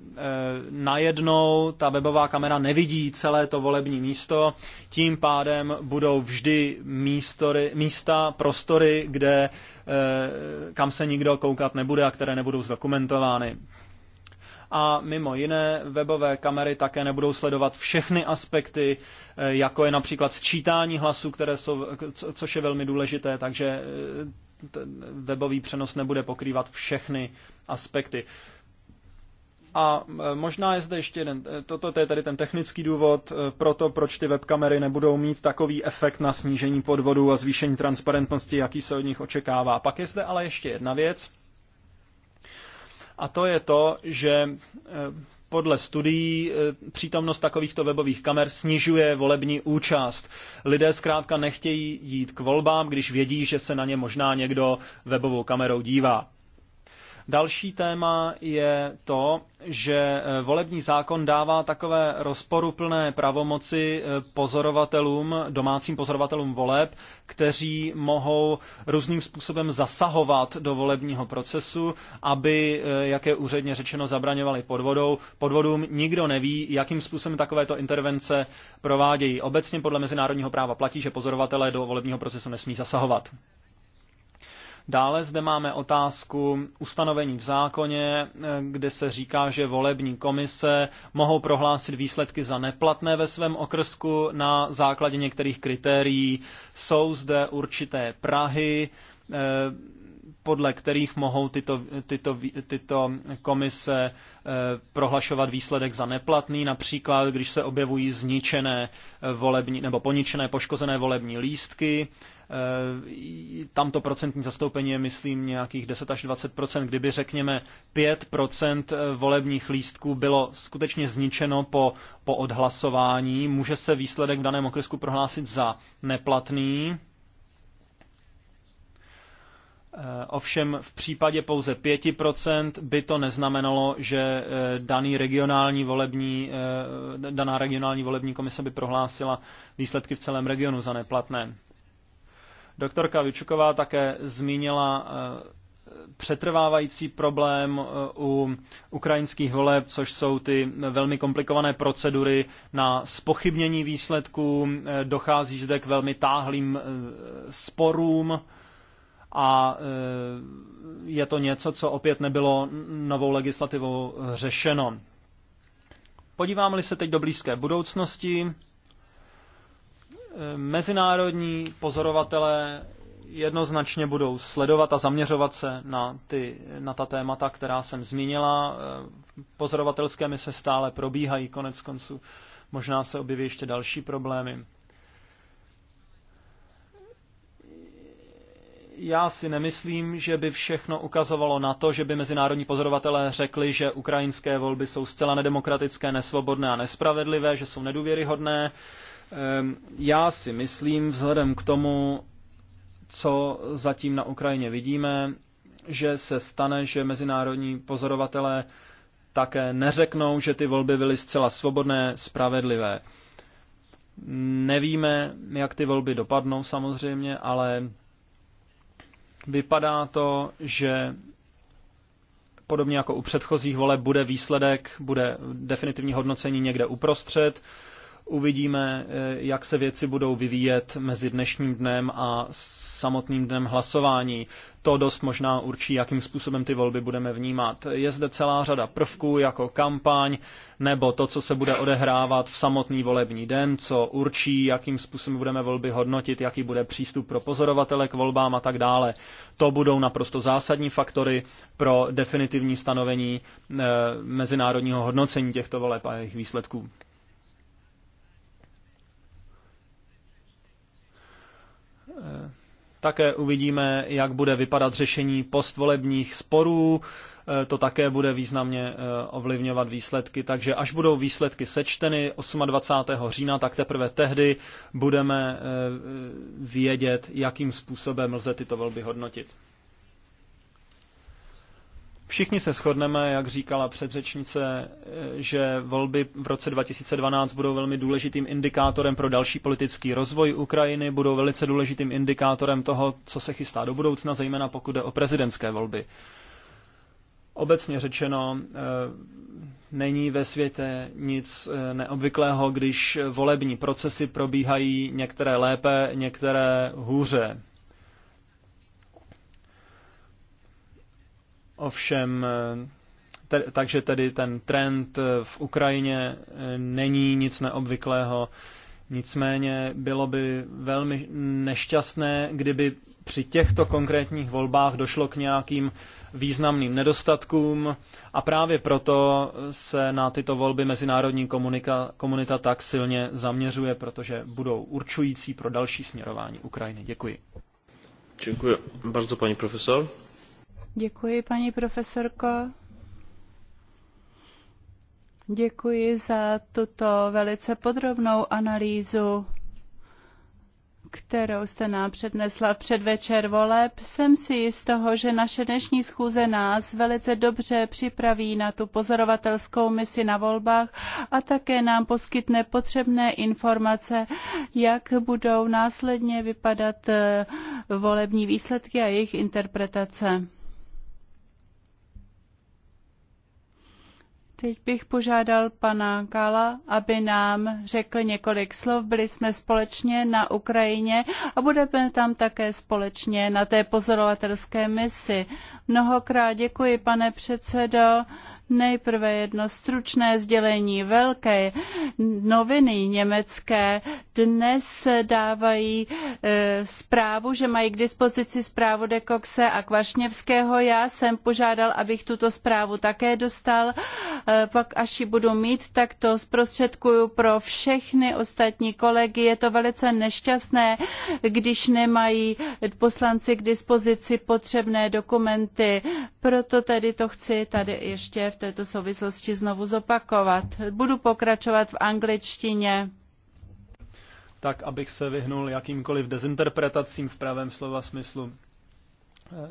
najednou ta webová kamera nevidí celé to volební místo, tím pádem budou vždy místory, místa, prostory, kde, e, kam se nikdo koukat nebude a které nebudou zdokumentovány a mimo jiné webové kamery také nebudou sledovat všechny aspekty, eh, jako je například sčítání hlasů, které jsou, což je velmi důležité, takže eh, webový přenos nebude pokrývat všechny aspekty. A eh, možná je zde ještě jeden, toto to je tady ten technický důvod pro to, proč ty webkamery nebudou mít takový efekt na snížení podvodu a zvýšení transparentnosti, jaký se od nich očekává. Pak je zde ale ještě jedna věc, a to je to, že eh, podle studií eh, přítomnost takovýchto webových kamer snižuje volební účast. Lidé zkrátka nechtějí jít k volbám, když vědí, že se na ně možná někdo webovou kamerou dívá. Další téma je to, že eh, volební zákon dává takové rozporuplné pravomoci eh, pozorovatelům, domácím pozorovatelům voleb, kteří mohou různým způsobem zasahovat do volebního procesu, aby, eh, jak je úředně řečeno, zabraňovali podvodou. Podvodům nikdo neví, jakým způsobem takovéto intervence provádějí. Obecně podle mezinárodního práva platí, že pozorovatelé do volebního procesu nesmí zasahovat. Dále zde máme otázku ustanovení v zákoně, eh, kde se říká, že volební komise mohou prohlásit výsledky za neplatné ve svém okrsku na základě některých kritérií. Jsou zde určité Prahy, eh, podle kterých mohou tyto, tyto, tyto komise eh, prohlašovat výsledek za neplatný, například když se objevují zničené eh, volební nebo poničené, poškozené volební lístky. Eh, Tamto procentní zastoupení je, myslím, nějakých 10 až 20 Kdyby, řekněme, 5 volebních lístků bylo skutečně zničeno po, po odhlasování, může se výsledek v daném okresku prohlásit za neplatný Eh, ovšem v případě pouze 5% by to neznamenalo, že eh, daný regionální volební, eh, daná regionální volební komise by prohlásila výsledky v celém regionu za neplatné. Doktorka Vyčuková také zmínila přetrvávající problém u ukrajinských voleb, což jsou ty velmi komplikované procedury na spochybnění výsledků. Dochází zde k velmi táhlým sporům a eh, je to něco, co opět nebylo novou legislativou řešeno. Podíváme-li se teď do blízké budoucnosti, eh, mezinárodní pozorovatelé jednoznačně budou sledovat a zaměřovat se na, ty, na ta témata, která jsem zmínila. Eh, pozorovatelské mise stále probíhají, konec konců možná se objeví ještě další problémy. já si nemyslím, že by všechno ukazovalo na to, že by mezinárodní pozorovatelé řekli, že ukrajinské volby jsou zcela nedemokratické, nesvobodné a nespravedlivé, že jsou nedůvěryhodné. Ehm, já si myslím, vzhledem k tomu, co zatím na Ukrajině vidíme, že se stane, že mezinárodní pozorovatelé také neřeknou, že ty volby byly zcela svobodné, spravedlivé. Nevíme, jak ty volby dopadnou samozřejmě, ale Vypadá to, že podobně jako u předchozích voleb bude výsledek, bude definitivní hodnocení někde uprostřed Uvidíme, eh, jak se věci budou vyvíjet mezi dnešním dnem a samotným dnem hlasování. To dost možná určí, jakým způsobem ty volby budeme vnímat. Je zde celá řada prvků, jako kampaň, nebo to, co se bude odehrávat v samotný volební den, co určí, jakým způsobem budeme volby hodnotit, jaký bude přístup pro pozorovatele k volbám a tak dále. To budou naprosto zásadní faktory pro definitivní stanovení eh, mezinárodního hodnocení těchto voleb a jejich výsledků. Eh, také uvidíme, jak bude vypadat řešení postvolebních sporů. Eh, to také bude významně eh, ovlivňovat výsledky. Takže až budou výsledky sečteny 28. října, tak teprve tehdy budeme vědět, jakým způsobem lze tyto volby hodnotit. Všichni se shodneme, jak říkala předřečnice, eh, že volby v roce 2012 budou velmi důležitým indikátorem pro další politický rozvoj Ukrajiny, budou velice důležitým indikátorem toho, co se chystá do budoucna, zejména pokud jde o prezidentské volby. Obecně řečeno, eh, není ve světě nic eh, neobvyklého, když volební procesy probíhají některé lépe, některé hůře. Ovšem, eh, te, takže tedy ten trend eh, v Ukrajině eh, není nic neobvyklého. Nicméně bylo by velmi nešťastné, kdyby při těchto konkrétních volbách došlo k nějakým významným nedostatkům a právě proto se na tyto volby mezinárodní komunika, komunita tak silně zaměřuje, protože budou určující pro další směrování Ukrajiny. Děkuji. Děkuji bardzo, paní profesor. Děkuji, paní profesorko. Děkuji za tuto velice podrobnou analýzu, kterou jste nám přednesla v předvečer voleb. Jsem si z toho, že naše dnešní schůze nás velice dobře připraví na tu pozorovatelskou misi na volbách a také nám poskytne potřebné informace, jak budou následně vypadat eh, volební výsledky a jejich interpretace. Teď bych požádal pana Kala, aby nám řekl několik slov. Byli jsme společně na Ukrajině a budeme tam také společně na té pozorovatelské misi. Mnohokrát děkuji, pane předsedo. Nejprve jedno stručné sdělení. Velké noviny německé dnes dávají e, zprávu, že mají k dispozici zprávu de Coxe a Kvašněvského. Já jsem požádal, abych tuto zprávu také dostal. E, pak až ji budu mít, tak to zprostředkuju pro všechny ostatní kolegy. Je to velice nešťastné, když nemají poslanci k dispozici potřebné dokumenty. Proto tedy to chci tady ještě v této souvislosti znovu zopakovat. Budu pokračovat v angličtině. Tak, abych se vyhnul jakýmkoliv dezinterpretacím v pravém slova smyslu.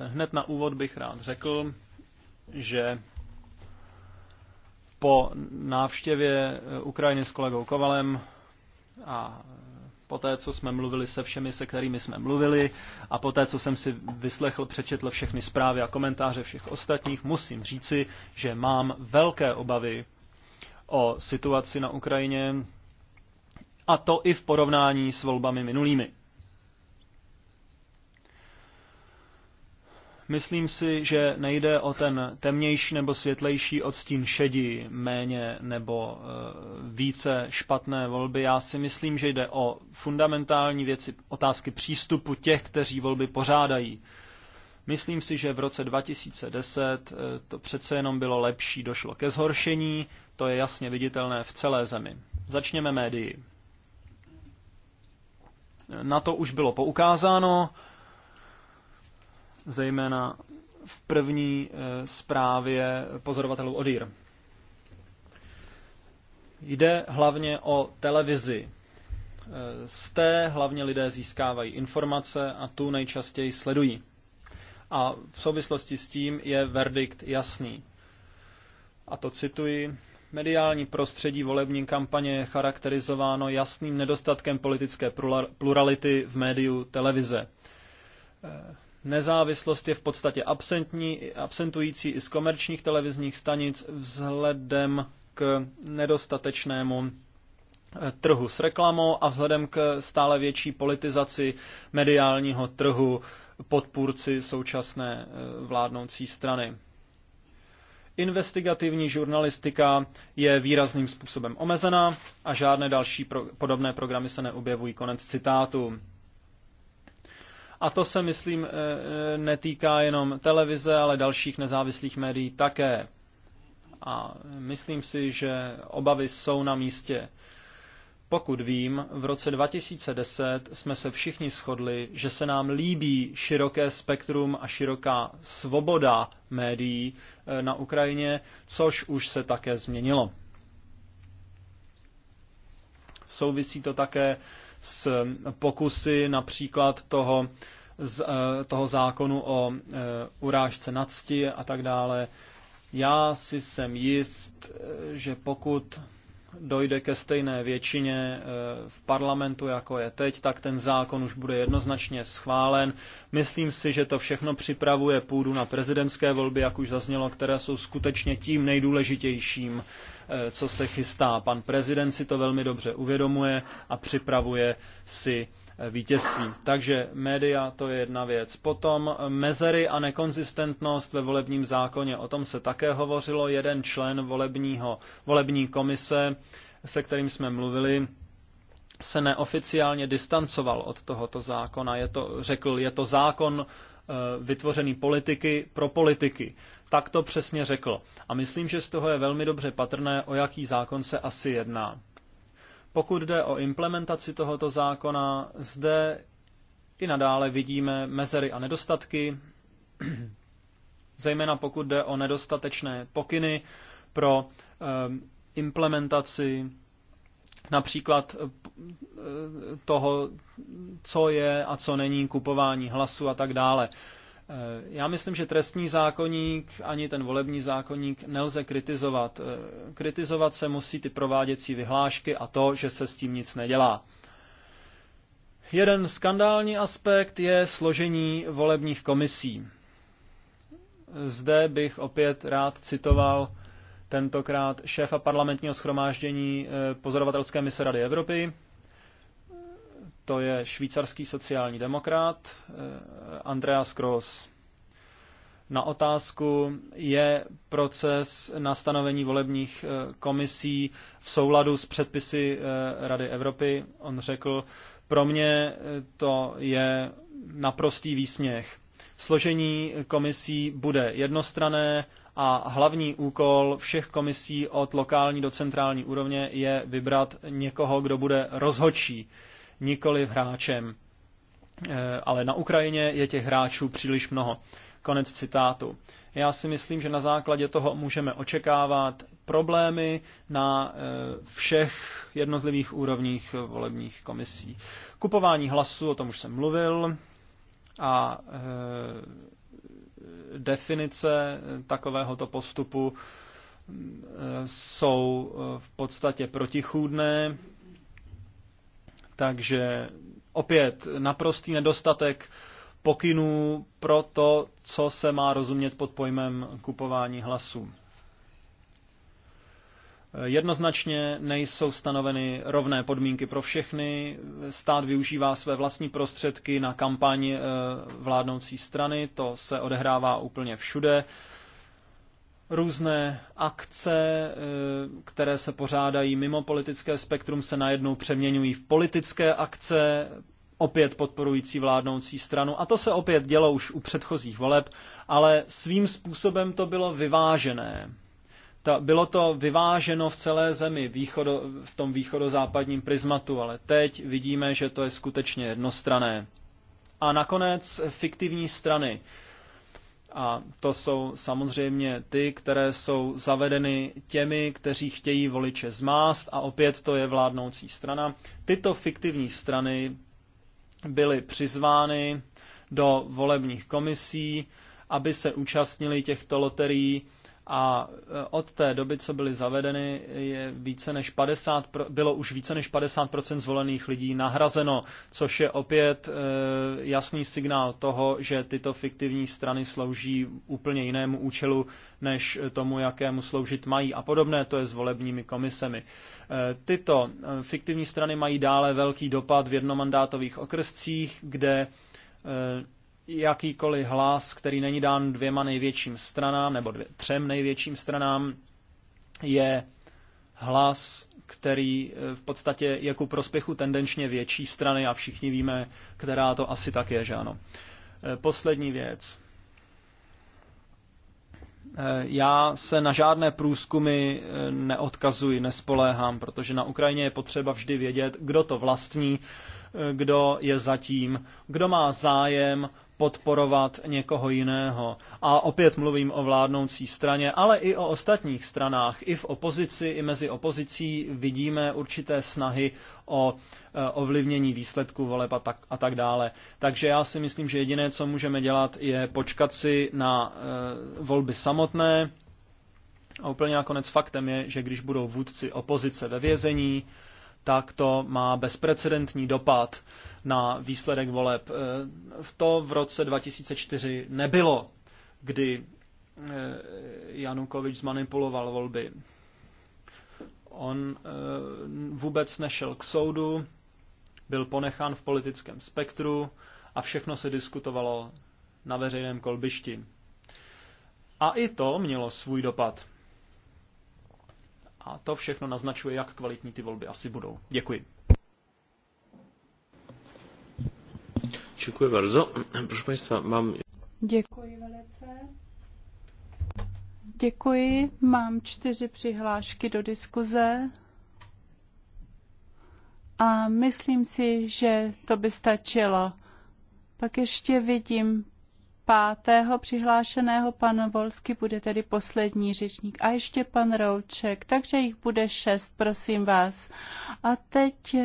Eh, hned na úvod bych rád řekl, že po návštěvě eh, Ukrajiny s kolegou Kovalem a po té, co jsme mluvili se všemi, se kterými jsme mluvili a po té, co jsem si vyslechl, přečetl všechny zprávy a komentáře všech ostatních, musím říci, že mám velké obavy o situaci na Ukrajině a to i v porovnání s volbami minulými. Myslím si, že nejde o ten temnější nebo světlejší odstín šedí, méně nebo e, více špatné volby. Já si myslím, že jde o fundamentální věci, otázky přístupu těch, kteří volby pořádají. Myslím si, že v roce 2010 e, to přece jenom bylo lepší, došlo ke zhoršení, to je jasně viditelné v celé zemi. Začněme médii. Na to už bylo poukázáno zejména v první eh, zprávě pozorovatelů ODIR. Jde hlavně o televizi. Eh, z té hlavně lidé získávají informace a tu nejčastěji sledují. A v souvislosti s tím je verdikt jasný. A to cituji. Mediální prostředí volební kampaně je charakterizováno jasným nedostatkem politické plurality v médiu televize. Eh, Nezávislost je v podstatě absentní, absentující i z komerčních televizních stanic vzhledem k nedostatečnému eh, trhu s reklamou a vzhledem k stále větší politizaci mediálního trhu podpůrci současné eh, vládnoucí strany. Investigativní žurnalistika je výrazným způsobem omezená a žádné další pro, podobné programy se neobjevují. Konec citátu. A to se, myslím, e, e, netýká jenom televize, ale dalších nezávislých médií také. A myslím si, že obavy jsou na místě. Pokud vím, v roce 2010 jsme se všichni shodli, že se nám líbí široké spektrum a široká svoboda médií e, na Ukrajině, což už se také změnilo. Souvisí to také s eh, pokusy například toho, z, eh, toho zákonu o eh, urážce nadsti a tak dále. Já si jsem jist, že pokud dojde ke stejné většině v parlamentu, jako je teď, tak ten zákon už bude jednoznačně schválen. Myslím si, že to všechno připravuje půdu na prezidentské volby, jak už zaznělo, které jsou skutečně tím nejdůležitějším Eh, co se chystá. Pan prezident si to velmi dobře uvědomuje a připravuje si eh, vítězství. Takže média to je jedna věc. Potom eh, mezery a nekonzistentnost ve volebním zákoně. O tom se také hovořilo. Jeden člen volebního, volební komise, se kterým jsme mluvili, se neoficiálně distancoval od tohoto zákona. Je to, řekl, je to zákon vytvořený politiky pro politiky tak to přesně řekl. A myslím, že z toho je velmi dobře patrné, o jaký zákon se asi jedná. Pokud jde o implementaci tohoto zákona, zde i nadále vidíme mezery a nedostatky, *clears throat* zejména pokud jde o nedostatečné pokyny pro ehm, implementaci například eh, eh, toho, co je a co není kupování hlasu a tak dále. Eh, já myslím, že trestní zákoník ani ten volební zákoník nelze kritizovat. Eh, kritizovat se musí ty prováděcí vyhlášky a to, že se s tím nic nedělá. Jeden skandální aspekt je složení volebních komisí. Zde bych opět rád citoval tentokrát šéfa parlamentního schromáždění eh, pozorovatelské mise Rady Evropy, to je švýcarský sociální demokrat eh, Andreas Gross. Na otázku je proces nastanovení volebních eh, komisí v souladu s předpisy eh, Rady Evropy. On řekl, pro mě to je naprostý výsměch. Složení komisí bude jednostrané a hlavní úkol všech komisí od lokální do centrální úrovně je vybrat někoho, kdo bude rozhodčí nikoli hráčem. Eh, ale na Ukrajině je těch hráčů příliš mnoho. Konec citátu. Já si myslím, že na základě toho můžeme očekávat problémy na eh, všech jednotlivých úrovních volebních komisí. Kupování hlasů o tom už jsem mluvil, a eh, definice takovéhoto postupu mm, jsou v podstatě protichůdné. Takže opět naprostý nedostatek pokynů pro to, co se má rozumět pod pojmem kupování hlasů. Jednoznačně nejsou stanoveny rovné podmínky pro všechny. Stát využívá své vlastní prostředky na kampaň eh, vládnoucí strany, to se odehrává úplně všude různé akce, eh, které se pořádají mimo politické spektrum, se najednou přeměňují v politické akce, opět podporující vládnoucí stranu. A to se opět dělo už u předchozích voleb, ale svým způsobem to bylo vyvážené. Ta, bylo to vyváženo v celé zemi, východo, v tom východozápadním prismatu, ale teď vidíme, že to je skutečně jednostrané. A nakonec fiktivní strany. A to jsou samozřejmě ty, které jsou zavedeny těmi, kteří chtějí voliče zmást a opět to je vládnoucí strana. Tyto fiktivní strany byly přizvány do volebních komisí, aby se účastnili těchto loterií a eh, od té doby, co byly zavedeny, je více než 50, bylo už více než 50% zvolených lidí nahrazeno, což je opět eh, jasný signál toho, že tyto fiktivní strany slouží úplně jinému účelu, než tomu, jakému sloužit mají. A podobné to je s volebními komisemi. Eh, tyto fiktivní strany mají dále velký dopad v jednomandátových okrscích, kde jakýkoliv hlas, který není dán dvěma největším stranám nebo dvě, třem největším stranám, je hlas, který eh, v podstatě je ku prospěchu tendenčně větší strany a všichni víme, která to asi tak je, že ano. Eh, poslední věc. Eh, já se na žádné průzkumy neodkazuji, nespoléhám, protože na Ukrajině je potřeba vždy vědět, kdo to vlastní, kdo je zatím, kdo má zájem podporovat někoho jiného. A opět mluvím o vládnoucí straně, ale i o ostatních stranách. I v opozici, i mezi opozicí vidíme určité snahy o eh, ovlivnění výsledků voleb a tak, a tak dále. Takže já si myslím, že jediné, co můžeme dělat, je počkat si na eh, volby samotné. A úplně nakonec faktem je, že když budou vůdci opozice ve vězení, tak to má bezprecedentní dopad na výsledek voleb. Eh, v to v roce 2004 nebylo, kdy eh, Janukovič zmanipuloval volby. On eh, vůbec nešel k soudu, byl ponechán v politickém spektru a všechno se diskutovalo na veřejném kolbišti. A i to mělo svůj dopad. A to všechno naznačuje, jak kvalitní ty volby asi budou. Děkuji. Děkuji bardzo. Proszę Państwa, mám... Děkuji velice. Děkuji. Mám čtyři přihlášky do diskuze. A myslím si, že to by stačilo. Pak ještě vidím pátého přihlášeného pan Volsky bude tedy poslední řečník a ještě pan Rouček, takže jich bude šest, prosím vás. A teď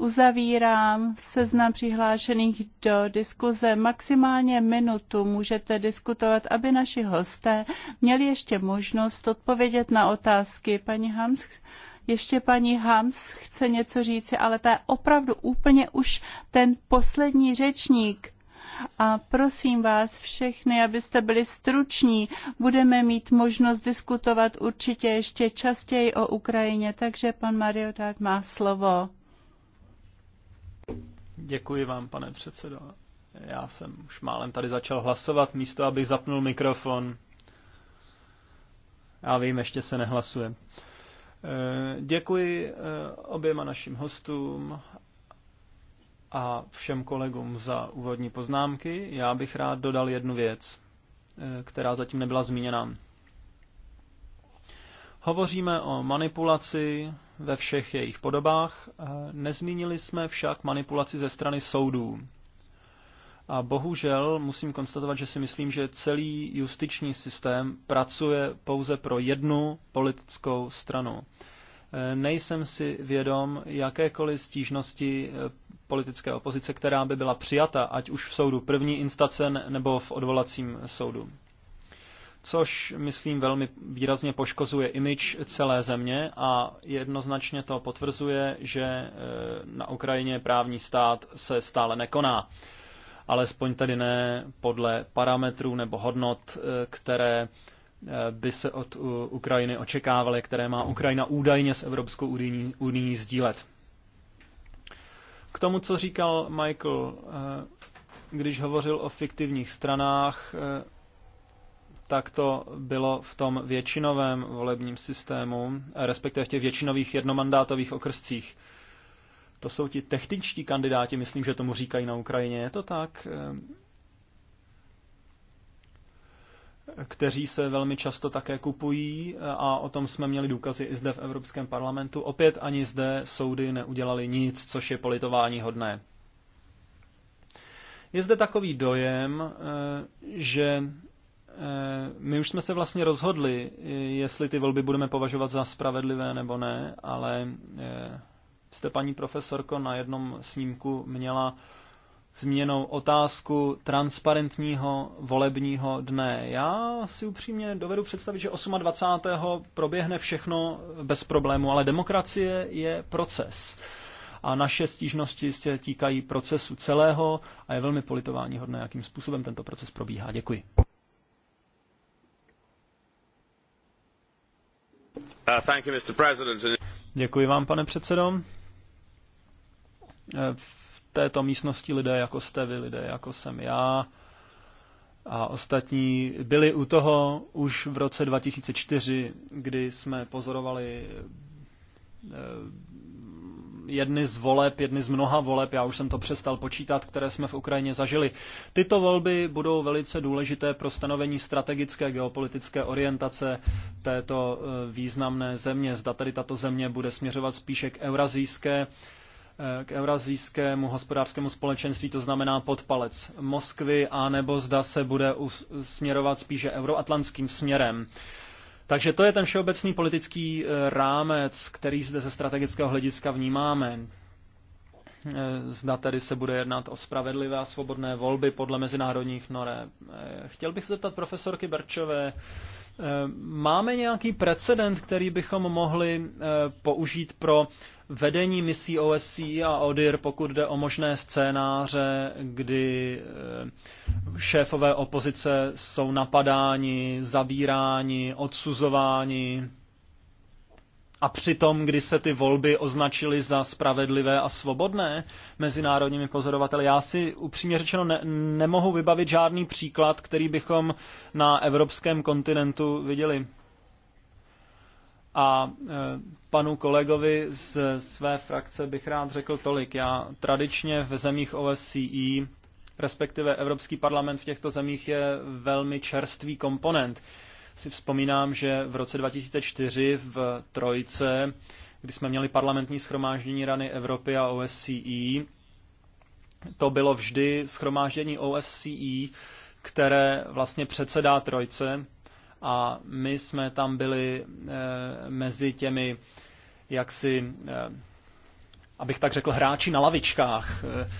Uzavírám seznam přihlášených do diskuze. Maximálně minutu můžete diskutovat, aby naši hosté měli ještě možnost odpovědět na otázky. Paní Hams, ještě paní Hams chce něco říci, ale to je opravdu úplně už ten poslední řečník. A prosím vás všechny, abyste byli struční. Budeme mít možnost diskutovat určitě ještě častěji o Ukrajině, takže pan Mario tak má slovo. Děkuji vám, pane předsedo. Já jsem už málem tady začal hlasovat, místo abych zapnul mikrofon. Já vím, ještě se nehlasuje. Eh, děkuji eh, oběma našim hostům a všem kolegům za úvodní poznámky. Já bych rád dodal jednu věc, eh, která zatím nebyla zmíněna. Hovoříme o manipulaci ve všech jejich podobách. Nezmínili jsme však manipulaci ze strany soudů. A bohužel musím konstatovat, že si myslím, že celý justiční systém pracuje pouze pro jednu politickou stranu. E, nejsem si vědom jakékoliv stížnosti e, politické opozice, která by byla přijata, ať už v soudu první instance nebo v odvolacím soudu což, myslím, velmi výrazně poškozuje imič celé země a jednoznačně to potvrzuje, že e, na Ukrajině právní stát se stále nekoná. Alespoň tedy ne podle parametrů nebo hodnot, e, které e, by se od Ukrajiny očekávaly, které má Ukrajina údajně s Evropskou unii, unii sdílet. K tomu, co říkal Michael, když hovořil o fiktivních stranách, tak to bylo v tom většinovém volebním systému, respektive v těch většinových jednomandátových okrscích. To jsou ti techničtí kandidáti, myslím, že tomu říkají na Ukrajině. Je to tak? Eh, kteří se velmi často také kupují eh, a o tom jsme měli důkazy i zde v Evropském parlamentu. Opět ani zde soudy neudělali nic, což je politování hodné. Je zde takový dojem, eh, že Eh, my už jsme se vlastně rozhodli, jestli ty volby budeme považovat za spravedlivé nebo ne, ale eh, jste paní profesorko na jednom snímku měla změnou otázku transparentního volebního dne. Já si upřímně dovedu představit, že 28. proběhne všechno bez problému, ale demokracie je proces. A naše stížnosti se týkají procesu celého a je velmi politování hodné, jakým způsobem tento proces probíhá. Děkuji. Uh, Děkuji vám, pane předsedo. Uh, v této místnosti lidé jako jste vy, lidé jako jsem já a ostatní byli u toho už v roce 2004, kdy jsme pozorovali uh, jedny z voleb, jedny z mnoha voleb, já už jsem to přestal počítat, které jsme v Ukrajině zažili. Tyto volby budou velice důležité pro stanovení strategické geopolitické orientace této eh, významné země. Zda tady tato země bude směřovat spíše k eurazijské eh, k eurazijskému hospodářskému společenství, to znamená pod palec Moskvy, anebo zda se bude směrovat spíše euroatlantským směrem. Takže to je ten všeobecný politický eh, rámec, který zde ze strategického hlediska vnímáme. Eh, zda tedy se bude jednat o spravedlivé a svobodné volby podle mezinárodních norem. Eh, chtěl bych se zeptat profesorky Berčové, máme nějaký precedent, který bychom mohli použít pro vedení misí OSCE a ODIR, pokud jde o možné scénáře, kdy eh, šéfové opozice jsou napadáni, zabíráni, odsuzováni a přitom, kdy se ty volby označily za spravedlivé a svobodné mezinárodními pozorovateli, já si upřímně řečeno ne, nemohu vybavit žádný příklad, který bychom na evropském kontinentu viděli. A e, panu kolegovi z své frakce bych rád řekl tolik. Já tradičně v zemích OSCE, respektive Evropský parlament v těchto zemích je velmi čerstvý komponent. Si vzpomínám, že v roce 2004 v Trojce, kdy jsme měli parlamentní schromáždění Rany Evropy a OSCE, to bylo vždy schromáždění OSCE, které vlastně předsedá Trojce, a my jsme tam byli eh, mezi těmi jaksi, eh, abych tak řekl, hráči na lavičkách. Eh,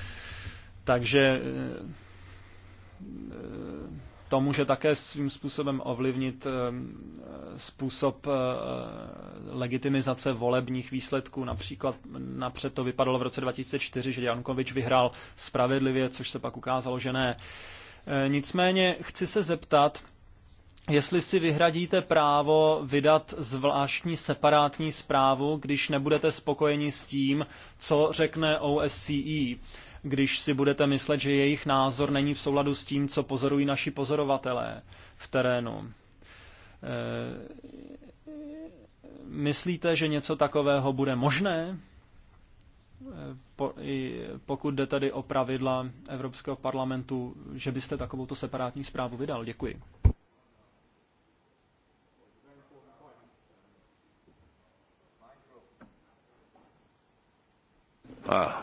takže to může také svým způsobem ovlivnit způsob legitimizace volebních výsledků. Například napřed to vypadalo v roce 2004, že Jankovič vyhrál spravedlivě, což se pak ukázalo, že ne. Nicméně chci se zeptat, jestli si vyhradíte právo vydat zvláštní separátní zprávu, když nebudete spokojeni s tím, co řekne OSCE, když si budete myslet, že jejich názor není v souladu s tím, co pozorují naši pozorovatelé v terénu. Eh, myslíte, že něco takového bude možné? Eh, po, i pokud jde tedy o pravidla Evropského parlamentu, že byste takovouto separátní zprávu vydal. Děkuji. Ah.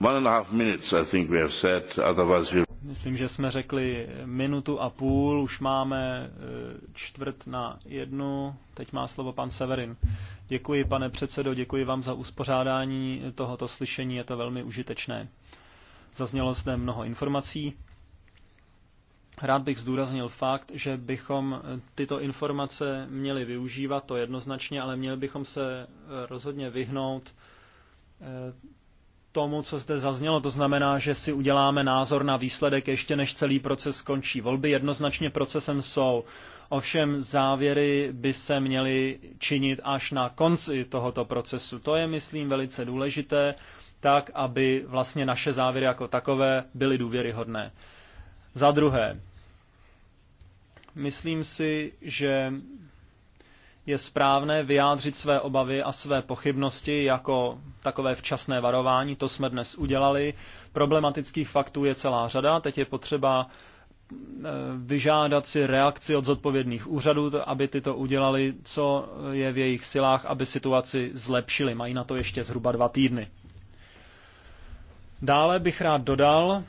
One and a half minutes, I think we have said, otherwise we... Myslím, že jsme řekli minutu a půl, už máme eh, čtvrt na jednu. Teď má slovo pan Severin. Děkuji, pane předsedo, děkuji vám za uspořádání tohoto slyšení, je to velmi užitečné. Zaznělo zde mnoho informací Rád bych zdůraznil fakt, že bychom eh, tyto informace měli využívat, to jednoznačně, ale měli bychom se eh, rozhodně vyhnout eh, tomu, co zde zaznělo. To znamená, že si uděláme názor na výsledek ještě než celý proces skončí. Volby jednoznačně procesem jsou. Ovšem závěry by se měly činit až na konci tohoto procesu. To je, myslím, velice důležité, tak, aby vlastně naše závěry jako takové byly důvěryhodné. Za druhé, myslím si, že je správné vyjádřit své obavy a své pochybnosti jako takové včasné varování. To jsme dnes udělali. Problematických faktů je celá řada. Teď je potřeba eh, vyžádat si reakci od zodpovědných úřadů, aby tyto udělali, co je v jejich silách, aby situaci zlepšili. Mají na to ještě zhruba dva týdny. Dále bych rád dodal,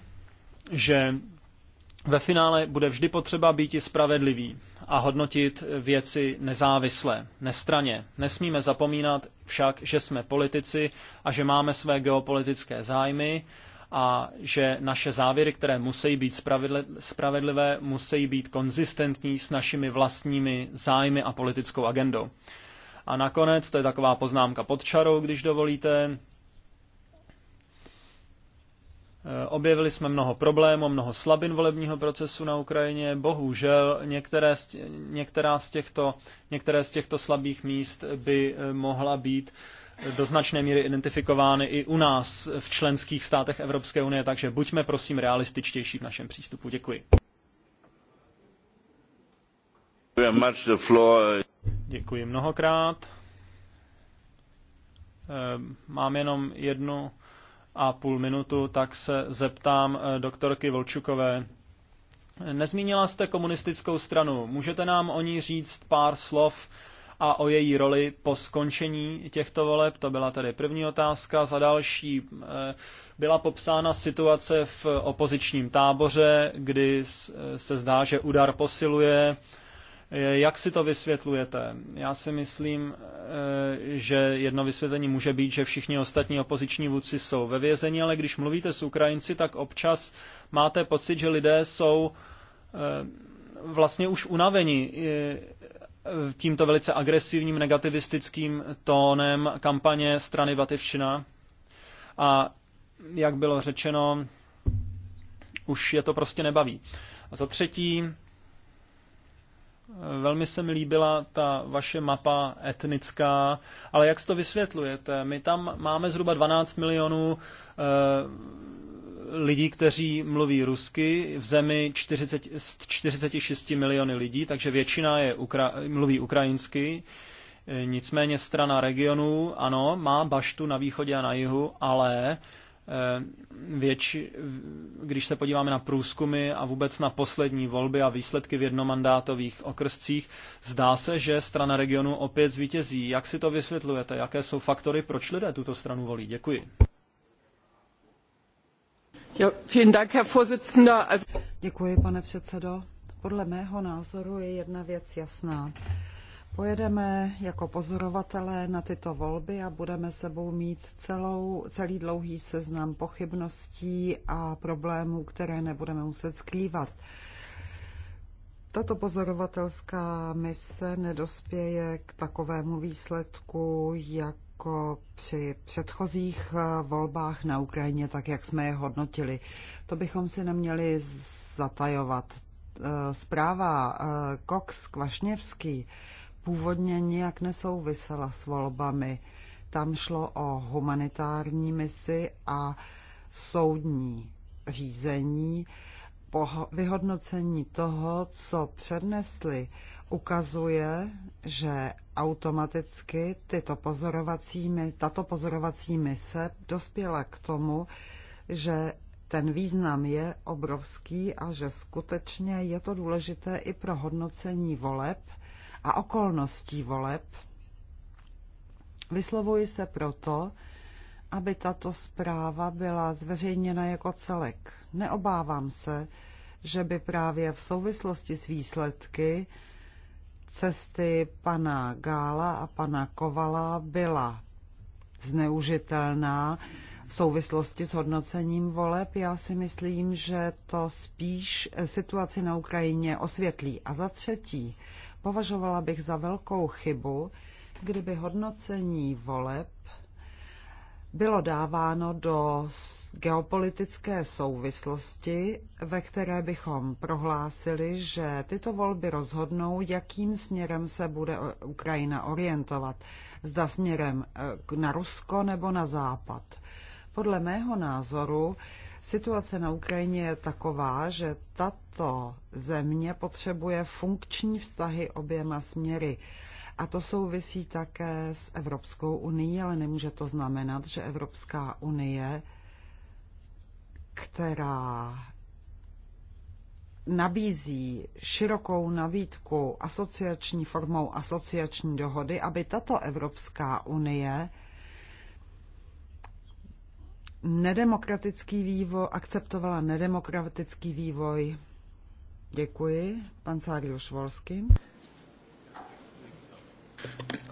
že ve finále bude vždy potřeba být i spravedlivý a hodnotit věci nezávisle, nestraně. Nesmíme zapomínat však, že jsme politici a že máme své geopolitické zájmy a že naše závěry, které musí být spravedlivé, musí být konzistentní s našimi vlastními zájmy a politickou agendou. A nakonec, to je taková poznámka pod čarou, když dovolíte, Eh, objevili jsme mnoho problémů, mnoho slabin volebního procesu na Ukrajině. Bohužel některé z, některá z těchto, některé z těchto slabých míst by eh, mohla být eh, do značné míry identifikovány i u nás v členských státech Evropské unie, takže buďme prosím realističtější v našem přístupu. Děkuji. Děkuji mnohokrát. Mám jenom jednu a půl minutu, tak se zeptám eh, doktorky Volčukové. Nezmínila jste komunistickou stranu. Můžete nám o ní říct pár slov a o její roli po skončení těchto voleb? To byla tedy první otázka. Za další eh, byla popsána situace v opozičním táboře, kdy eh, se zdá, že udar posiluje Eh, jak si to vysvětlujete? Já si myslím, eh, že jedno vysvětlení může být, že všichni ostatní opoziční vůdci jsou ve vězení, ale když mluvíte s Ukrajinci, tak občas máte pocit, že lidé jsou eh, vlastně už unaveni tímto velice agresivním negativistickým tónem kampaně strany Vativčina. A jak bylo řečeno, už je to prostě nebaví. A za třetí, Velmi se mi líbila ta vaše mapa etnická, ale jak to vysvětlujete? My tam máme zhruba 12 milionů e, lidí, kteří mluví rusky, v zemi 40, 46 miliony lidí, takže většina je ukra, mluví ukrajinsky. E, nicméně strana regionu, ano, má baštu na východě a na jihu, ale e, Eh, věč, když se podíváme na průzkumy a vůbec na poslední volby a výsledky v jednomandátových okrscích, zdá se, že strana regionu opět zvítězí. Jak si to vysvětlujete? Jaké jsou faktory, proč lidé tuto stranu volí? Děkuji. Děkuji, pane předsedo. Podle mého názoru je jedna věc jasná. Pojedeme jako pozorovatelé na tyto volby a budeme sebou mít celou, celý dlouhý seznam pochybností a problémů, které nebudeme muset skrývat. Tato pozorovatelská mise nedospěje k takovému výsledku, jako při předchozích eh, volbách na Ukrajině, tak jak jsme je hodnotili. To bychom si neměli zatajovat. Eh, zpráva eh, Cox Kvašněvský původně nijak nesouvisela s volbami. Tam šlo o humanitární misi a soudní řízení. Po vyhodnocení toho, co přednesli, ukazuje, že automaticky tyto pozorovací, tato pozorovací mise dospěla k tomu, že ten význam je obrovský a že skutečně je to důležité i pro hodnocení voleb – a okolností voleb. Vyslovuji se proto, aby tato zpráva byla zveřejněna jako celek. Neobávám se, že by právě v souvislosti s výsledky cesty pana Gála a pana Kovala byla zneužitelná v souvislosti s hodnocením voleb. Já si myslím, že to spíš situaci na Ukrajině osvětlí. A za třetí, považovala bych za velkou chybu, kdyby hodnocení voleb bylo dáváno do geopolitické souvislosti, ve které bychom prohlásili, že tyto volby rozhodnou, jakým směrem se bude Ukrajina orientovat. Zda směrem eh, na Rusko nebo na Západ. Podle mého názoru Situace na Ukrajině je taková, že tato země potřebuje funkční vztahy oběma směry. A to souvisí také s Evropskou unii, ale nemůže to znamenat, že Evropská unie, která nabízí širokou nabídku asociační formou asociační dohody, aby tato Evropská unie nedemokratický vývoj, akceptovala nedemokratický vývoj. Děkuji. Pan Sáriuš Volsky. Uh,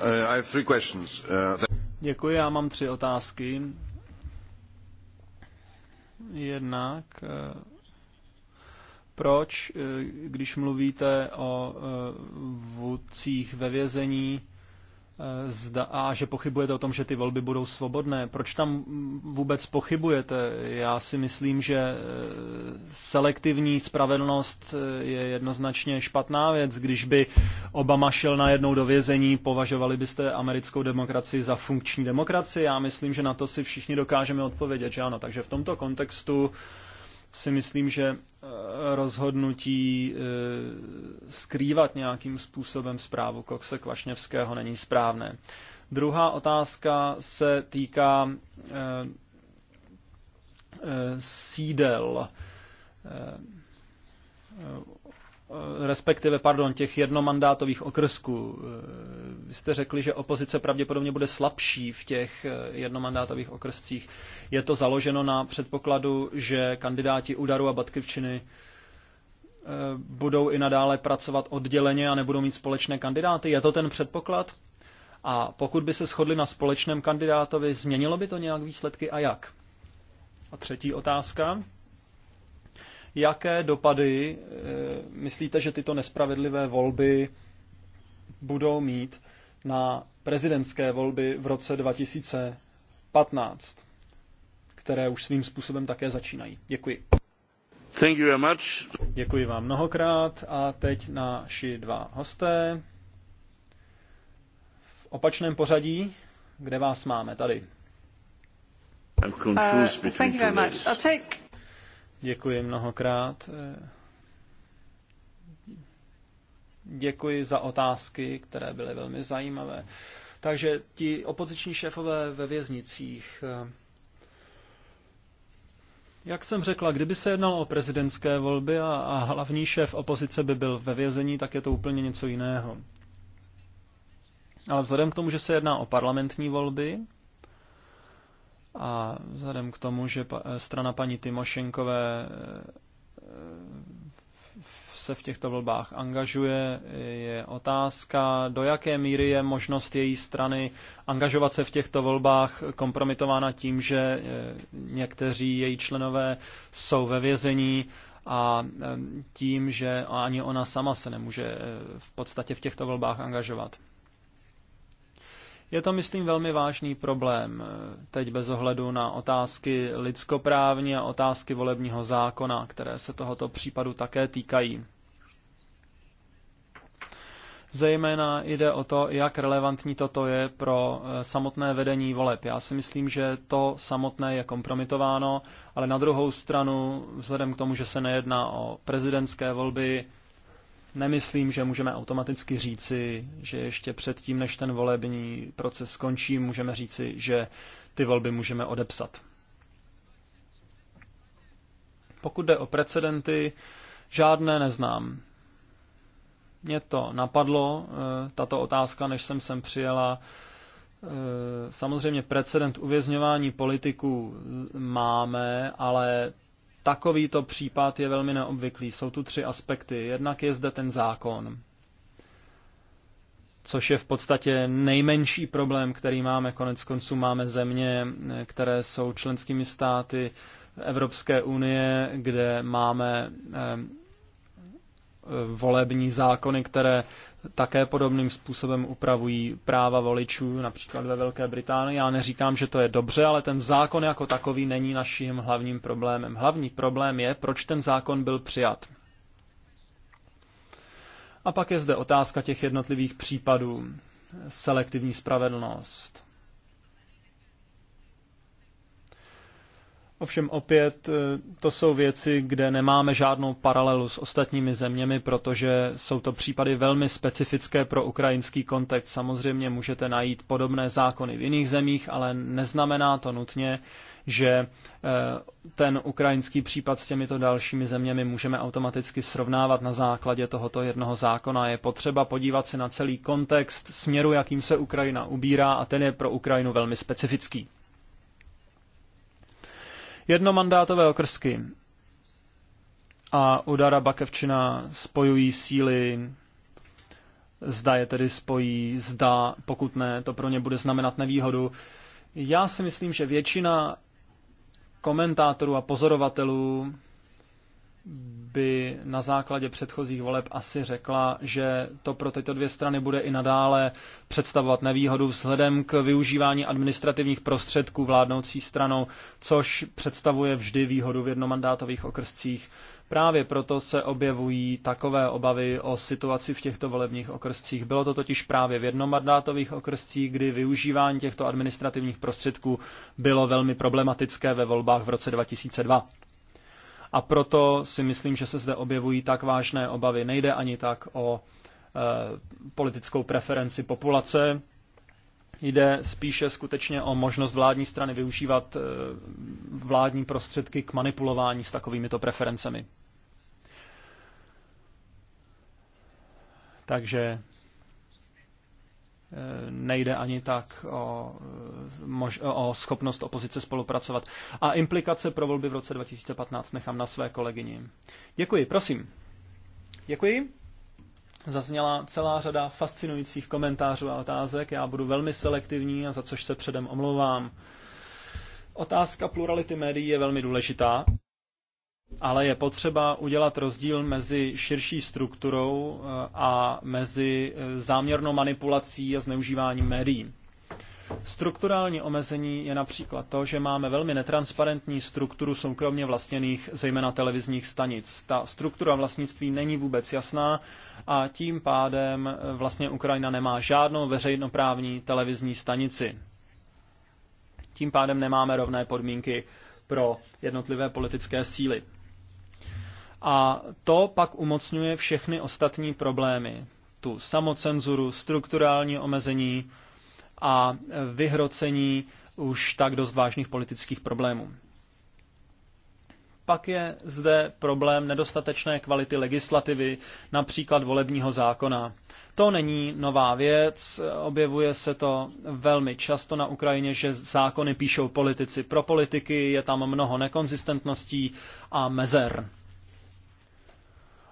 I have three questions. Uh, Děkuji, já mám tři otázky. Jednak, uh, proč, když mluvíte o vůdcích ve vězení, Eh, zda, a že pochybujete o tom, že ty volby budou svobodné. Proč tam vůbec pochybujete? Já si myslím, že eh, selektivní spravedlnost eh, je jednoznačně špatná věc. Když by Obama šel najednou do vězení, považovali byste americkou demokracii za funkční demokracii? Já myslím, že na to si všichni dokážeme odpovědět, že ano. Takže v tomto kontextu uh, si myslím, že eh, rozhodnutí eh, skrývat nějakým způsobem zprávu Kokse Kvašněvského není správné. Druhá otázka se týká eh, sídel Eh, respektive, pardon, těch jednomandátových okrsků. Eh, vy jste řekli, že opozice pravděpodobně bude slabší v těch eh, jednomandátových okrscích. Je to založeno na předpokladu, že kandidáti Udaru a Batkivčiny budou i nadále pracovat odděleně a nebudou mít společné kandidáty? Je to ten předpoklad? A pokud by se shodli na společném kandidátovi, změnilo by to nějak výsledky a jak? A třetí otázka. Jaké dopady eh, myslíte, že tyto nespravedlivé volby budou mít na prezidentské volby v roce 2015, které už svým způsobem také začínají? Děkuji. Thank you very much. Děkuji vám mnohokrát a teď naši dva hosté. V opačném pořadí, kde vás máme tady. I'm confused uh, thank you very much. I'll take Děkuji mnohokrát. Děkuji za otázky, které byly velmi zajímavé. Takže ti opoziční šéfové ve věznicích. Jak jsem řekla, kdyby se jednalo o prezidentské volby a, a hlavní šéf opozice by byl ve vězení, tak je to úplně něco jiného. Ale vzhledem k tomu, že se jedná o parlamentní volby, a vzhledem k tomu, že strana paní Tymošenkové eh, se v těchto volbách angažuje, je otázka, do jaké míry je možnost její strany angažovat se v těchto volbách kompromitována tím, že eh, někteří její členové jsou ve vězení a eh, tím, že ani ona sama se nemůže v podstatě v těchto volbách angažovat. Je to, myslím, velmi vážný problém, eh, teď bez ohledu na otázky lidskoprávní a otázky volebního zákona, které se tohoto případu také týkají. Zejména jde o to, jak relevantní toto je pro eh, samotné vedení voleb. Já si myslím, že to samotné je kompromitováno, ale na druhou stranu, vzhledem k tomu, že se nejedná o prezidentské volby, Nemyslím, že můžeme automaticky říci, že ještě předtím, než ten volební proces skončí, můžeme říci, že ty volby můžeme odepsat. Pokud jde o precedenty, žádné neznám. Mě to napadlo, eh, tato otázka, než jsem sem přijela. Eh, samozřejmě precedent uvězňování politiků máme, ale Takovýto případ je velmi neobvyklý. Jsou tu tři aspekty. Jednak je zde ten zákon, což je v podstatě nejmenší problém, který máme. Konec konců máme země, které jsou členskými státy Evropské unie, kde máme eh, volební zákony, které také podobným způsobem upravují práva voličů, například ve Velké Británii. Já neříkám, že to je dobře, ale ten zákon jako takový není naším hlavním problémem. Hlavní problém je, proč ten zákon byl přijat. A pak je zde otázka těch jednotlivých případů. Selektivní spravedlnost. Ovšem opět eh, to jsou věci, kde nemáme žádnou paralelu s ostatními zeměmi, protože jsou to případy velmi specifické pro ukrajinský kontext. Samozřejmě můžete najít podobné zákony v jiných zemích, ale neznamená to nutně, že eh, ten ukrajinský případ s těmito dalšími zeměmi můžeme automaticky srovnávat na základě tohoto jednoho zákona. Je potřeba podívat se na celý kontext směru, jakým se Ukrajina ubírá a ten je pro Ukrajinu velmi specifický. Jednomandátové okrsky a Udara Bakevčina spojují síly, zda je tedy spojí, zda, pokud ne, to pro ně bude znamenat nevýhodu. Já si myslím, že většina komentátorů a pozorovatelů by na základě předchozích voleb asi řekla, že to pro tyto dvě strany bude i nadále představovat nevýhodu vzhledem k využívání administrativních prostředků vládnoucí stranou, což představuje vždy výhodu v jednomandátových okrscích. Právě proto se objevují takové obavy o situaci v těchto volebních okrscích. Bylo to totiž právě v jednomandátových okrscích, kdy využívání těchto administrativních prostředků bylo velmi problematické ve volbách v roce 2002 a proto si myslím, že se zde objevují tak vážné obavy. Nejde ani tak o e, politickou preferenci populace, jde spíše skutečně o možnost vládní strany využívat e, vládní prostředky k manipulování s takovýmito preferencemi. Takže nejde ani tak o, mož, o schopnost opozice spolupracovat. A implikace pro volby v roce 2015 nechám na své kolegyni. Děkuji, prosím. Děkuji. Zazněla celá řada fascinujících komentářů a otázek. Já budu velmi selektivní a za což se předem omlouvám. Otázka plurality médií je velmi důležitá ale je potřeba udělat rozdíl mezi širší strukturou eh, a mezi eh, záměrnou manipulací a zneužíváním médií. Strukturální omezení je například to, že máme velmi netransparentní strukturu soukromně vlastněných, zejména televizních stanic. Ta struktura vlastnictví není vůbec jasná a tím pádem eh, vlastně Ukrajina nemá žádnou veřejnoprávní televizní stanici. Tím pádem nemáme rovné podmínky pro jednotlivé politické síly. A to pak umocňuje všechny ostatní problémy. Tu samocenzuru, strukturální omezení a vyhrocení už tak dost vážných politických problémů. Pak je zde problém nedostatečné kvality legislativy, například volebního zákona. To není nová věc, objevuje se to velmi často na Ukrajině, že zákony píšou politici pro politiky, je tam mnoho nekonzistentností a mezer.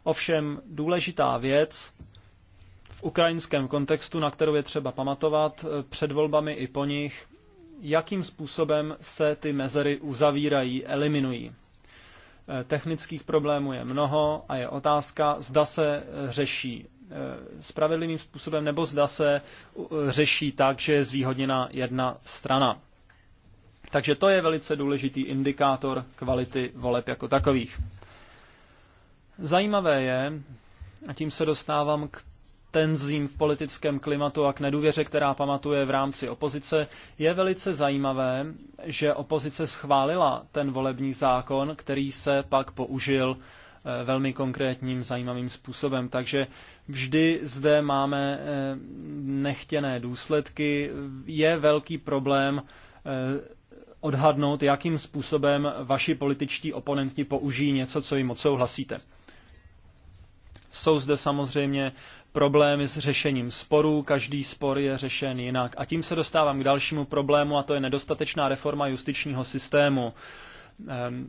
Ovšem důležitá věc v ukrajinském kontextu, na kterou je třeba pamatovat eh, před volbami i po nich, jakým způsobem se ty mezery uzavírají, eliminují. Eh, technických problémů je mnoho a je otázka, zda se eh, řeší spravedlivým způsobem nebo zda se řeší tak, že je zvýhodněna jedna strana. Takže to je velice důležitý indikátor kvality voleb jako takových. Zajímavé je, a tím se dostávám k tenzím v politickém klimatu a k nedůvěře, která pamatuje v rámci opozice, je velice zajímavé, že opozice schválila ten volební zákon, který se pak použil eh, velmi konkrétním zajímavým způsobem. Takže vždy zde máme eh, nechtěné důsledky. Je velký problém eh, odhadnout, jakým způsobem vaši političtí oponenti použijí něco, co jim odsouhlasíte. Jsou zde samozřejmě problémy s řešením sporů, každý spor je řešen jinak. A tím se dostávám k dalšímu problému, a to je nedostatečná reforma justičního systému. Ehm,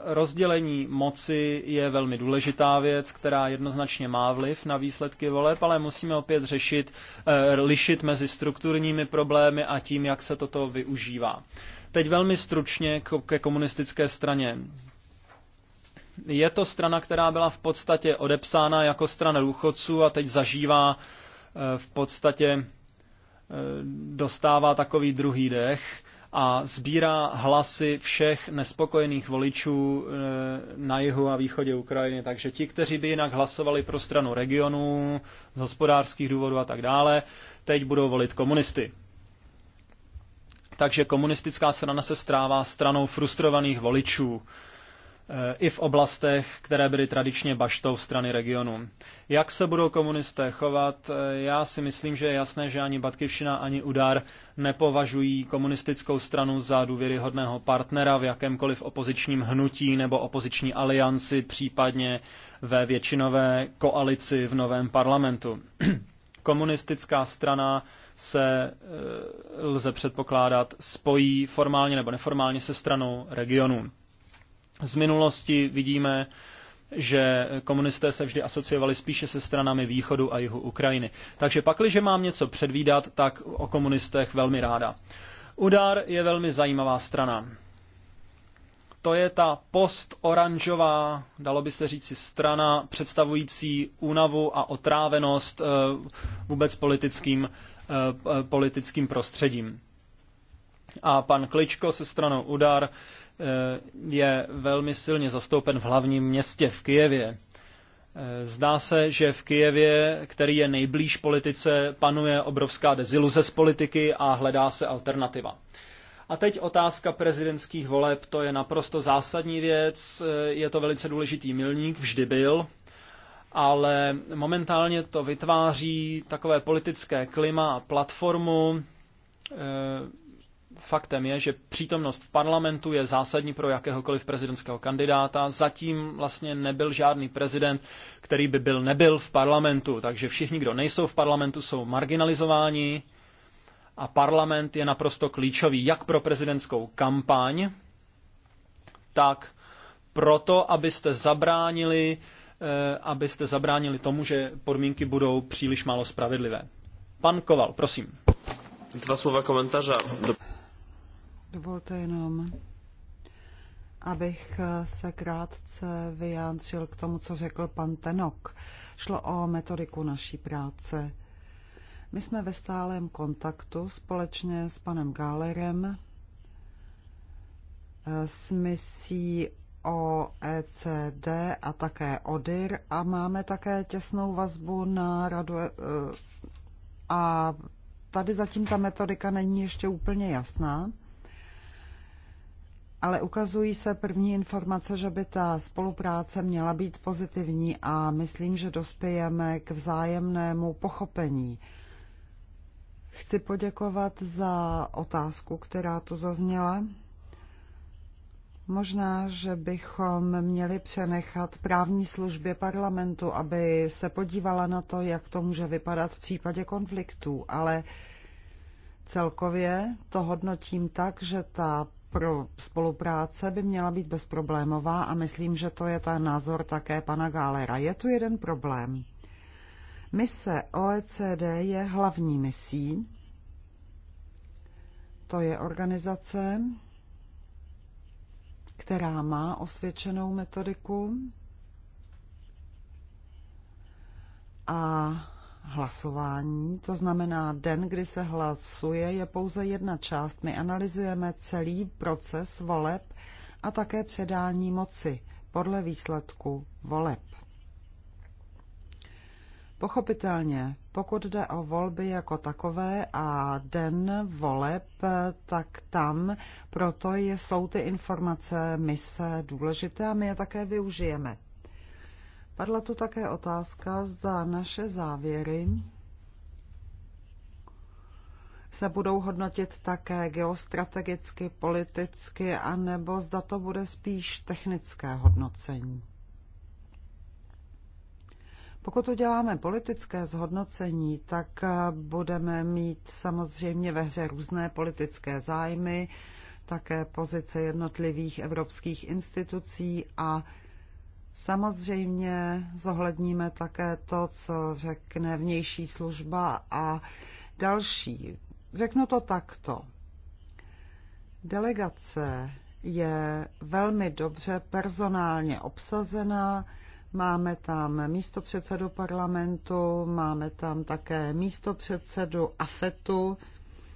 rozdělení moci je velmi důležitá věc, která jednoznačně má vliv na výsledky voleb, ale musíme opět řešit, eh, lišit mezi strukturními problémy a tím, jak se toto využívá. Teď velmi stručně ke komunistické straně. Je to strana, která byla v podstatě odepsána jako strana důchodců a teď zažívá eh, v podstatě eh, dostává takový druhý dech a sbírá hlasy všech nespokojených voličů eh, na jihu a východě Ukrajiny. Takže ti, kteří by jinak hlasovali pro stranu regionů z hospodářských důvodů a tak dále, teď budou volit komunisty. Takže komunistická strana se strává stranou frustrovaných voličů Eh, i v oblastech, které byly tradičně baštou strany regionu. Jak se budou komunisté chovat? Eh, já si myslím, že je jasné, že ani Batkivšina, ani Udar nepovažují komunistickou stranu za důvěryhodného partnera v jakémkoliv opozičním hnutí nebo opoziční alianci, případně ve většinové koalici v novém parlamentu. *clears throat* Komunistická strana se eh, lze předpokládat spojí formálně nebo neformálně se stranou regionu. Z minulosti vidíme, že komunisté se vždy asociovali spíše se stranami východu a jihu Ukrajiny. Takže pakliže mám něco předvídat, tak o komunistech velmi ráda. Udar je velmi zajímavá strana. To je ta postoranžová, dalo by se říci, strana představující únavu a otrávenost eh, vůbec politickým, eh, eh, politickým prostředím. A pan Kličko se stranou Udar Eh, je velmi silně zastoupen v hlavním městě, v Kijevě. Eh, zdá se, že v Kijevě, který je nejblíž politice, panuje obrovská deziluze z politiky a hledá se alternativa. A teď otázka prezidentských voleb, to je naprosto zásadní věc, eh, je to velice důležitý milník, vždy byl, ale momentálně to vytváří takové politické klima a platformu, faktem je, že přítomnost v parlamentu je zásadní pro jakéhokoliv prezidentského kandidáta. Zatím vlastně nebyl žádný prezident, který by byl nebyl v parlamentu, takže všichni, kdo nejsou v parlamentu, jsou marginalizováni a parlament je naprosto klíčový jak pro prezidentskou kampaň, tak proto, abyste zabránili, eh, abyste zabránili tomu, že podmínky budou příliš málo spravedlivé. Pan Koval, prosím. Dva slova komentáře. Dovolte jenom, abych se krátce vyjádřil k tomu, co řekl pan Tenok. Šlo o metodiku naší práce. My jsme ve stálém kontaktu společně s panem Gálerem, s misí OECD a také ODIR a máme také těsnou vazbu na radu eh, a tady zatím ta metodika není ještě úplně jasná ale ukazují se první informace, že by ta spolupráce měla být pozitivní a myslím, že dospějeme k vzájemnému pochopení. Chci poděkovat za otázku, která tu zazněla. Možná, že bychom měli přenechat právní službě parlamentu, aby se podívala na to, jak to může vypadat v případě konfliktů, ale Celkově to hodnotím tak, že ta pro spolupráce by měla být bezproblémová a myslím, že to je ten názor také pana Gálera. Je tu jeden problém. Mise OECD je hlavní misí. To je organizace, která má osvědčenou metodiku a hlasování. To znamená, den, kdy se hlasuje, je pouze jedna část. My analyzujeme celý proces voleb a také předání moci podle výsledku voleb. Pochopitelně, pokud jde o volby jako takové a den voleb, tak tam proto je, jsou ty informace mise důležité a my je také využijeme. Padla tu také otázka, zda naše závěry se budou hodnotit také geostrategicky, politicky, anebo zda to bude spíš technické hodnocení. Pokud uděláme politické zhodnocení, tak eh, budeme mít samozřejmě ve hře různé politické zájmy, také pozice jednotlivých evropských institucí a Samozřejmě zohledníme také to, co řekne vnější služba a další. Řeknu to takto. Delegace je velmi dobře personálně obsazená. Máme tam místo předsedu parlamentu, máme tam také místo předsedu AFETu,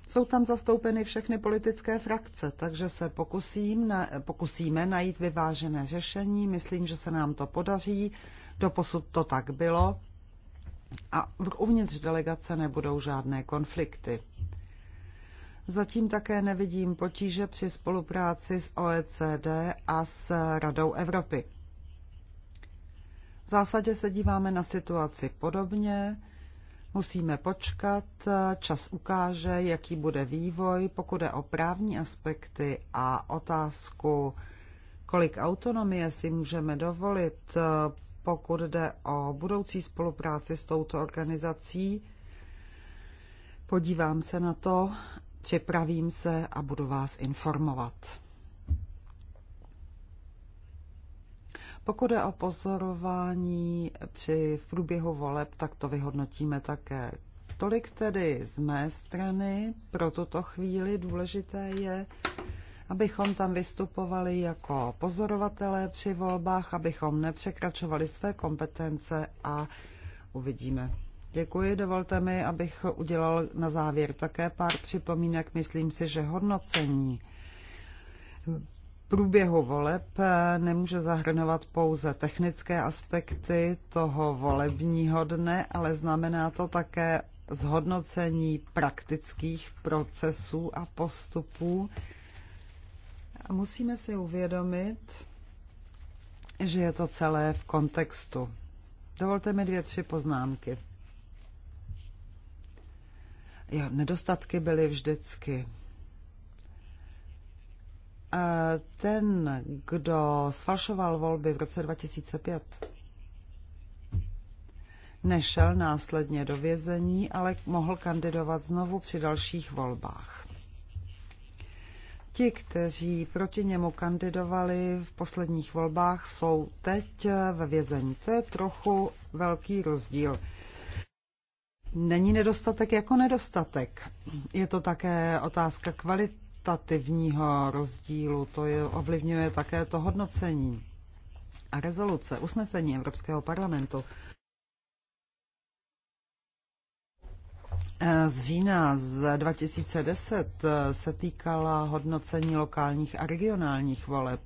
jsou tam zastoupeny všechny politické frakce, takže se pokusím, na, pokusíme najít vyvážené řešení. Myslím, že se nám to podaří. Doposud to tak bylo. A uvnitř delegace nebudou žádné konflikty. Zatím také nevidím potíže při spolupráci s OECD a s Radou Evropy. V zásadě se díváme na situaci podobně. Musíme počkat, čas ukáže, jaký bude vývoj, pokud je o právní aspekty a otázku, kolik autonomie si můžeme dovolit, pokud jde o budoucí spolupráci s touto organizací. Podívám se na to, připravím se a budu vás informovat. Pokud je o pozorování při v průběhu voleb, tak to vyhodnotíme také. Tolik tedy z mé strany. Pro tuto chvíli důležité je, abychom tam vystupovali jako pozorovatelé při volbách, abychom nepřekračovali své kompetence a uvidíme. Děkuji, dovolte mi, abych udělal na závěr také pár připomínek. Myslím si, že hodnocení průběhu voleb eh, nemůže zahrnovat pouze technické aspekty toho volebního dne, ale znamená to také zhodnocení praktických procesů a postupů. A musíme si uvědomit, že je to celé v kontextu. Dovolte mi dvě, tři poznámky. Jo, nedostatky byly vždycky Eh, ten, kdo sfalšoval volby v roce 2005, nešel následně do vězení, ale mohl kandidovat znovu při dalších volbách. Ti, kteří proti němu kandidovali v posledních volbách, jsou teď eh, ve vězení. To je trochu velký rozdíl. Není nedostatek jako nedostatek. Je to také otázka kvality kvalitativního rozdílu, to je, ovlivňuje také to hodnocení a rezoluce, usnesení Evropského parlamentu. Eh, z října z 2010 eh, se týkala hodnocení lokálních a regionálních voleb,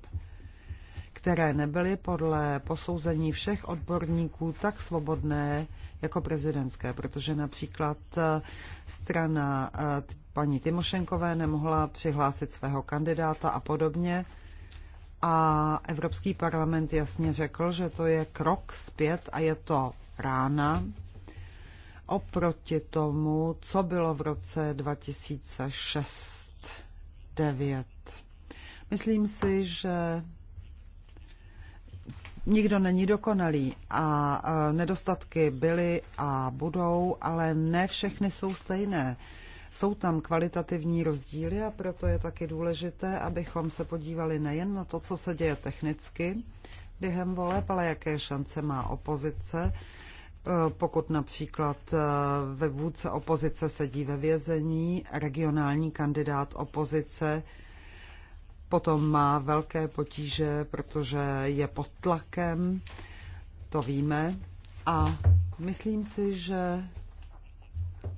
které nebyly podle posouzení všech odborníků tak svobodné, jako prezidentské, protože například eh, strana eh, paní Timošenkové nemohla přihlásit svého kandidáta a podobně. A Evropský parlament jasně řekl, že to je krok zpět a je to rána oproti tomu, co bylo v roce 2006 9. Myslím si, že Nikdo není dokonalý a nedostatky byly a budou, ale ne všechny jsou stejné. Jsou tam kvalitativní rozdíly a proto je taky důležité, abychom se podívali nejen na to, co se děje technicky během voleb, ale jaké šance má opozice, e, pokud například e, ve vůdce opozice sedí ve vězení, regionální kandidát opozice potom má velké potíže, protože je pod tlakem, to víme. A myslím si, že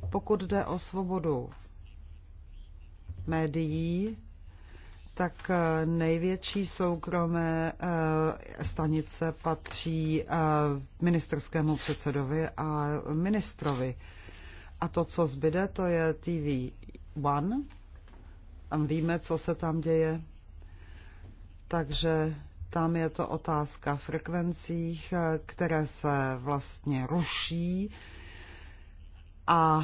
pokud jde o svobodu médií, tak eh, největší soukromé eh, stanice patří eh, ministerskému předsedovi a ministrovi. A to, co zbyde, to je TV One. A víme, co se tam děje takže tam je to otázka frekvencích, které se vlastně ruší a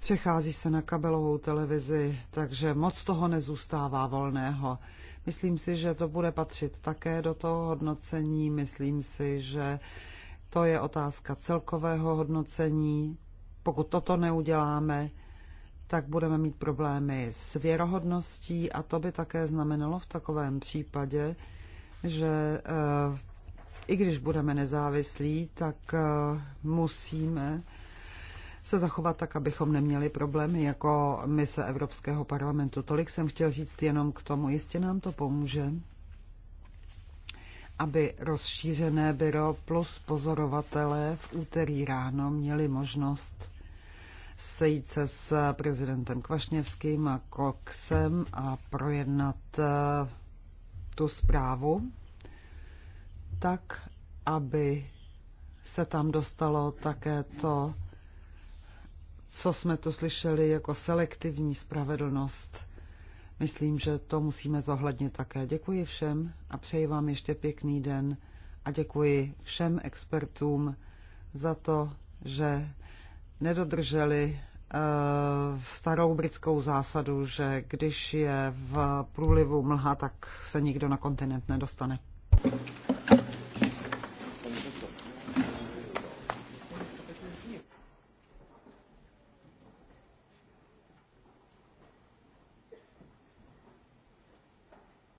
přechází se na kabelovou televizi, takže moc toho nezůstává volného. Myslím si, že to bude patřit také do toho hodnocení. Myslím si, že to je otázka celkového hodnocení. Pokud toto neuděláme, tak budeme mít problémy s věrohodností a to by také znamenalo v takovém případě, že eh, i když budeme nezávislí, tak eh, musíme se zachovat tak, abychom neměli problémy jako mise Evropského parlamentu. Tolik jsem chtěl říct jenom k tomu. Jistě nám to pomůže, aby rozšířené byro plus pozorovatelé v úterý ráno měli možnost sejít se s prezidentem Kvašněvským a Koksem a projednat eh, tu zprávu tak, aby se tam dostalo také to, co jsme tu slyšeli jako selektivní spravedlnost. Myslím, že to musíme zohlednit také. Děkuji všem a přeji vám ještě pěkný den a děkuji všem expertům za to, že nedodrželi eh, starou britskou zásadu, že když je v průlivu mlha, tak se nikdo na kontinent nedostane.